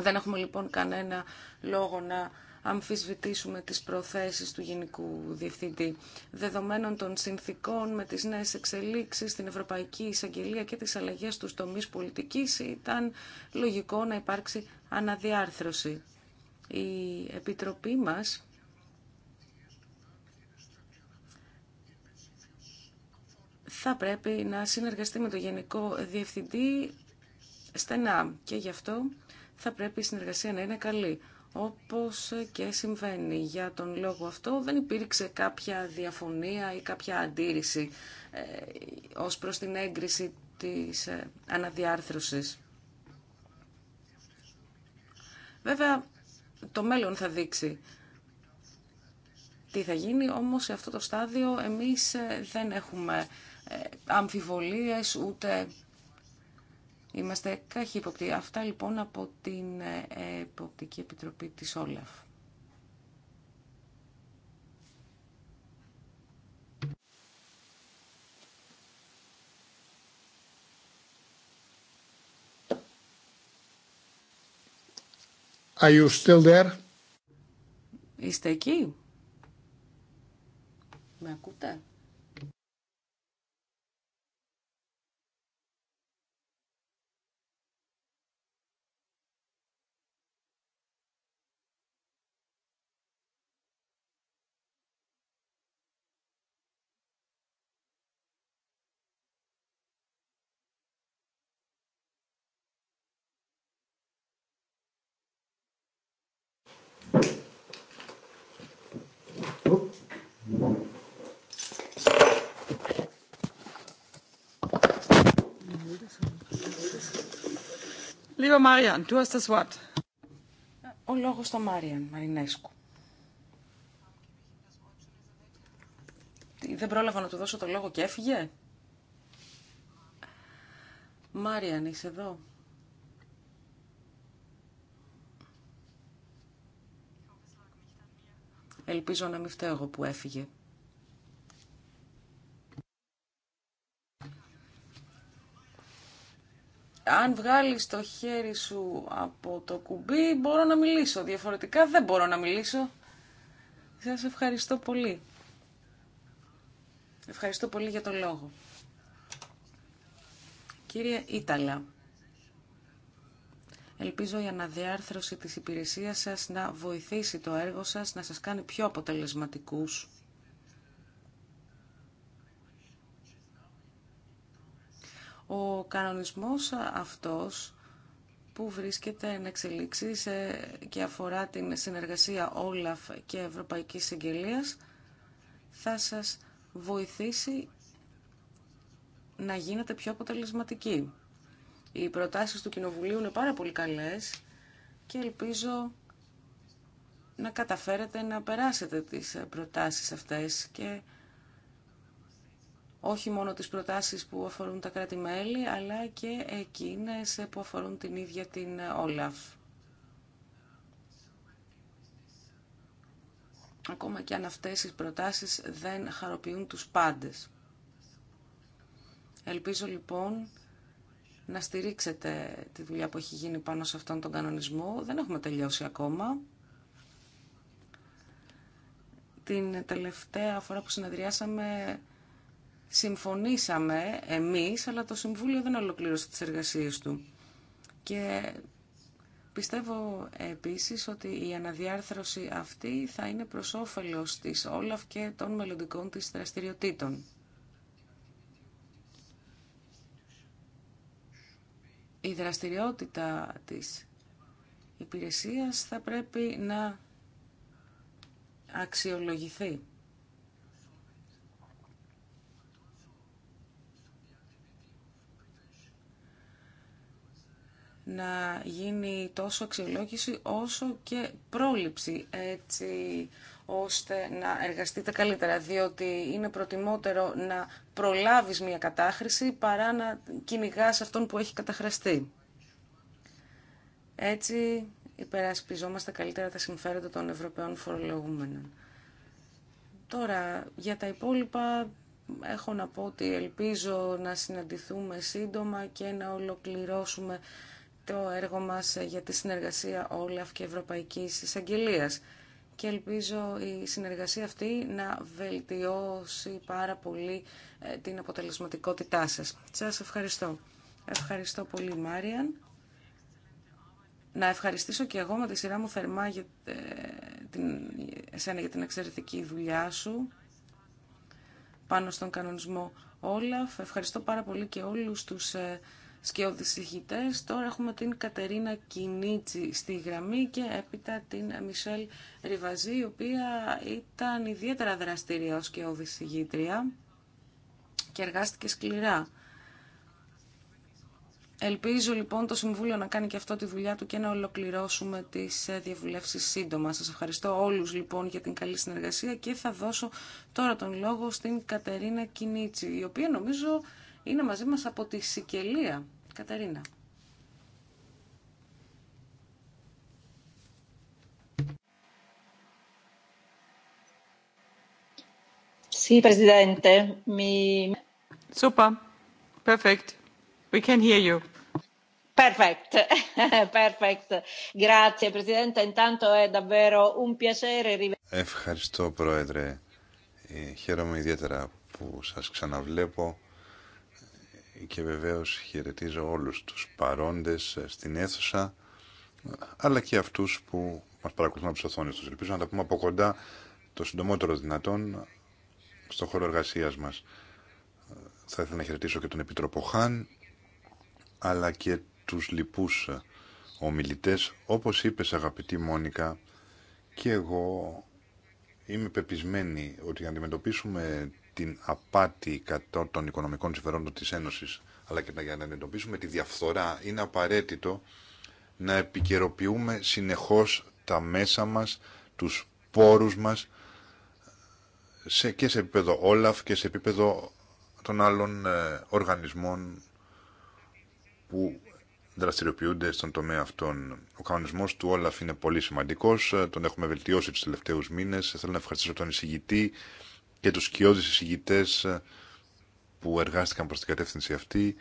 Δεν έχουμε λοιπόν κανένα λόγο να αμφισβητήσουμε τις προθέσεις του Γενικού Διευθυντή. Δεδομένων των συνθήκων με τις νέες εξελίξεις στην Ευρωπαϊκή Εισαγγελία και τις αλλαγές του τομείς πολιτικής ήταν λογικό να υπάρξει αναδιάρθρωση. Η Επιτροπή μας θα πρέπει να συνεργαστεί με το Γενικό Διευθυντή στενά και γι' αυτό θα πρέπει η συνεργασία να είναι καλή. Όπως και συμβαίνει για τον λόγο αυτό δεν υπήρξε κάποια διαφωνία ή κάποια αντίρρηση ε, ως προς την έγκριση της ε, αναδιάρθρωσης. Βέβαια το μέλλον θα δείξει τι θα γίνει, όμως σε αυτό το στάδιο εμείς ε, δεν έχουμε αμφιβολίες, ούτε είμαστε καχύποπτοι. Αυτά λοιπόν από την ε, Εποπτική Επιτροπή της Όλαφ. Are you still there? Είστε εκεί? Με ακούτε? Λίγο Μάριαν, του το Ο λόγος στο Μάριαν Μαρινέσκου. Δεν πρόλαβα να του δώσω το λόγο και έφυγε. Μάριαν, είσαι εδώ. Ελπίζω να μην φταίω εγώ που έφυγε. Αν βγάλεις το χέρι σου από το κουμπί μπορώ να μιλήσω. Διαφορετικά δεν μπορώ να μιλήσω. Σας ευχαριστώ πολύ. Ευχαριστώ πολύ για τον λόγο. Κύριε Ήταλα. Ελπίζω η αναδιάρθρωση της υπηρεσίας σας να βοηθήσει το έργο σας, να σας κάνει πιο αποτελεσματικούς. Ο κανονισμός αυτός που βρίσκεται να εξελίξει και αφορά την συνεργασία Όλαφ και Ευρωπαϊκής Συγγελίας θα σας βοηθήσει να γίνετε πιο αποτελεσματικοί. Οι προτάσεις του Κοινοβουλίου είναι πάρα πολύ καλές και ελπίζω να καταφέρετε να περάσετε τις προτάσεις αυτές και όχι μόνο τις προτάσεις που αφορούν τα κράτη-μέλη, αλλά και εκείνες που αφορούν την ίδια την Όλαφ. Ακόμα και αν αυτές οι προτάσεις δεν χαροποιούν τους πάντες. Ελπίζω λοιπόν να στηρίξετε τη δουλειά που έχει γίνει πάνω σε αυτόν τον κανονισμό. Δεν έχουμε τελειώσει ακόμα. Την τελευταία φορά που συνεδριάσαμε συμφωνήσαμε εμείς, αλλά το Συμβούλιο δεν ολοκλήρωσε τις εργασίες του. Και πιστεύω επίσης ότι η αναδιάρθρωση αυτή θα είναι προς όφελος της Όλαφ και των μελλοντικών της δραστηριοτήτων. η δραστηριότητα της υπηρεσίας θα πρέπει να αξιολογηθεί. να γίνει τόσο αξιολόγηση όσο και πρόληψη έτσι ώστε να εργαστείτε καλύτερα διότι είναι προτιμότερο να προλάβεις μια κατάχρηση παρά να κυνηγά αυτόν που έχει καταχραστεί. Έτσι υπερασπιζόμαστε καλύτερα τα συμφέροντα των Ευρωπαίων φορολογούμενων. Τώρα, για τα υπόλοιπα έχω να πω ότι ελπίζω να συναντηθούμε σύντομα και να ολοκληρώσουμε το έργο μας για τη συνεργασία Όλαφ και Ευρωπαϊκής Εισαγγελίας και ελπίζω η συνεργασία αυτή να βελτιώσει πάρα πολύ ε, την αποτελεσματικότητά σας. Σας ευχαριστώ. Ευχαριστώ πολύ Μάριαν. Να ευχαριστήσω και εγώ με τη σειρά μου θερμά για ε, την, εσένα για την εξαιρετική δουλειά σου πάνω στον κανονισμό Όλαφ. Ευχαριστώ πάρα πολύ και όλους τους ε, σκιώδης Τώρα έχουμε την Κατερίνα Κινίτσι στη γραμμή και έπειτα την Μισελ Ριβαζή, η οποία ήταν ιδιαίτερα δραστήρια ως σκιώδης και εργάστηκε σκληρά. Ελπίζω λοιπόν το Συμβούλιο να κάνει και αυτό τη δουλειά του και να ολοκληρώσουμε τις διαβουλεύσεις σύντομα. Σας ευχαριστώ όλους λοιπόν για την καλή συνεργασία και θα δώσω τώρα τον λόγο στην Κατερίνα Κινίτσι, η οποία νομίζω είναι μαζί μας από τη Σικελία. Καταρίνα. Sí, presidente. Mi... Super. Perfect. We can hear you. Perfect. Perfect. Grazie, Presidente. Intanto è davvero un piacere. Ευχαριστώ, Πρόεδρε. Χαίρομαι ιδιαίτερα που σας ξαναβλέπω και βεβαίως χαιρετίζω όλους τους παρόντες ε, στην αίθουσα αλλά και αυτούς που μας παρακολουθούν από τις οθόνες τους. Ελπίζω να τα πούμε από κοντά το συντομότερο δυνατόν στο χώρο εργασίας μας. Θα ήθελα να χαιρετήσω και τον Επιτρόπο Χάν αλλά και τους λοιπούς ε, ομιλητές. Όπως είπες αγαπητή Μόνικα και εγώ είμαι πεπισμένη ότι να αντιμετωπίσουμε την απάτη κατά των οικονομικών συμφερόντων της Ένωσης, αλλά και για να εντοπίσουμε τη διαφθορά, είναι απαραίτητο να επικαιροποιούμε συνεχώς τα μέσα μας, τους πόρους μας, σε, και σε επίπεδο Όλαφ και σε επίπεδο των άλλων ε, οργανισμών που δραστηριοποιούνται στον τομέα αυτών. Ο κανονισμός του Όλαφ είναι πολύ σημαντικό. Ε, τον έχουμε βελτιώσει του τελευταίου μήνε. Θέλω να ευχαριστήσω τον εισηγητή και τους οι εισηγητές ε, που εργάστηκαν προς την κατεύθυνση αυτή,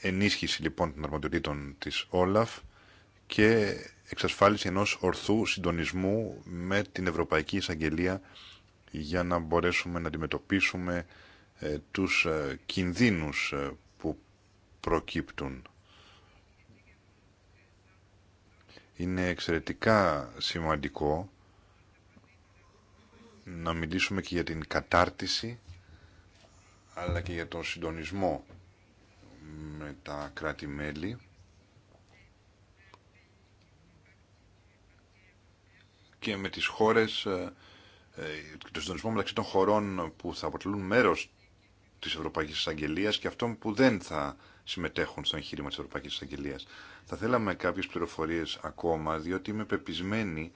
ενίσχυση λοιπόν των αρμοδιοτήτων της Όλαφ και εξασφάλιση ενός ορθού συντονισμού με την Ευρωπαϊκή Εισαγγελία για να μπορέσουμε να αντιμετωπίσουμε ε, τους ε, κινδύνους που προκύπτουν. Είναι εξαιρετικά σημαντικό να μιλήσουμε και για την κατάρτιση αλλά και για τον συντονισμό με τα κράτη-μέλη και με τις χώρες και ε, ε, το συντονισμό μεταξύ των χωρών που θα αποτελούν μέρος της Ευρωπαϊκής Αγγελίας και αυτών που δεν θα συμμετέχουν στο εγχείρημα της Ευρωπαϊκής Αγγελίας. Θα θέλαμε κάποιες πληροφορίες ακόμα, διότι είμαι πεπισμένη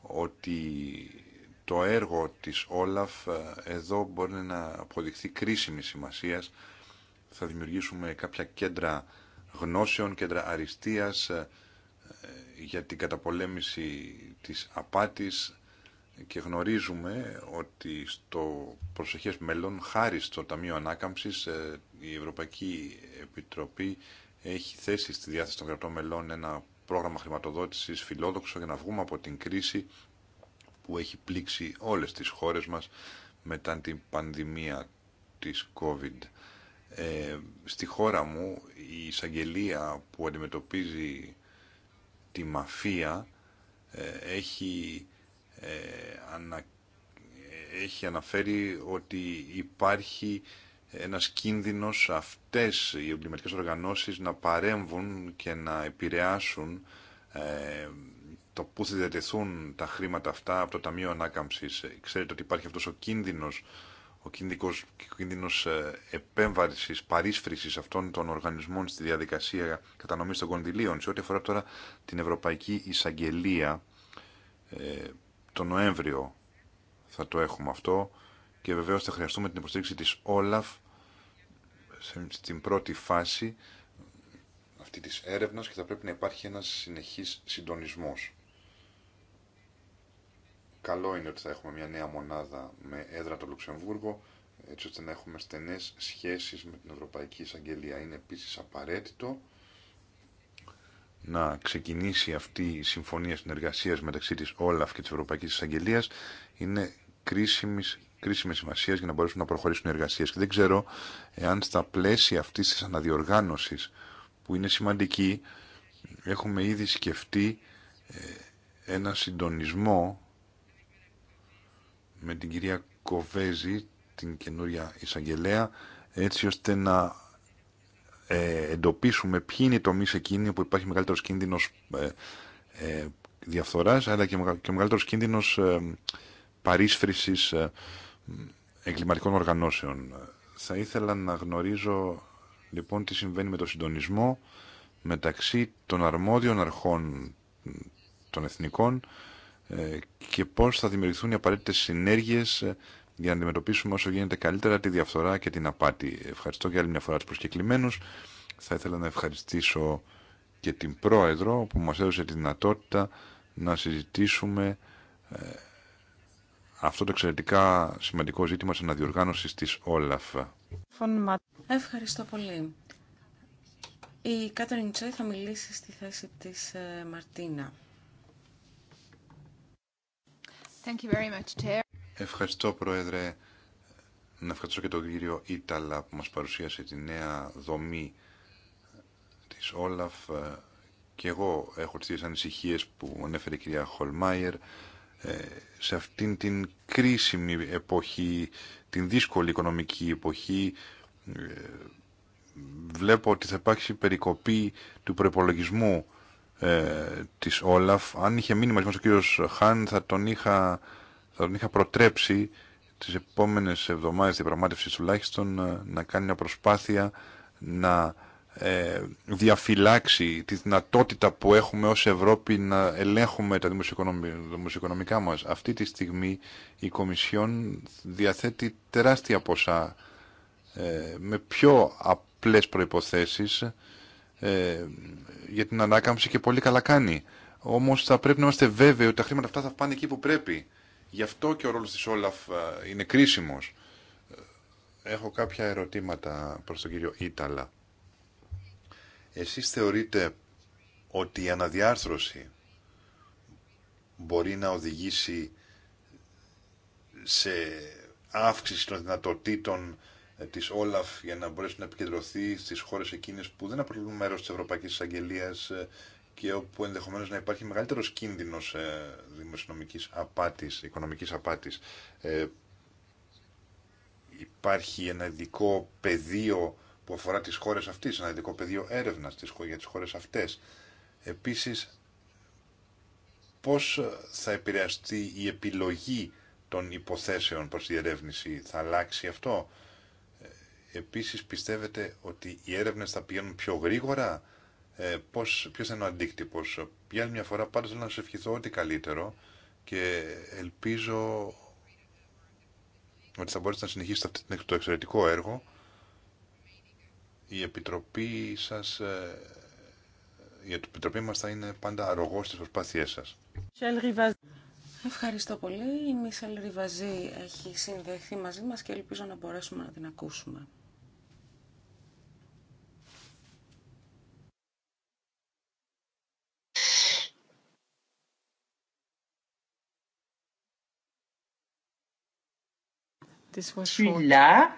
ότι το έργο της Όλαφ ε, εδώ μπορεί να αποδειχθεί κρίσιμη σημασίας. Θα δημιουργήσουμε κάποια κέντρα γνώσεων, κέντρα αριστείας ε, για την καταπολέμηση της απάτης και γνωρίζουμε ότι στο προσεχές μέλλον, χάρη στο Ταμείο Ανάκαμψης, ε, η Ευρωπαϊκή Επιτροπή έχει θέσει στη διάθεση των κρατών μελών ένα πρόγραμμα χρηματοδότησης φιλόδοξο για να βγούμε από την κρίση που έχει πλήξει όλες τις χώρες μας μετά την πανδημία της COVID. Ε, στη χώρα μου η εισαγγελία που αντιμετωπίζει τη μαφία ε, έχει, ε, ε, έχει αναφέρει ότι υπάρχει ένας κίνδυνος αυτές οι εγκληματικές οργανώσεις να παρέμβουν και να επηρεάσουν το πού θα διατεθούν τα χρήματα αυτά από το Ταμείο Ανάκαμψης. Ε, ξέρετε ότι υπάρχει αυτός ο κίνδυνος, ο κίνδυνος, ο ε, κίνδυνος παρίσφρησης αυτών των οργανισμών στη διαδικασία κατανομής των κονδυλίων. Σε ό,τι αφορά τώρα την Ευρωπαϊκή Εισαγγελία, ε, το Νοέμβριο θα το έχουμε αυτό και βεβαίως θα χρειαστούμε την υποστήριξη της Όλαφ στην πρώτη φάση αυτή της έρευνας και θα πρέπει να υπάρχει ένας συνεχής συντονισμός καλό είναι ότι θα έχουμε μια νέα μονάδα με έδρα το Λουξεμβούργο, έτσι ώστε να έχουμε στενές σχέσεις με την Ευρωπαϊκή Εισαγγελία. Είναι επίσης απαραίτητο να ξεκινήσει αυτή η συμφωνία συνεργασία μεταξύ της Όλαφ και της Ευρωπαϊκής Εισαγγελίας. Είναι κρίσιμης κρίσιμη σημασία για να μπορέσουν να προχωρήσουν οι εργασίε. Και δεν ξέρω εάν στα πλαίσια αυτή τη αναδιοργάνωση που είναι σημαντική, έχουμε ήδη σκεφτεί ε, ένα συντονισμό με την κυρία Κοβέζη, την καινούρια εισαγγελέα, έτσι ώστε να ε, εντοπίσουμε ποιοι είναι οι τομεί εκείνοι που υπάρχει μεγαλύτερο κίνδυνο ε, ε, διαφθοράς, αλλά και, και μεγαλύτερος κίνδυνος ε, ε, εγκληματικών οργανώσεων. Θα ήθελα να γνωρίζω λοιπόν τι συμβαίνει με το συντονισμό μεταξύ των αρμόδιων αρχών των εθνικών ε, και πώς θα δημιουργηθούν οι απαραίτητες συνέργειες ε, για να αντιμετωπίσουμε όσο γίνεται καλύτερα τη διαφθορά και την απάτη. Ευχαριστώ για άλλη μια φορά τους προσκεκλημένους. Θα ήθελα να ευχαριστήσω και την Πρόεδρο που μας έδωσε τη δυνατότητα να συζητήσουμε ε, αυτό το εξαιρετικά σημαντικό ζήτημα της αναδιοργάνωσης της Όλαφ. Ευχαριστώ πολύ. Η Κάτριν θα μιλήσει στη θέση της Μαρτίνα. Ευχαριστώ, Πρόεδρε. Να ευχαριστώ και τον κύριο Ήταλα που μας παρουσίασε τη νέα δομή της Όλαφ. Και εγώ έχω τις ανησυχίες που ανέφερε η κυρία Χολμάιερ ε, σε αυτήν την κρίσιμη εποχή, την δύσκολη οικονομική εποχή ε, βλέπω ότι θα υπάρξει περικοπή του προπολογισμού ε, της Όλαφ. Αν είχε μείνει μαζί μας ο κύριος Χάν θα τον είχα, θα τον είχα προτρέψει τις επόμενες εβδομάδες διαπραγμάτευσης τουλάχιστον ε, να κάνει μια προσπάθεια να ε, διαφυλάξει τη δυνατότητα που έχουμε ως Ευρώπη να ελέγχουμε τα δημοσιοοικονομικά μας. Αυτή τη στιγμή η Κομισιόν διαθέτει τεράστια ποσά ε, με πιο απλές προϋποθέσεις ε, για την ανάκαμψη και πολύ καλά κάνει. Όμως θα πρέπει να είμαστε βέβαιοι ότι τα χρήματα αυτά θα πάνε εκεί που πρέπει. Γι' αυτό και ο ρόλος της Όλαφ ε, είναι κρίσιμος. Ε, έχω κάποια ερωτήματα προς τον κύριο Ήταλα. Εσείς θεωρείτε ότι η αναδιάρθρωση μπορεί να οδηγήσει σε αύξηση των δυνατοτήτων ε, τη Όλαφ για να μπορέσει να επικεντρωθεί στι χώρες εκείνες που δεν αποτελούν μέρο της Ευρωπαϊκής Εισαγγελίας ε, και όπου ενδεχομένως να υπάρχει μεγαλύτερος κίνδυνος ε, δημοσιονομική, απάτης, οικονομικής απάτης. υπάρχει ένα ειδικό πεδίο που αφορά τις χώρες αυτές, ένα ειδικό πεδίο έρευνας για τις χώρες αυτές. Επίσης, πώς θα επηρεαστεί η επιλογή των υποθέσεων προς τη διερεύνηση, θα αλλάξει αυτό Επίσης πιστεύετε ότι οι έρευνες θα πηγαίνουν πιο γρήγορα. Ε, πώς, ποιος είναι ο αντίκτυπος. Για μια φορά πάντως θέλω να σας ευχηθώ ό,τι καλύτερο και ελπίζω ότι θα μπορέσετε να συνεχίσετε αυτό το εξαιρετικό έργο. Η Επιτροπή σας ε, η Επιτροπή μας θα είναι πάντα αρρωγός στις προσπάθειές σας. Ευχαριστώ πολύ. Η Μίσελ Ριβαζή έχει συνδεθεί μαζί μας και ελπίζω να μπορέσουμε να την ακούσουμε. suis la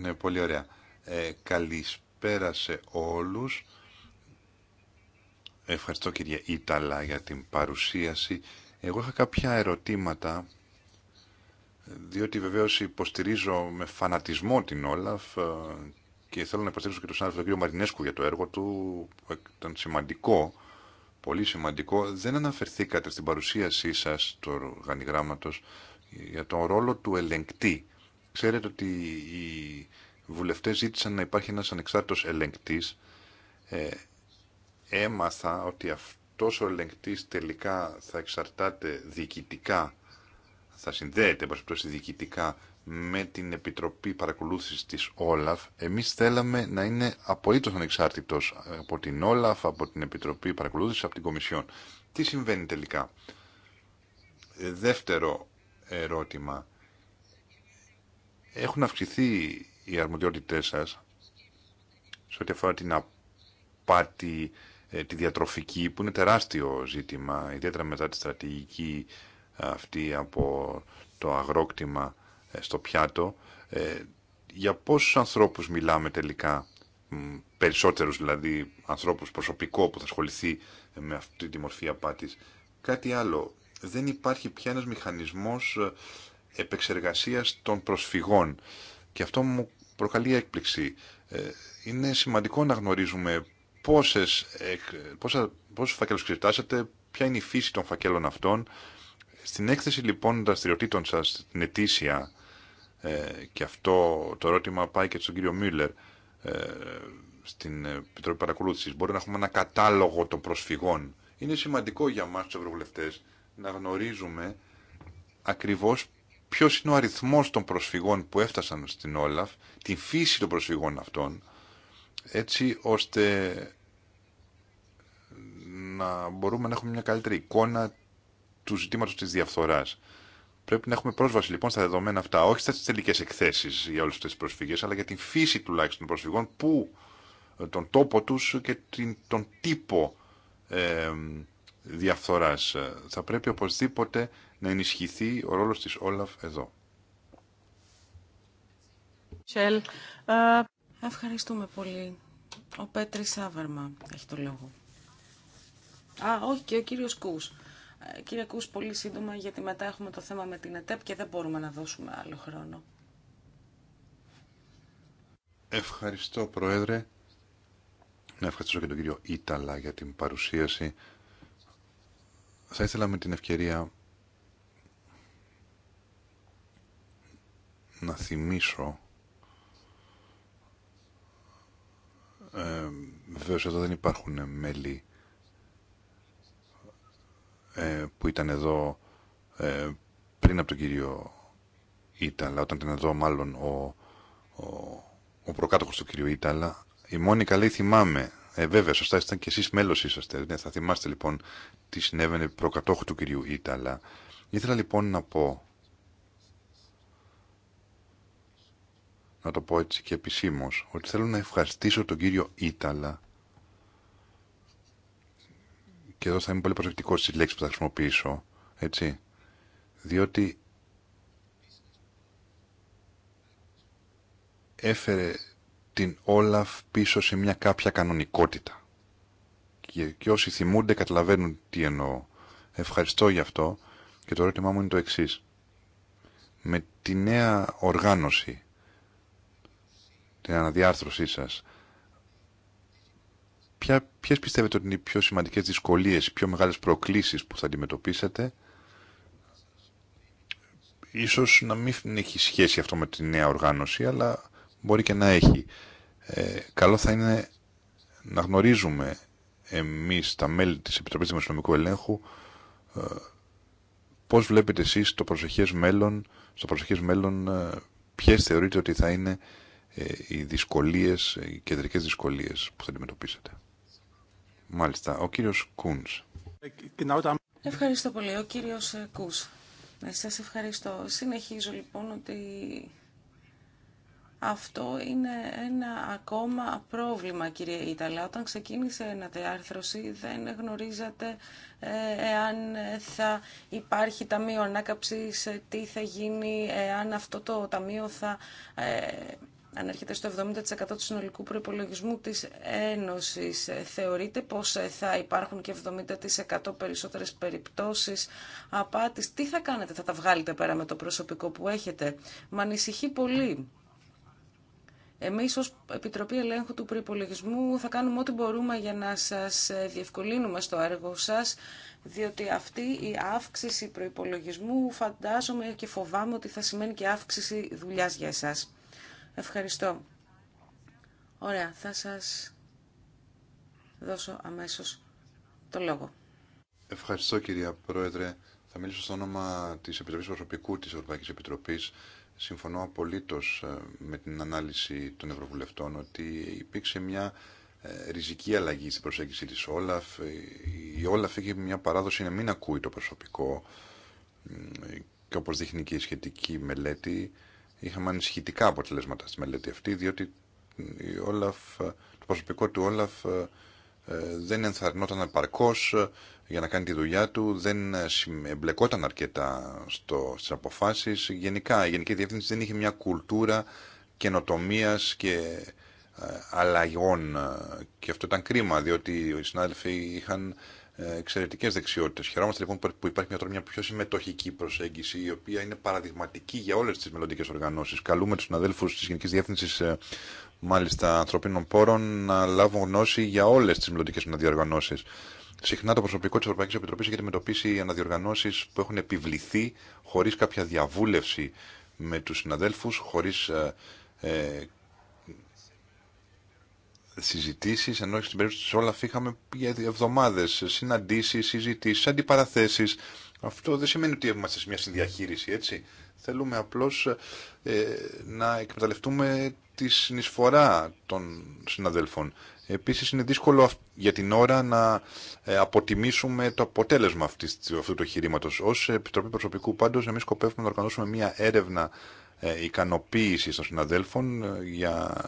Ναι, πολύ ωραία. Ε, καλησπέρα σε όλους. Ευχαριστώ κυρία Ήταλα για την παρουσίαση. Εγώ είχα κάποια ερωτήματα, διότι βεβαίως υποστηρίζω με φανατισμό την Όλαφ ε, και θέλω να υποστηρίζω και τον συνάδελφο τον κύριο Μαρινέσκου για το έργο του, που ήταν σημαντικό πολύ σημαντικό, δεν αναφερθήκατε στην παρουσίασή σας του οργανιγράμματος για τον ρόλο του ελεγκτή. Ξέρετε ότι οι βουλευτές ζήτησαν να υπάρχει ένας ανεξάρτητος ελεγκτής. Ε, έμαθα ότι αυτός ο ελεγκτής τελικά θα εξαρτάται διοικητικά, θα συνδέεται διοικητικά με την Επιτροπή Παρακολούθησης της Όλαφ, εμείς θέλαμε να είναι απολύτως ανεξάρτητος από την Όλαφ, από την Επιτροπή Παρακολούθησης, από την Κομισιόν. Τι συμβαίνει τελικά. Ε, δεύτερο ερώτημα. Έχουν αυξηθεί οι αρμοδιότητές σας σε ό,τι αφορά την απάτη, ε, τη διατροφική, που είναι τεράστιο ζήτημα, ιδιαίτερα μετά τη στρατηγική αυτή από το αγρόκτημα ε, στο πιάτο, ε, για πόσους ανθρώπους μιλάμε τελικά, περισσότερους δηλαδή ανθρώπους προσωπικό που θα ασχοληθεί με αυτή τη μορφή απάτης. Κάτι άλλο, δεν υπάρχει πια ένας μηχανισμός ε, επεξεργασίας των προσφυγών και αυτό μου προκαλεί έκπληξη. Είναι σημαντικό να γνωρίζουμε πόσες, πόσα, πόσους φακέλους εξετάσατε, ποια είναι η φύση των φακέλων αυτών. Στην έκθεση λοιπόν δραστηριοτήτων σας, την ετήσια, ε, και αυτό το ερώτημα πάει και στον κύριο Μίλλερ ε, στην Επιτροπή Παρακολούθησης. Μπορεί να έχουμε ένα κατάλογο των προσφυγών. Είναι σημαντικό για μας τους ευρωβουλευτές να γνωρίζουμε ακριβώς ποιο είναι ο αριθμός των προσφυγών που έφτασαν στην Όλαφ, την φύση των προσφυγών αυτών, έτσι ώστε να μπορούμε να έχουμε μια καλύτερη εικόνα του ζητήματος της διαφθοράς. Πρέπει να έχουμε πρόσβαση λοιπόν στα δεδομένα αυτά, όχι στι τελικέ εκθέσει για όλε αυτέ τι προσφυγέ, αλλά για την φύση τουλάχιστον των προσφυγών, που, ε, τον τόπο του και την, τον τύπο ε, διαφθορά. Θα πρέπει οπωσδήποτε να ενισχυθεί ο ρόλο τη Όλαφ εδώ. Ε, ευχαριστούμε πολύ. Ο Πέτρης Σάβαρμα έχει το λόγο. Α, όχι και ο κύριος Κούς. Κύριε Κούς, πολύ σύντομα, γιατί μετά έχουμε το θέμα με την ΕΤΕΠ και δεν μπορούμε να δώσουμε άλλο χρόνο. Ευχαριστώ, Πρόεδρε. Να ευχαριστήσω και τον κύριο Ήταλα για την παρουσίαση. Θα ήθελα με την ευκαιρία να θυμίσω ε, βεβαίως εδώ δεν υπάρχουν μέλη ε, που ήταν εδώ ε, πριν από τον κύριο Ήταλα, όταν ήταν εδώ μάλλον ο, ο, ο προκάτοχος του κύριου Ήταλα. Η μόνη καλή θυμάμαι. Ε, βέβαια, σωστά, ήταν και εσείς μέλος είσαστε. Ναι, θα θυμάστε λοιπόν τι συνέβαινε προκατόχου του κυρίου Ήταλα. Ήθελα λοιπόν να πω, να το πω έτσι και επισήμως, ότι θέλω να ευχαριστήσω τον κύριο Ήταλα και εδώ θα είμαι πολύ προσεκτικό στις λέξεις που θα χρησιμοποιήσω, έτσι, διότι έφερε την Όλαφ πίσω σε μια κάποια κανονικότητα. Και, όσοι θυμούνται καταλαβαίνουν τι εννοώ. Ευχαριστώ γι' αυτό και το ερώτημά μου είναι το εξή: Με τη νέα οργάνωση, την αναδιάρθρωσή σας, ποιες πιστεύετε ότι είναι οι πιο σημαντικές δυσκολίες, οι πιο μεγάλες προκλήσεις που θα αντιμετωπίσετε. Ίσως να μην έχει σχέση αυτό με τη νέα οργάνωση, αλλά μπορεί και να έχει. Ε, καλό θα είναι να γνωρίζουμε εμείς, τα μέλη της Επιτροπής Δημοσιονομικού Ελέγχου, ε, πώς βλέπετε εσείς το προσεχές μέλλον, στο προσεχές μέλλον ε, ποιες θεωρείτε ότι θα είναι ε, οι δυσκολίες, οι κεντρικές δυσκολίες που θα αντιμετωπίσετε. Μάλιστα. Ο κύριο Κούν. Ευχαριστώ πολύ. Ο κύριος ε, Κούς. Ε, σα ευχαριστώ. Συνεχίζω λοιπόν ότι αυτό είναι ένα ακόμα πρόβλημα, κύριε Ήταλα. Όταν ξεκίνησε ένα διάρθρωση δεν γνωρίζατε ε, εάν θα υπάρχει ταμείο ανάκαψή, τι θα γίνει, εάν αυτό το ταμείο θα ανέρχεται στο 70% του συνολικού προϋπολογισμού της Ένωσης. Ε, θεωρείτε πως ε, θα υπάρχουν και 70% περισσότερες περιπτώσεις απάτης. Τι θα κάνετε, θα τα βγάλετε πέρα με το προσωπικό που έχετε. Μα ανησυχεί πολύ. Εμείς ως Επιτροπή Ελέγχου του Προϋπολογισμού θα κάνουμε ό,τι μπορούμε για να σας ε, διευκολύνουμε στο έργο σας, διότι αυτή η αύξηση προϋπολογισμού φαντάζομαι και φοβάμαι ότι θα σημαίνει και αύξηση δουλειάς για εσάς. Ευχαριστώ. Ωραία, θα σας δώσω αμέσως το λόγο. Ευχαριστώ κυρία Πρόεδρε. Θα μιλήσω στο όνομα της Επιτροπής Προσωπικού της Ευρωπαϊκής Επιτροπής. Συμφωνώ απολύτως ε, με την ανάλυση των Ευρωβουλευτών ότι υπήρξε μια ε, ριζική αλλαγή στην προσέγγιση της Όλαφ. Η Όλαφ έχει μια παράδοση να μην ακούει το προσωπικό και όπως δείχνει και η σχετική μελέτη είχαμε ανησυχητικά αποτελέσματα στη μελέτη αυτή, διότι η Όλαφ, το προσωπικό του Όλαφ ε, δεν ενθαρρυνόταν παρκώ ε, για να κάνει τη δουλειά του, δεν ε, εμπλεκόταν αρκετά στο, στις αποφάσεις. Γενικά, η Γενική Διεύθυνση δεν είχε μια κουλτούρα καινοτομία και αλλαγών και αυτό ήταν κρίμα διότι οι συνάδελφοι είχαν εξαιρετικέ δεξιότητε. Χαιρόμαστε λοιπόν που υπάρχει τώρα μια πιο συμμετοχική προσέγγιση, η οποία είναι παραδειγματική για όλε τι μελλοντικέ οργανώσει. Καλούμε του συναδέλφου τη Γενική Διεύθυνση ε, μάλιστα ανθρωπίνων πόρων να λάβουν γνώση για όλε τι μελλοντικέ αναδιοργανώσει. Συχνά το προσωπικό τη Ευρωπαϊκή Επιτροπή έχει αντιμετωπίσει αναδιοργανώσει που έχουν επιβληθεί χωρί κάποια διαβούλευση με του συναδέλφου, χωρί ε, ε, συζητήσεις, ενώ στην περίπτωση της Όλαφ είχαμε για εβδομάδες συναντήσεις, συζητήσεις, αντιπαραθέσεις. Αυτό δεν σημαίνει ότι είμαστε σε μια συνδιαχείριση, έτσι. Θέλουμε απλώς ε, να εκμεταλλευτούμε τη συνεισφορά των συναδέλφων. Επίσης είναι δύσκολο για την ώρα να ε, αποτιμήσουμε το αποτέλεσμα αυτής, αυτού του εγχειρήματο. Ως Επιτροπή Προσωπικού πάντως εμείς σκοπεύουμε να οργανώσουμε μια έρευνα ε, ικανοποίηση των συναδέλφων για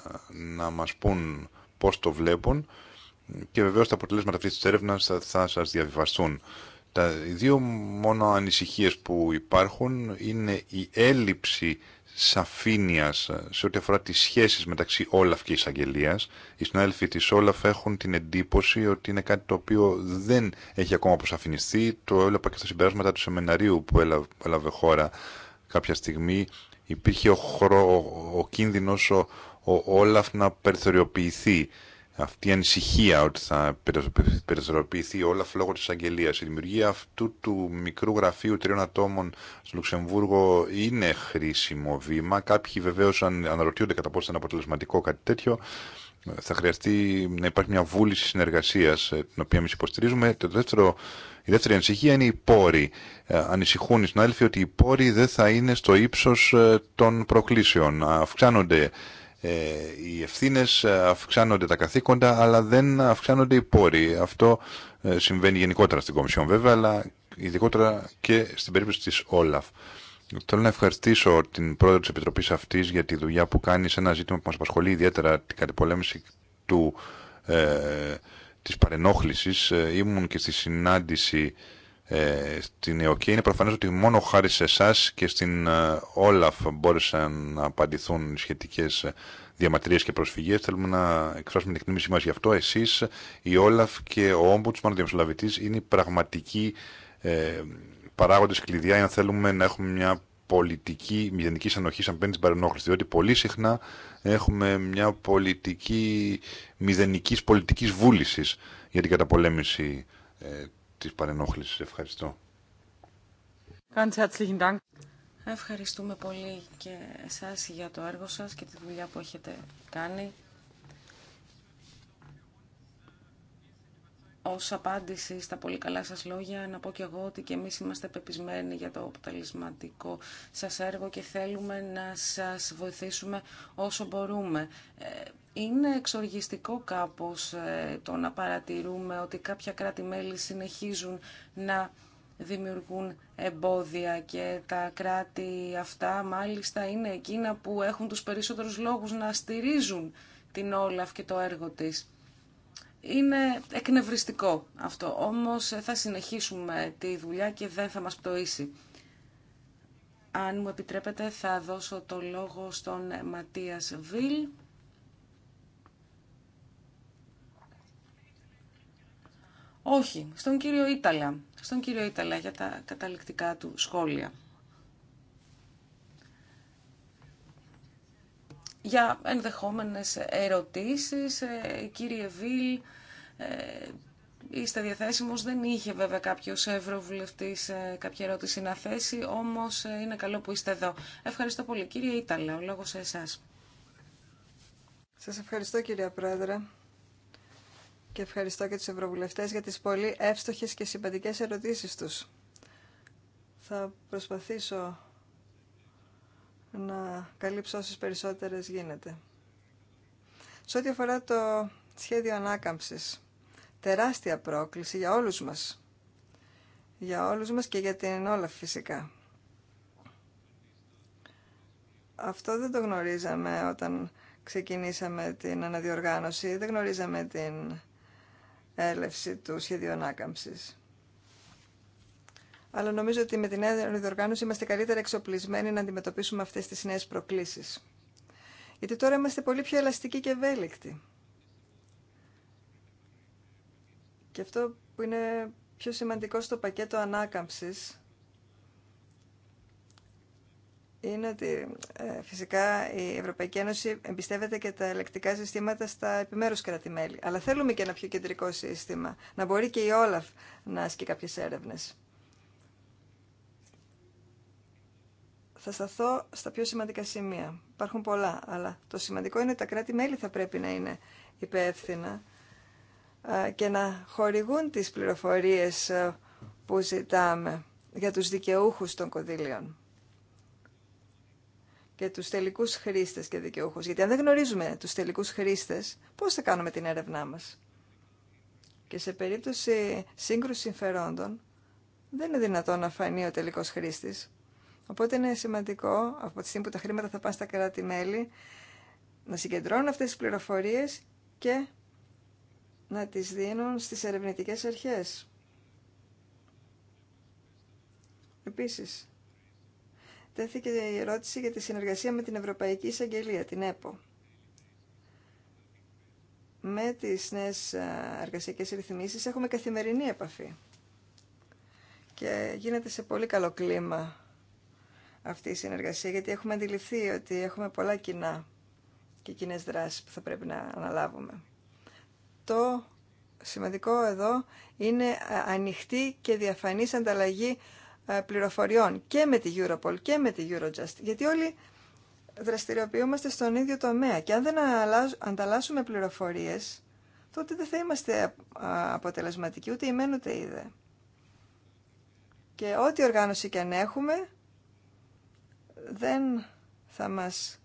να μας πούν πώς το βλέπουν και βεβαίως τα αποτελέσματα αυτής της έρευνας θα, θα σας διαβιβαστούν. Τα δύο μόνο ανησυχίες που υπάρχουν είναι η έλλειψη σαφήνειας σε ό,τι αφορά τις σχέσεις μεταξύ Όλαφ και Εισαγγελίας. Οι συνάδελφοι της Όλαφ έχουν την εντύπωση ότι είναι κάτι το οποίο δεν έχει ακόμα αποσαφινιστεί. Το έλαβα και στα συμπεράσματα του σεμιναρίου που έλαβε χώρα κάποια στιγμή. Υπήρχε ο, χρο, κίνδυνος ο Όλαφ να περιθωριοποιηθεί. Αυτή η ανησυχία ότι θα περιθωριοποιηθεί ο Όλαφ λόγω της αγγελίας. Η δημιουργία αυτού του μικρού γραφείου τριών ατόμων στο Λουξεμβούργο είναι χρήσιμο βήμα. Κάποιοι βεβαίως αν αναρωτιούνται κατά πόσο είναι αποτελεσματικό κάτι τέτοιο. Θα χρειαστεί να υπάρχει μια βούληση συνεργασίας ε, την οποία εμεί υποστηρίζουμε. Το δεύτερο η δεύτερη ανησυχία είναι οι πόροι. Ε, ανησυχούν οι συνάδελφοι ότι οι πόροι δεν θα είναι στο ύψο ε, των προκλήσεων. Αυξάνονται ε, οι ευθύνε, ε, αυξάνονται τα καθήκοντα, αλλά δεν αυξάνονται οι πόροι. Αυτό ε, συμβαίνει γενικότερα στην Κομισιόν βέβαια, αλλά ειδικότερα και στην περίπτωση της Όλαφ. Θέλω να ευχαριστήσω την πρόεδρο της Επιτροπής αυτής για τη δουλειά που κάνει σε ένα ζήτημα που μας απασχολεί ιδιαίτερα την κατεπολέμηση του, ε, της παρενόχλησης. Ήμουν και στη συνάντηση ε, στην ΕΟΚΕ. Είναι προφανέ ότι μόνο χάρη σε εσά και στην ε, Όλαφ μπόρεσαν να απαντηθούν σχετικέ ε, διαματρίες και προσφυγέ. Θέλουμε να εκφράσουμε την εκτίμησή μα γι' αυτό. Εσεί η Όλαφ και ο Όμπουτσμαν, ο διαμεσολαβητή, είναι οι πραγματικοί ε, παράγοντες κλειδιά για να θέλουμε να έχουμε μια πολιτική μηδενική ανοχή απέναντι στην παρενόχληση. Διότι πολύ συχνά έχουμε μια πολιτική μηδενική πολιτική βούληση για την καταπολέμηση ε, της παρενόχλησης. Ευχαριστώ. Ευχαριστούμε πολύ και εσάς για το έργο σας και τη δουλειά που έχετε κάνει. Ως απάντηση στα πολύ καλά σας λόγια, να πω και εγώ ότι και εμείς είμαστε πεπισμένοι για το αποτελεσματικό σας έργο και θέλουμε να σας βοηθήσουμε όσο μπορούμε. Ε, είναι εξοργιστικό κάπως ε, το να παρατηρούμε ότι κάποια κράτη-μέλη συνεχίζουν να δημιουργούν εμπόδια και τα κράτη αυτά μάλιστα είναι εκείνα που έχουν τους περισσότερους λόγους να στηρίζουν την Όλαφ και το έργο της. Είναι εκνευριστικό αυτό, όμως ε, θα συνεχίσουμε τη δουλειά και δεν θα μας πτωίσει. Αν μου επιτρέπετε θα δώσω το λόγο στον Ματίας Βίλ Όχι, στον κύριο Ήταλα. Στον κύριο Ήταλα για τα καταληκτικά του σχόλια. Για ενδεχόμενες ερωτήσεις, ε, κύριε Βίλ, ε, είστε διαθέσιμος. Δεν είχε βέβαια κάποιος ευρωβουλευτής ε, κάποια ερώτηση να θέσει, όμως είναι καλό που είστε εδώ. Ευχαριστώ πολύ. Κύριε Ήταλα, ο λόγος σε εσάς. Σας ευχαριστώ κυρία Πρόεδρε και ευχαριστώ και τους Ευρωβουλευτές για τις πολύ εύστοχες και συμπαντικές ερωτήσεις τους. Θα προσπαθήσω να καλύψω όσες περισσότερες γίνεται. Σε ό,τι αφορά το σχέδιο ανάκαμψης, τεράστια πρόκληση για όλους μας. Για όλους μας και για την όλα φυσικά. Αυτό δεν το γνωρίζαμε όταν ξεκινήσαμε την αναδιοργάνωση. Δεν γνωρίζαμε την έλευση του σχεδίου ανάκαμψη. Αλλά νομίζω ότι με την νέα διοργάνωση είμαστε καλύτερα εξοπλισμένοι να αντιμετωπίσουμε αυτές τις νέε προκλήσεις. Γιατί τώρα είμαστε πολύ πιο ελαστικοί και ευέλικτοι. Και αυτό που είναι πιο σημαντικό στο πακέτο ανάκαμψης είναι ότι ε, φυσικά η Ευρωπαϊκή Ένωση εμπιστεύεται και τα ελεκτικά συστήματα στα επιμέρους κράτη-μέλη. Αλλά θέλουμε και ένα πιο κεντρικό σύστημα, να μπορεί και η Όλαφ να ασκεί κάποιες έρευνε. Θα σταθώ στα πιο σημαντικά σημεία. Υπάρχουν πολλά, αλλά το σημαντικό είναι ότι τα κράτη-μέλη θα πρέπει να είναι υπεύθυνα ε, και να χορηγούν τις πληροφορίες ε, που ζητάμε για τους δικαιούχους των κονδύλιων για τους τελικούς χρήστες και δικαιούχους. Γιατί αν δεν γνωρίζουμε τους τελικούς χρήστες, πώς θα κάνουμε την έρευνά μας. Και σε περίπτωση σύγκρουση συμφερόντων, δεν είναι δυνατόν να φανεί ο τελικός χρήστης. Οπότε είναι σημαντικό, από τη στιγμή που τα χρήματα θα πάνε στα κράτη-μέλη, να συγκεντρώνουν αυτές τις πληροφορίες και να τις δίνουν στις ερευνητικές αρχές. Επίσης, τέθηκε η ερώτηση για τη συνεργασία με την Ευρωπαϊκή Εισαγγελία, την ΕΠΟ. Με τις νέες εργασιακές ρυθμίσεις έχουμε καθημερινή επαφή και γίνεται σε πολύ καλό κλίμα αυτή η συνεργασία γιατί έχουμε αντιληφθεί ότι έχουμε πολλά κοινά και κοινέ δράσεις που θα πρέπει να αναλάβουμε. Το σημαντικό εδώ είναι ανοιχτή και διαφανής ανταλλαγή ε, πληροφοριών και με τη Europol και με τη Eurojust, γιατί όλοι δραστηριοποιούμαστε στον ίδιο τομέα και αν δεν ανταλλάσσουμε πληροφορίες, τότε δεν θα είμαστε ε, αποτελεσματικοί ούτε ημένου ούτε είδε. Και ό,τι οργάνωση και αν έχουμε, δεν θα μας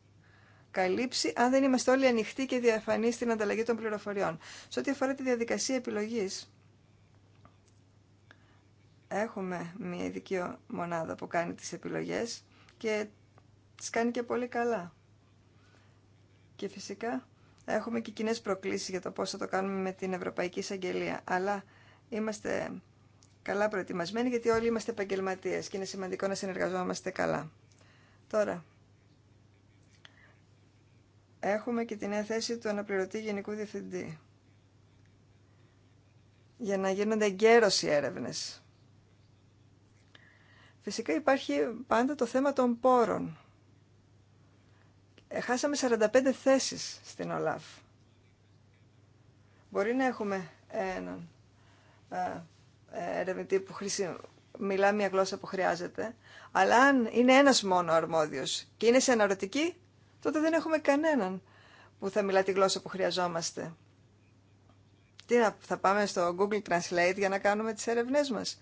καλύψει αν δεν είμαστε όλοι ανοιχτοί και διαφανείς στην ανταλλαγή των πληροφοριών. Σε ό,τι αφορά τη διαδικασία επιλογής, έχουμε μια ειδική μονάδα που κάνει τις επιλογές και τις κάνει και πολύ καλά. Και φυσικά έχουμε και κοινέ προκλήσεις για το πώς θα το κάνουμε με την Ευρωπαϊκή Εισαγγελία. Αλλά είμαστε καλά προετοιμασμένοι γιατί όλοι είμαστε επαγγελματίε και είναι σημαντικό να συνεργαζόμαστε καλά. Τώρα, έχουμε και την έθεση του αναπληρωτή Γενικού Διευθυντή για να γίνονται γκέρος οι έρευνες Φυσικά υπάρχει πάντα το θέμα των πόρων. Ε, χάσαμε 45 θέσεις στην ΟΛΑΒ. Μπορεί να έχουμε έναν ε, ε, ερευνητή που μιλά μια γλώσσα που χρειάζεται, αλλά αν είναι ένας μόνο αρμόδιος και είναι σε αναρωτική, τότε δεν έχουμε κανέναν που θα μιλά τη γλώσσα που χρειαζόμαστε. Τι θα πάμε στο Google Translate για να κάνουμε τις ερευνές μας.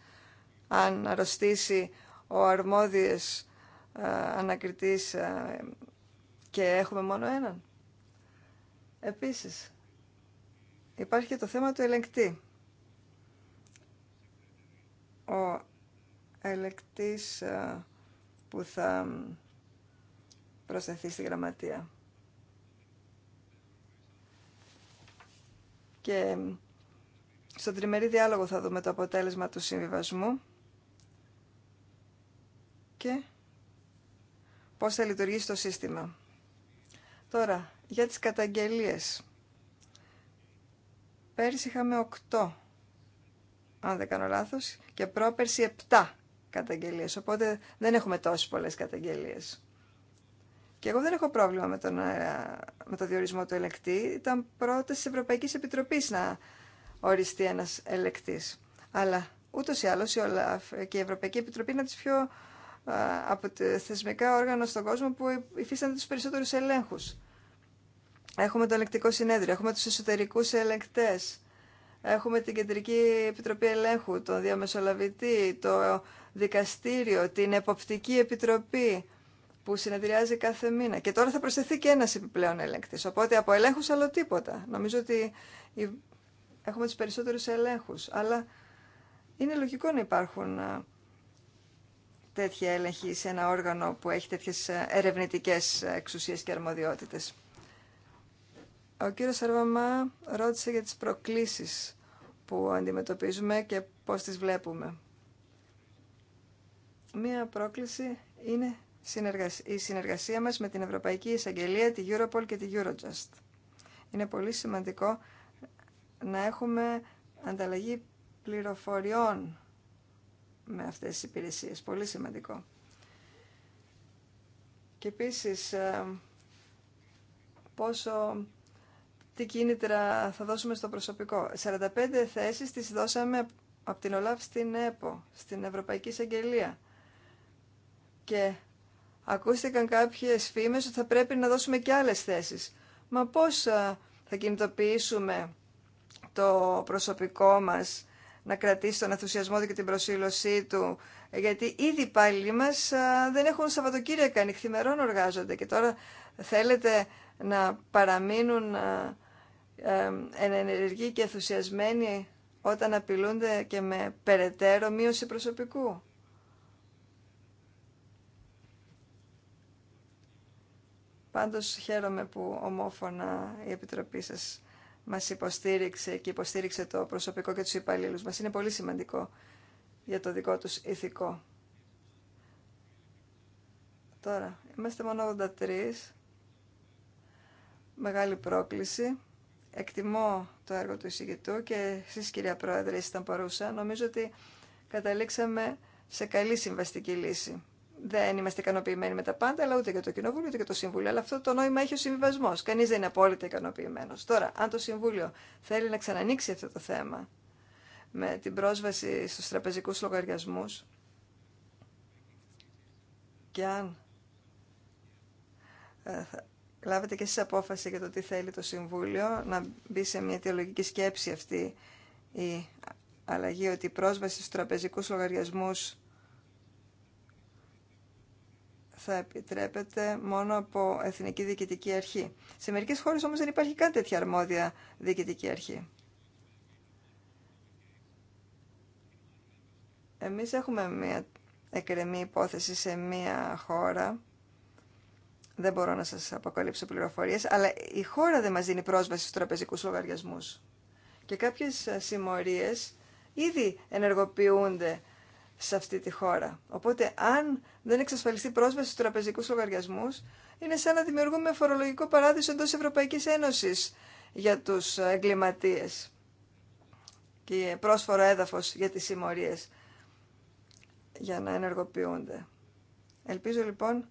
Αν αρρωστήσει ο αρμόδιος ε, ανακριτής ε, και έχουμε μόνο έναν. Επίσης, υπάρχει και το θέμα του ελεγκτή. Ο ελεγκτής ε, που θα προσθεθεί στη γραμματεία. Και στον τριμερή διάλογο θα δούμε το αποτέλεσμα του συμβιβασμού και πώς θα λειτουργήσει το σύστημα. Τώρα, για τις καταγγελίες. Πέρσι είχαμε 8, αν δεν κάνω λάθος, και πρόπερσι 7 καταγγελίες, οπότε δεν έχουμε τόσες πολλές καταγγελίες. Και εγώ δεν έχω πρόβλημα με, τον, ε, με το διορισμό του ελεκτή. Ήταν πρώτα τη Ευρωπαϊκής Επιτροπής να οριστεί ένας ελεκτής. Αλλά ούτως ή άλλως και η Ευρωπαϊκή Επιτροπή είναι από τις πιο από τα θεσμικά όργανα στον κόσμο που υφίστανται τους περισσότερους ελέγχους. Έχουμε το ελεκτικό συνέδριο, έχουμε τους εσωτερικούς ελεγκτές, έχουμε την Κεντρική Επιτροπή Ελέγχου, τον Διαμεσολαβητή, το Δικαστήριο, την Εποπτική Επιτροπή που συνεδριάζει κάθε μήνα. Και τώρα θα προσθεθεί και ένας επιπλέον ελεγκτής. Οπότε από ελέγχους άλλο τίποτα. Νομίζω ότι έχουμε τους περισσότερους ελέγχους. Αλλά είναι λογικό να υπάρχουν τέτοια έλεγχη σε ένα όργανο που έχει τέτοιες ε, ερευνητικές εξουσίες και αρμοδιότητες. Ο κύριος Σαρβαμά ρώτησε για τις προκλήσεις που αντιμετωπίζουμε και πώς τις βλέπουμε. Μία πρόκληση είναι η συνεργασία μας με την Ευρωπαϊκή Εισαγγελία, τη Europol και τη Eurojust. Είναι πολύ σημαντικό να έχουμε ανταλλαγή πληροφοριών με αυτές τις υπηρεσίες. Πολύ σημαντικό. Και επίσης, ε, πόσο, τι κίνητρα θα δώσουμε στο προσωπικό. 45 θέσεις τις δώσαμε από την ΟΛΑΒ στην ΕΠΟ, στην Ευρωπαϊκή Εισαγγελία. Και ακούστηκαν κάποιες φήμες ότι θα πρέπει να δώσουμε και άλλες θέσεις. Μα πώς ε, θα κινητοποιήσουμε το προσωπικό μας να κρατήσει τον ενθουσιασμό του και την προσήλωσή του, γιατί ήδη υπάλληλοι μας δεν έχουν Σαββατοκύριακα, νυχθημερών οργάζονται και τώρα θέλετε να παραμείνουν ε, ενεργοί και ενθουσιασμένοι όταν απειλούνται και με περαιτέρω μείωση προσωπικού. Πάντως χαίρομαι που ομόφωνα η Επιτροπή σας Μα υποστήριξε και υποστήριξε το προσωπικό και του υπαλλήλου. Μα Είναι πολύ σημαντικό για το δικό τους ηθικό. Τώρα, είμαστε μόνο 83. Μεγάλη πρόκληση. Εκτιμώ το έργο του εισηγητού και εσεί, κυρία Πρόεδρε ήσταν παρούσα. Νομίζω ότι καταλήξαμε σε καλή συμβαστική λύση δεν είμαστε ικανοποιημένοι με τα πάντα, αλλά ούτε για το Κοινοβούλιο ούτε για το Συμβούλιο. Αλλά αυτό το νόημα έχει ο συμβιβασμό. Κανεί δεν είναι απόλυτα ικανοποιημένο. Τώρα, αν το Συμβούλιο θέλει να ξανανοίξει αυτό το θέμα με την πρόσβαση στου τραπεζικού λογαριασμού και αν ε, λάβετε και εσείς απόφαση για το τι θέλει το Συμβούλιο, να μπει σε μια αιτιολογική σκέψη αυτή η αλλαγή ότι η πρόσβαση στους τραπεζικούς λογαριασμούς θα επιτρέπεται μόνο από εθνική διοικητική αρχή. Σε μερικές χώρες όμως δεν υπάρχει καν τέτοια αρμόδια διοικητική αρχή. Εμείς έχουμε μια εκρεμή υπόθεση σε μια χώρα. Δεν μπορώ να σας αποκαλύψω πληροφορίες, αλλά η χώρα δεν μας δίνει πρόσβαση στους τραπεζικούς λογαριασμούς. Και κάποιες συμμορίες ήδη ενεργοποιούνται σε αυτή τη χώρα. Οπότε αν δεν εξασφαλιστεί πρόσβαση στους τραπεζικούς λογαριασμούς, είναι σαν να δημιουργούμε φορολογικό παράδεισο εντός Ευρωπαϊκής Ένωσης για τους εγκληματίες και πρόσφορο έδαφος για τις συμμορίες για να ενεργοποιούνται. Ελπίζω λοιπόν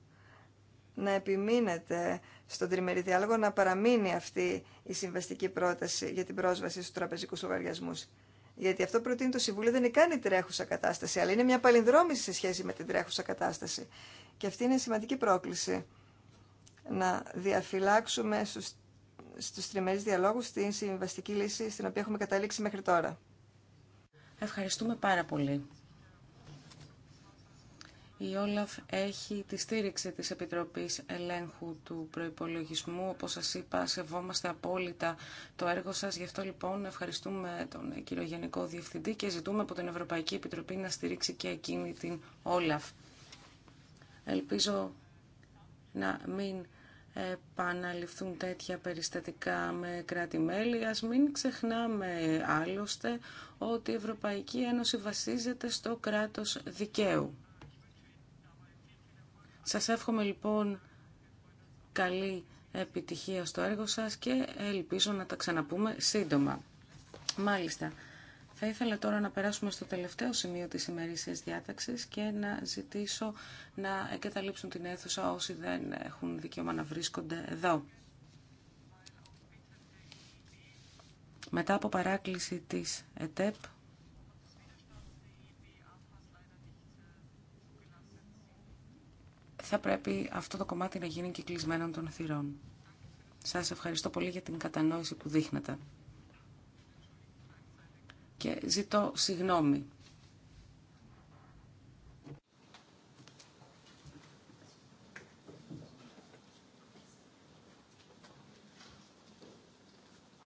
να επιμείνετε στον τριμερή διάλογο να παραμείνει αυτή η συμβαστική πρόταση για την πρόσβαση στους τραπεζικούς λογαριασμούς. Γιατί αυτό που προτείνει το Συμβούλιο δεν είναι καν η τρέχουσα κατάσταση, αλλά είναι μια παλινδρόμηση σε σχέση με την τρέχουσα κατάσταση. Και αυτή είναι σημαντική πρόκληση. Να διαφυλάξουμε στους, στους τριμερείς διαλόγους την συμβαστική λύση στην οποία έχουμε καταλήξει μέχρι τώρα. Ευχαριστούμε πάρα πολύ. Η Όλαφ έχει τη στήριξη της Επιτροπής Ελέγχου του Προϋπολογισμού. Όπως σας είπα, σεβόμαστε απόλυτα το έργο σας. Γι' αυτό λοιπόν ευχαριστούμε τον κύριο Γενικό Διευθυντή και ζητούμε από την Ευρωπαϊκή Επιτροπή να στηρίξει και εκείνη την Όλαφ. Ελπίζω να μην επαναληφθούν τέτοια περιστατικά με κράτη-μέλη. Ας μην ξεχνάμε άλλωστε ότι η Ευρωπαϊκή Ένωση βασίζεται στο κράτος δικαίου. Σας εύχομαι λοιπόν καλή επιτυχία στο έργο σας και ελπίζω να τα ξαναπούμε σύντομα. Μάλιστα. Θα ήθελα τώρα να περάσουμε στο τελευταίο σημείο της ημερήσιας διάταξης και να ζητήσω να εγκαταλείψουν την αίθουσα όσοι δεν έχουν δικαίωμα να βρίσκονται εδώ. Μετά από παράκληση της ΕΤΕΠ, θα πρέπει αυτό το κομμάτι να γίνει κυκλισμένο των θυρών. Σας ευχαριστώ πολύ για την κατανόηση που δείχνετε. Και ζητώ συγγνώμη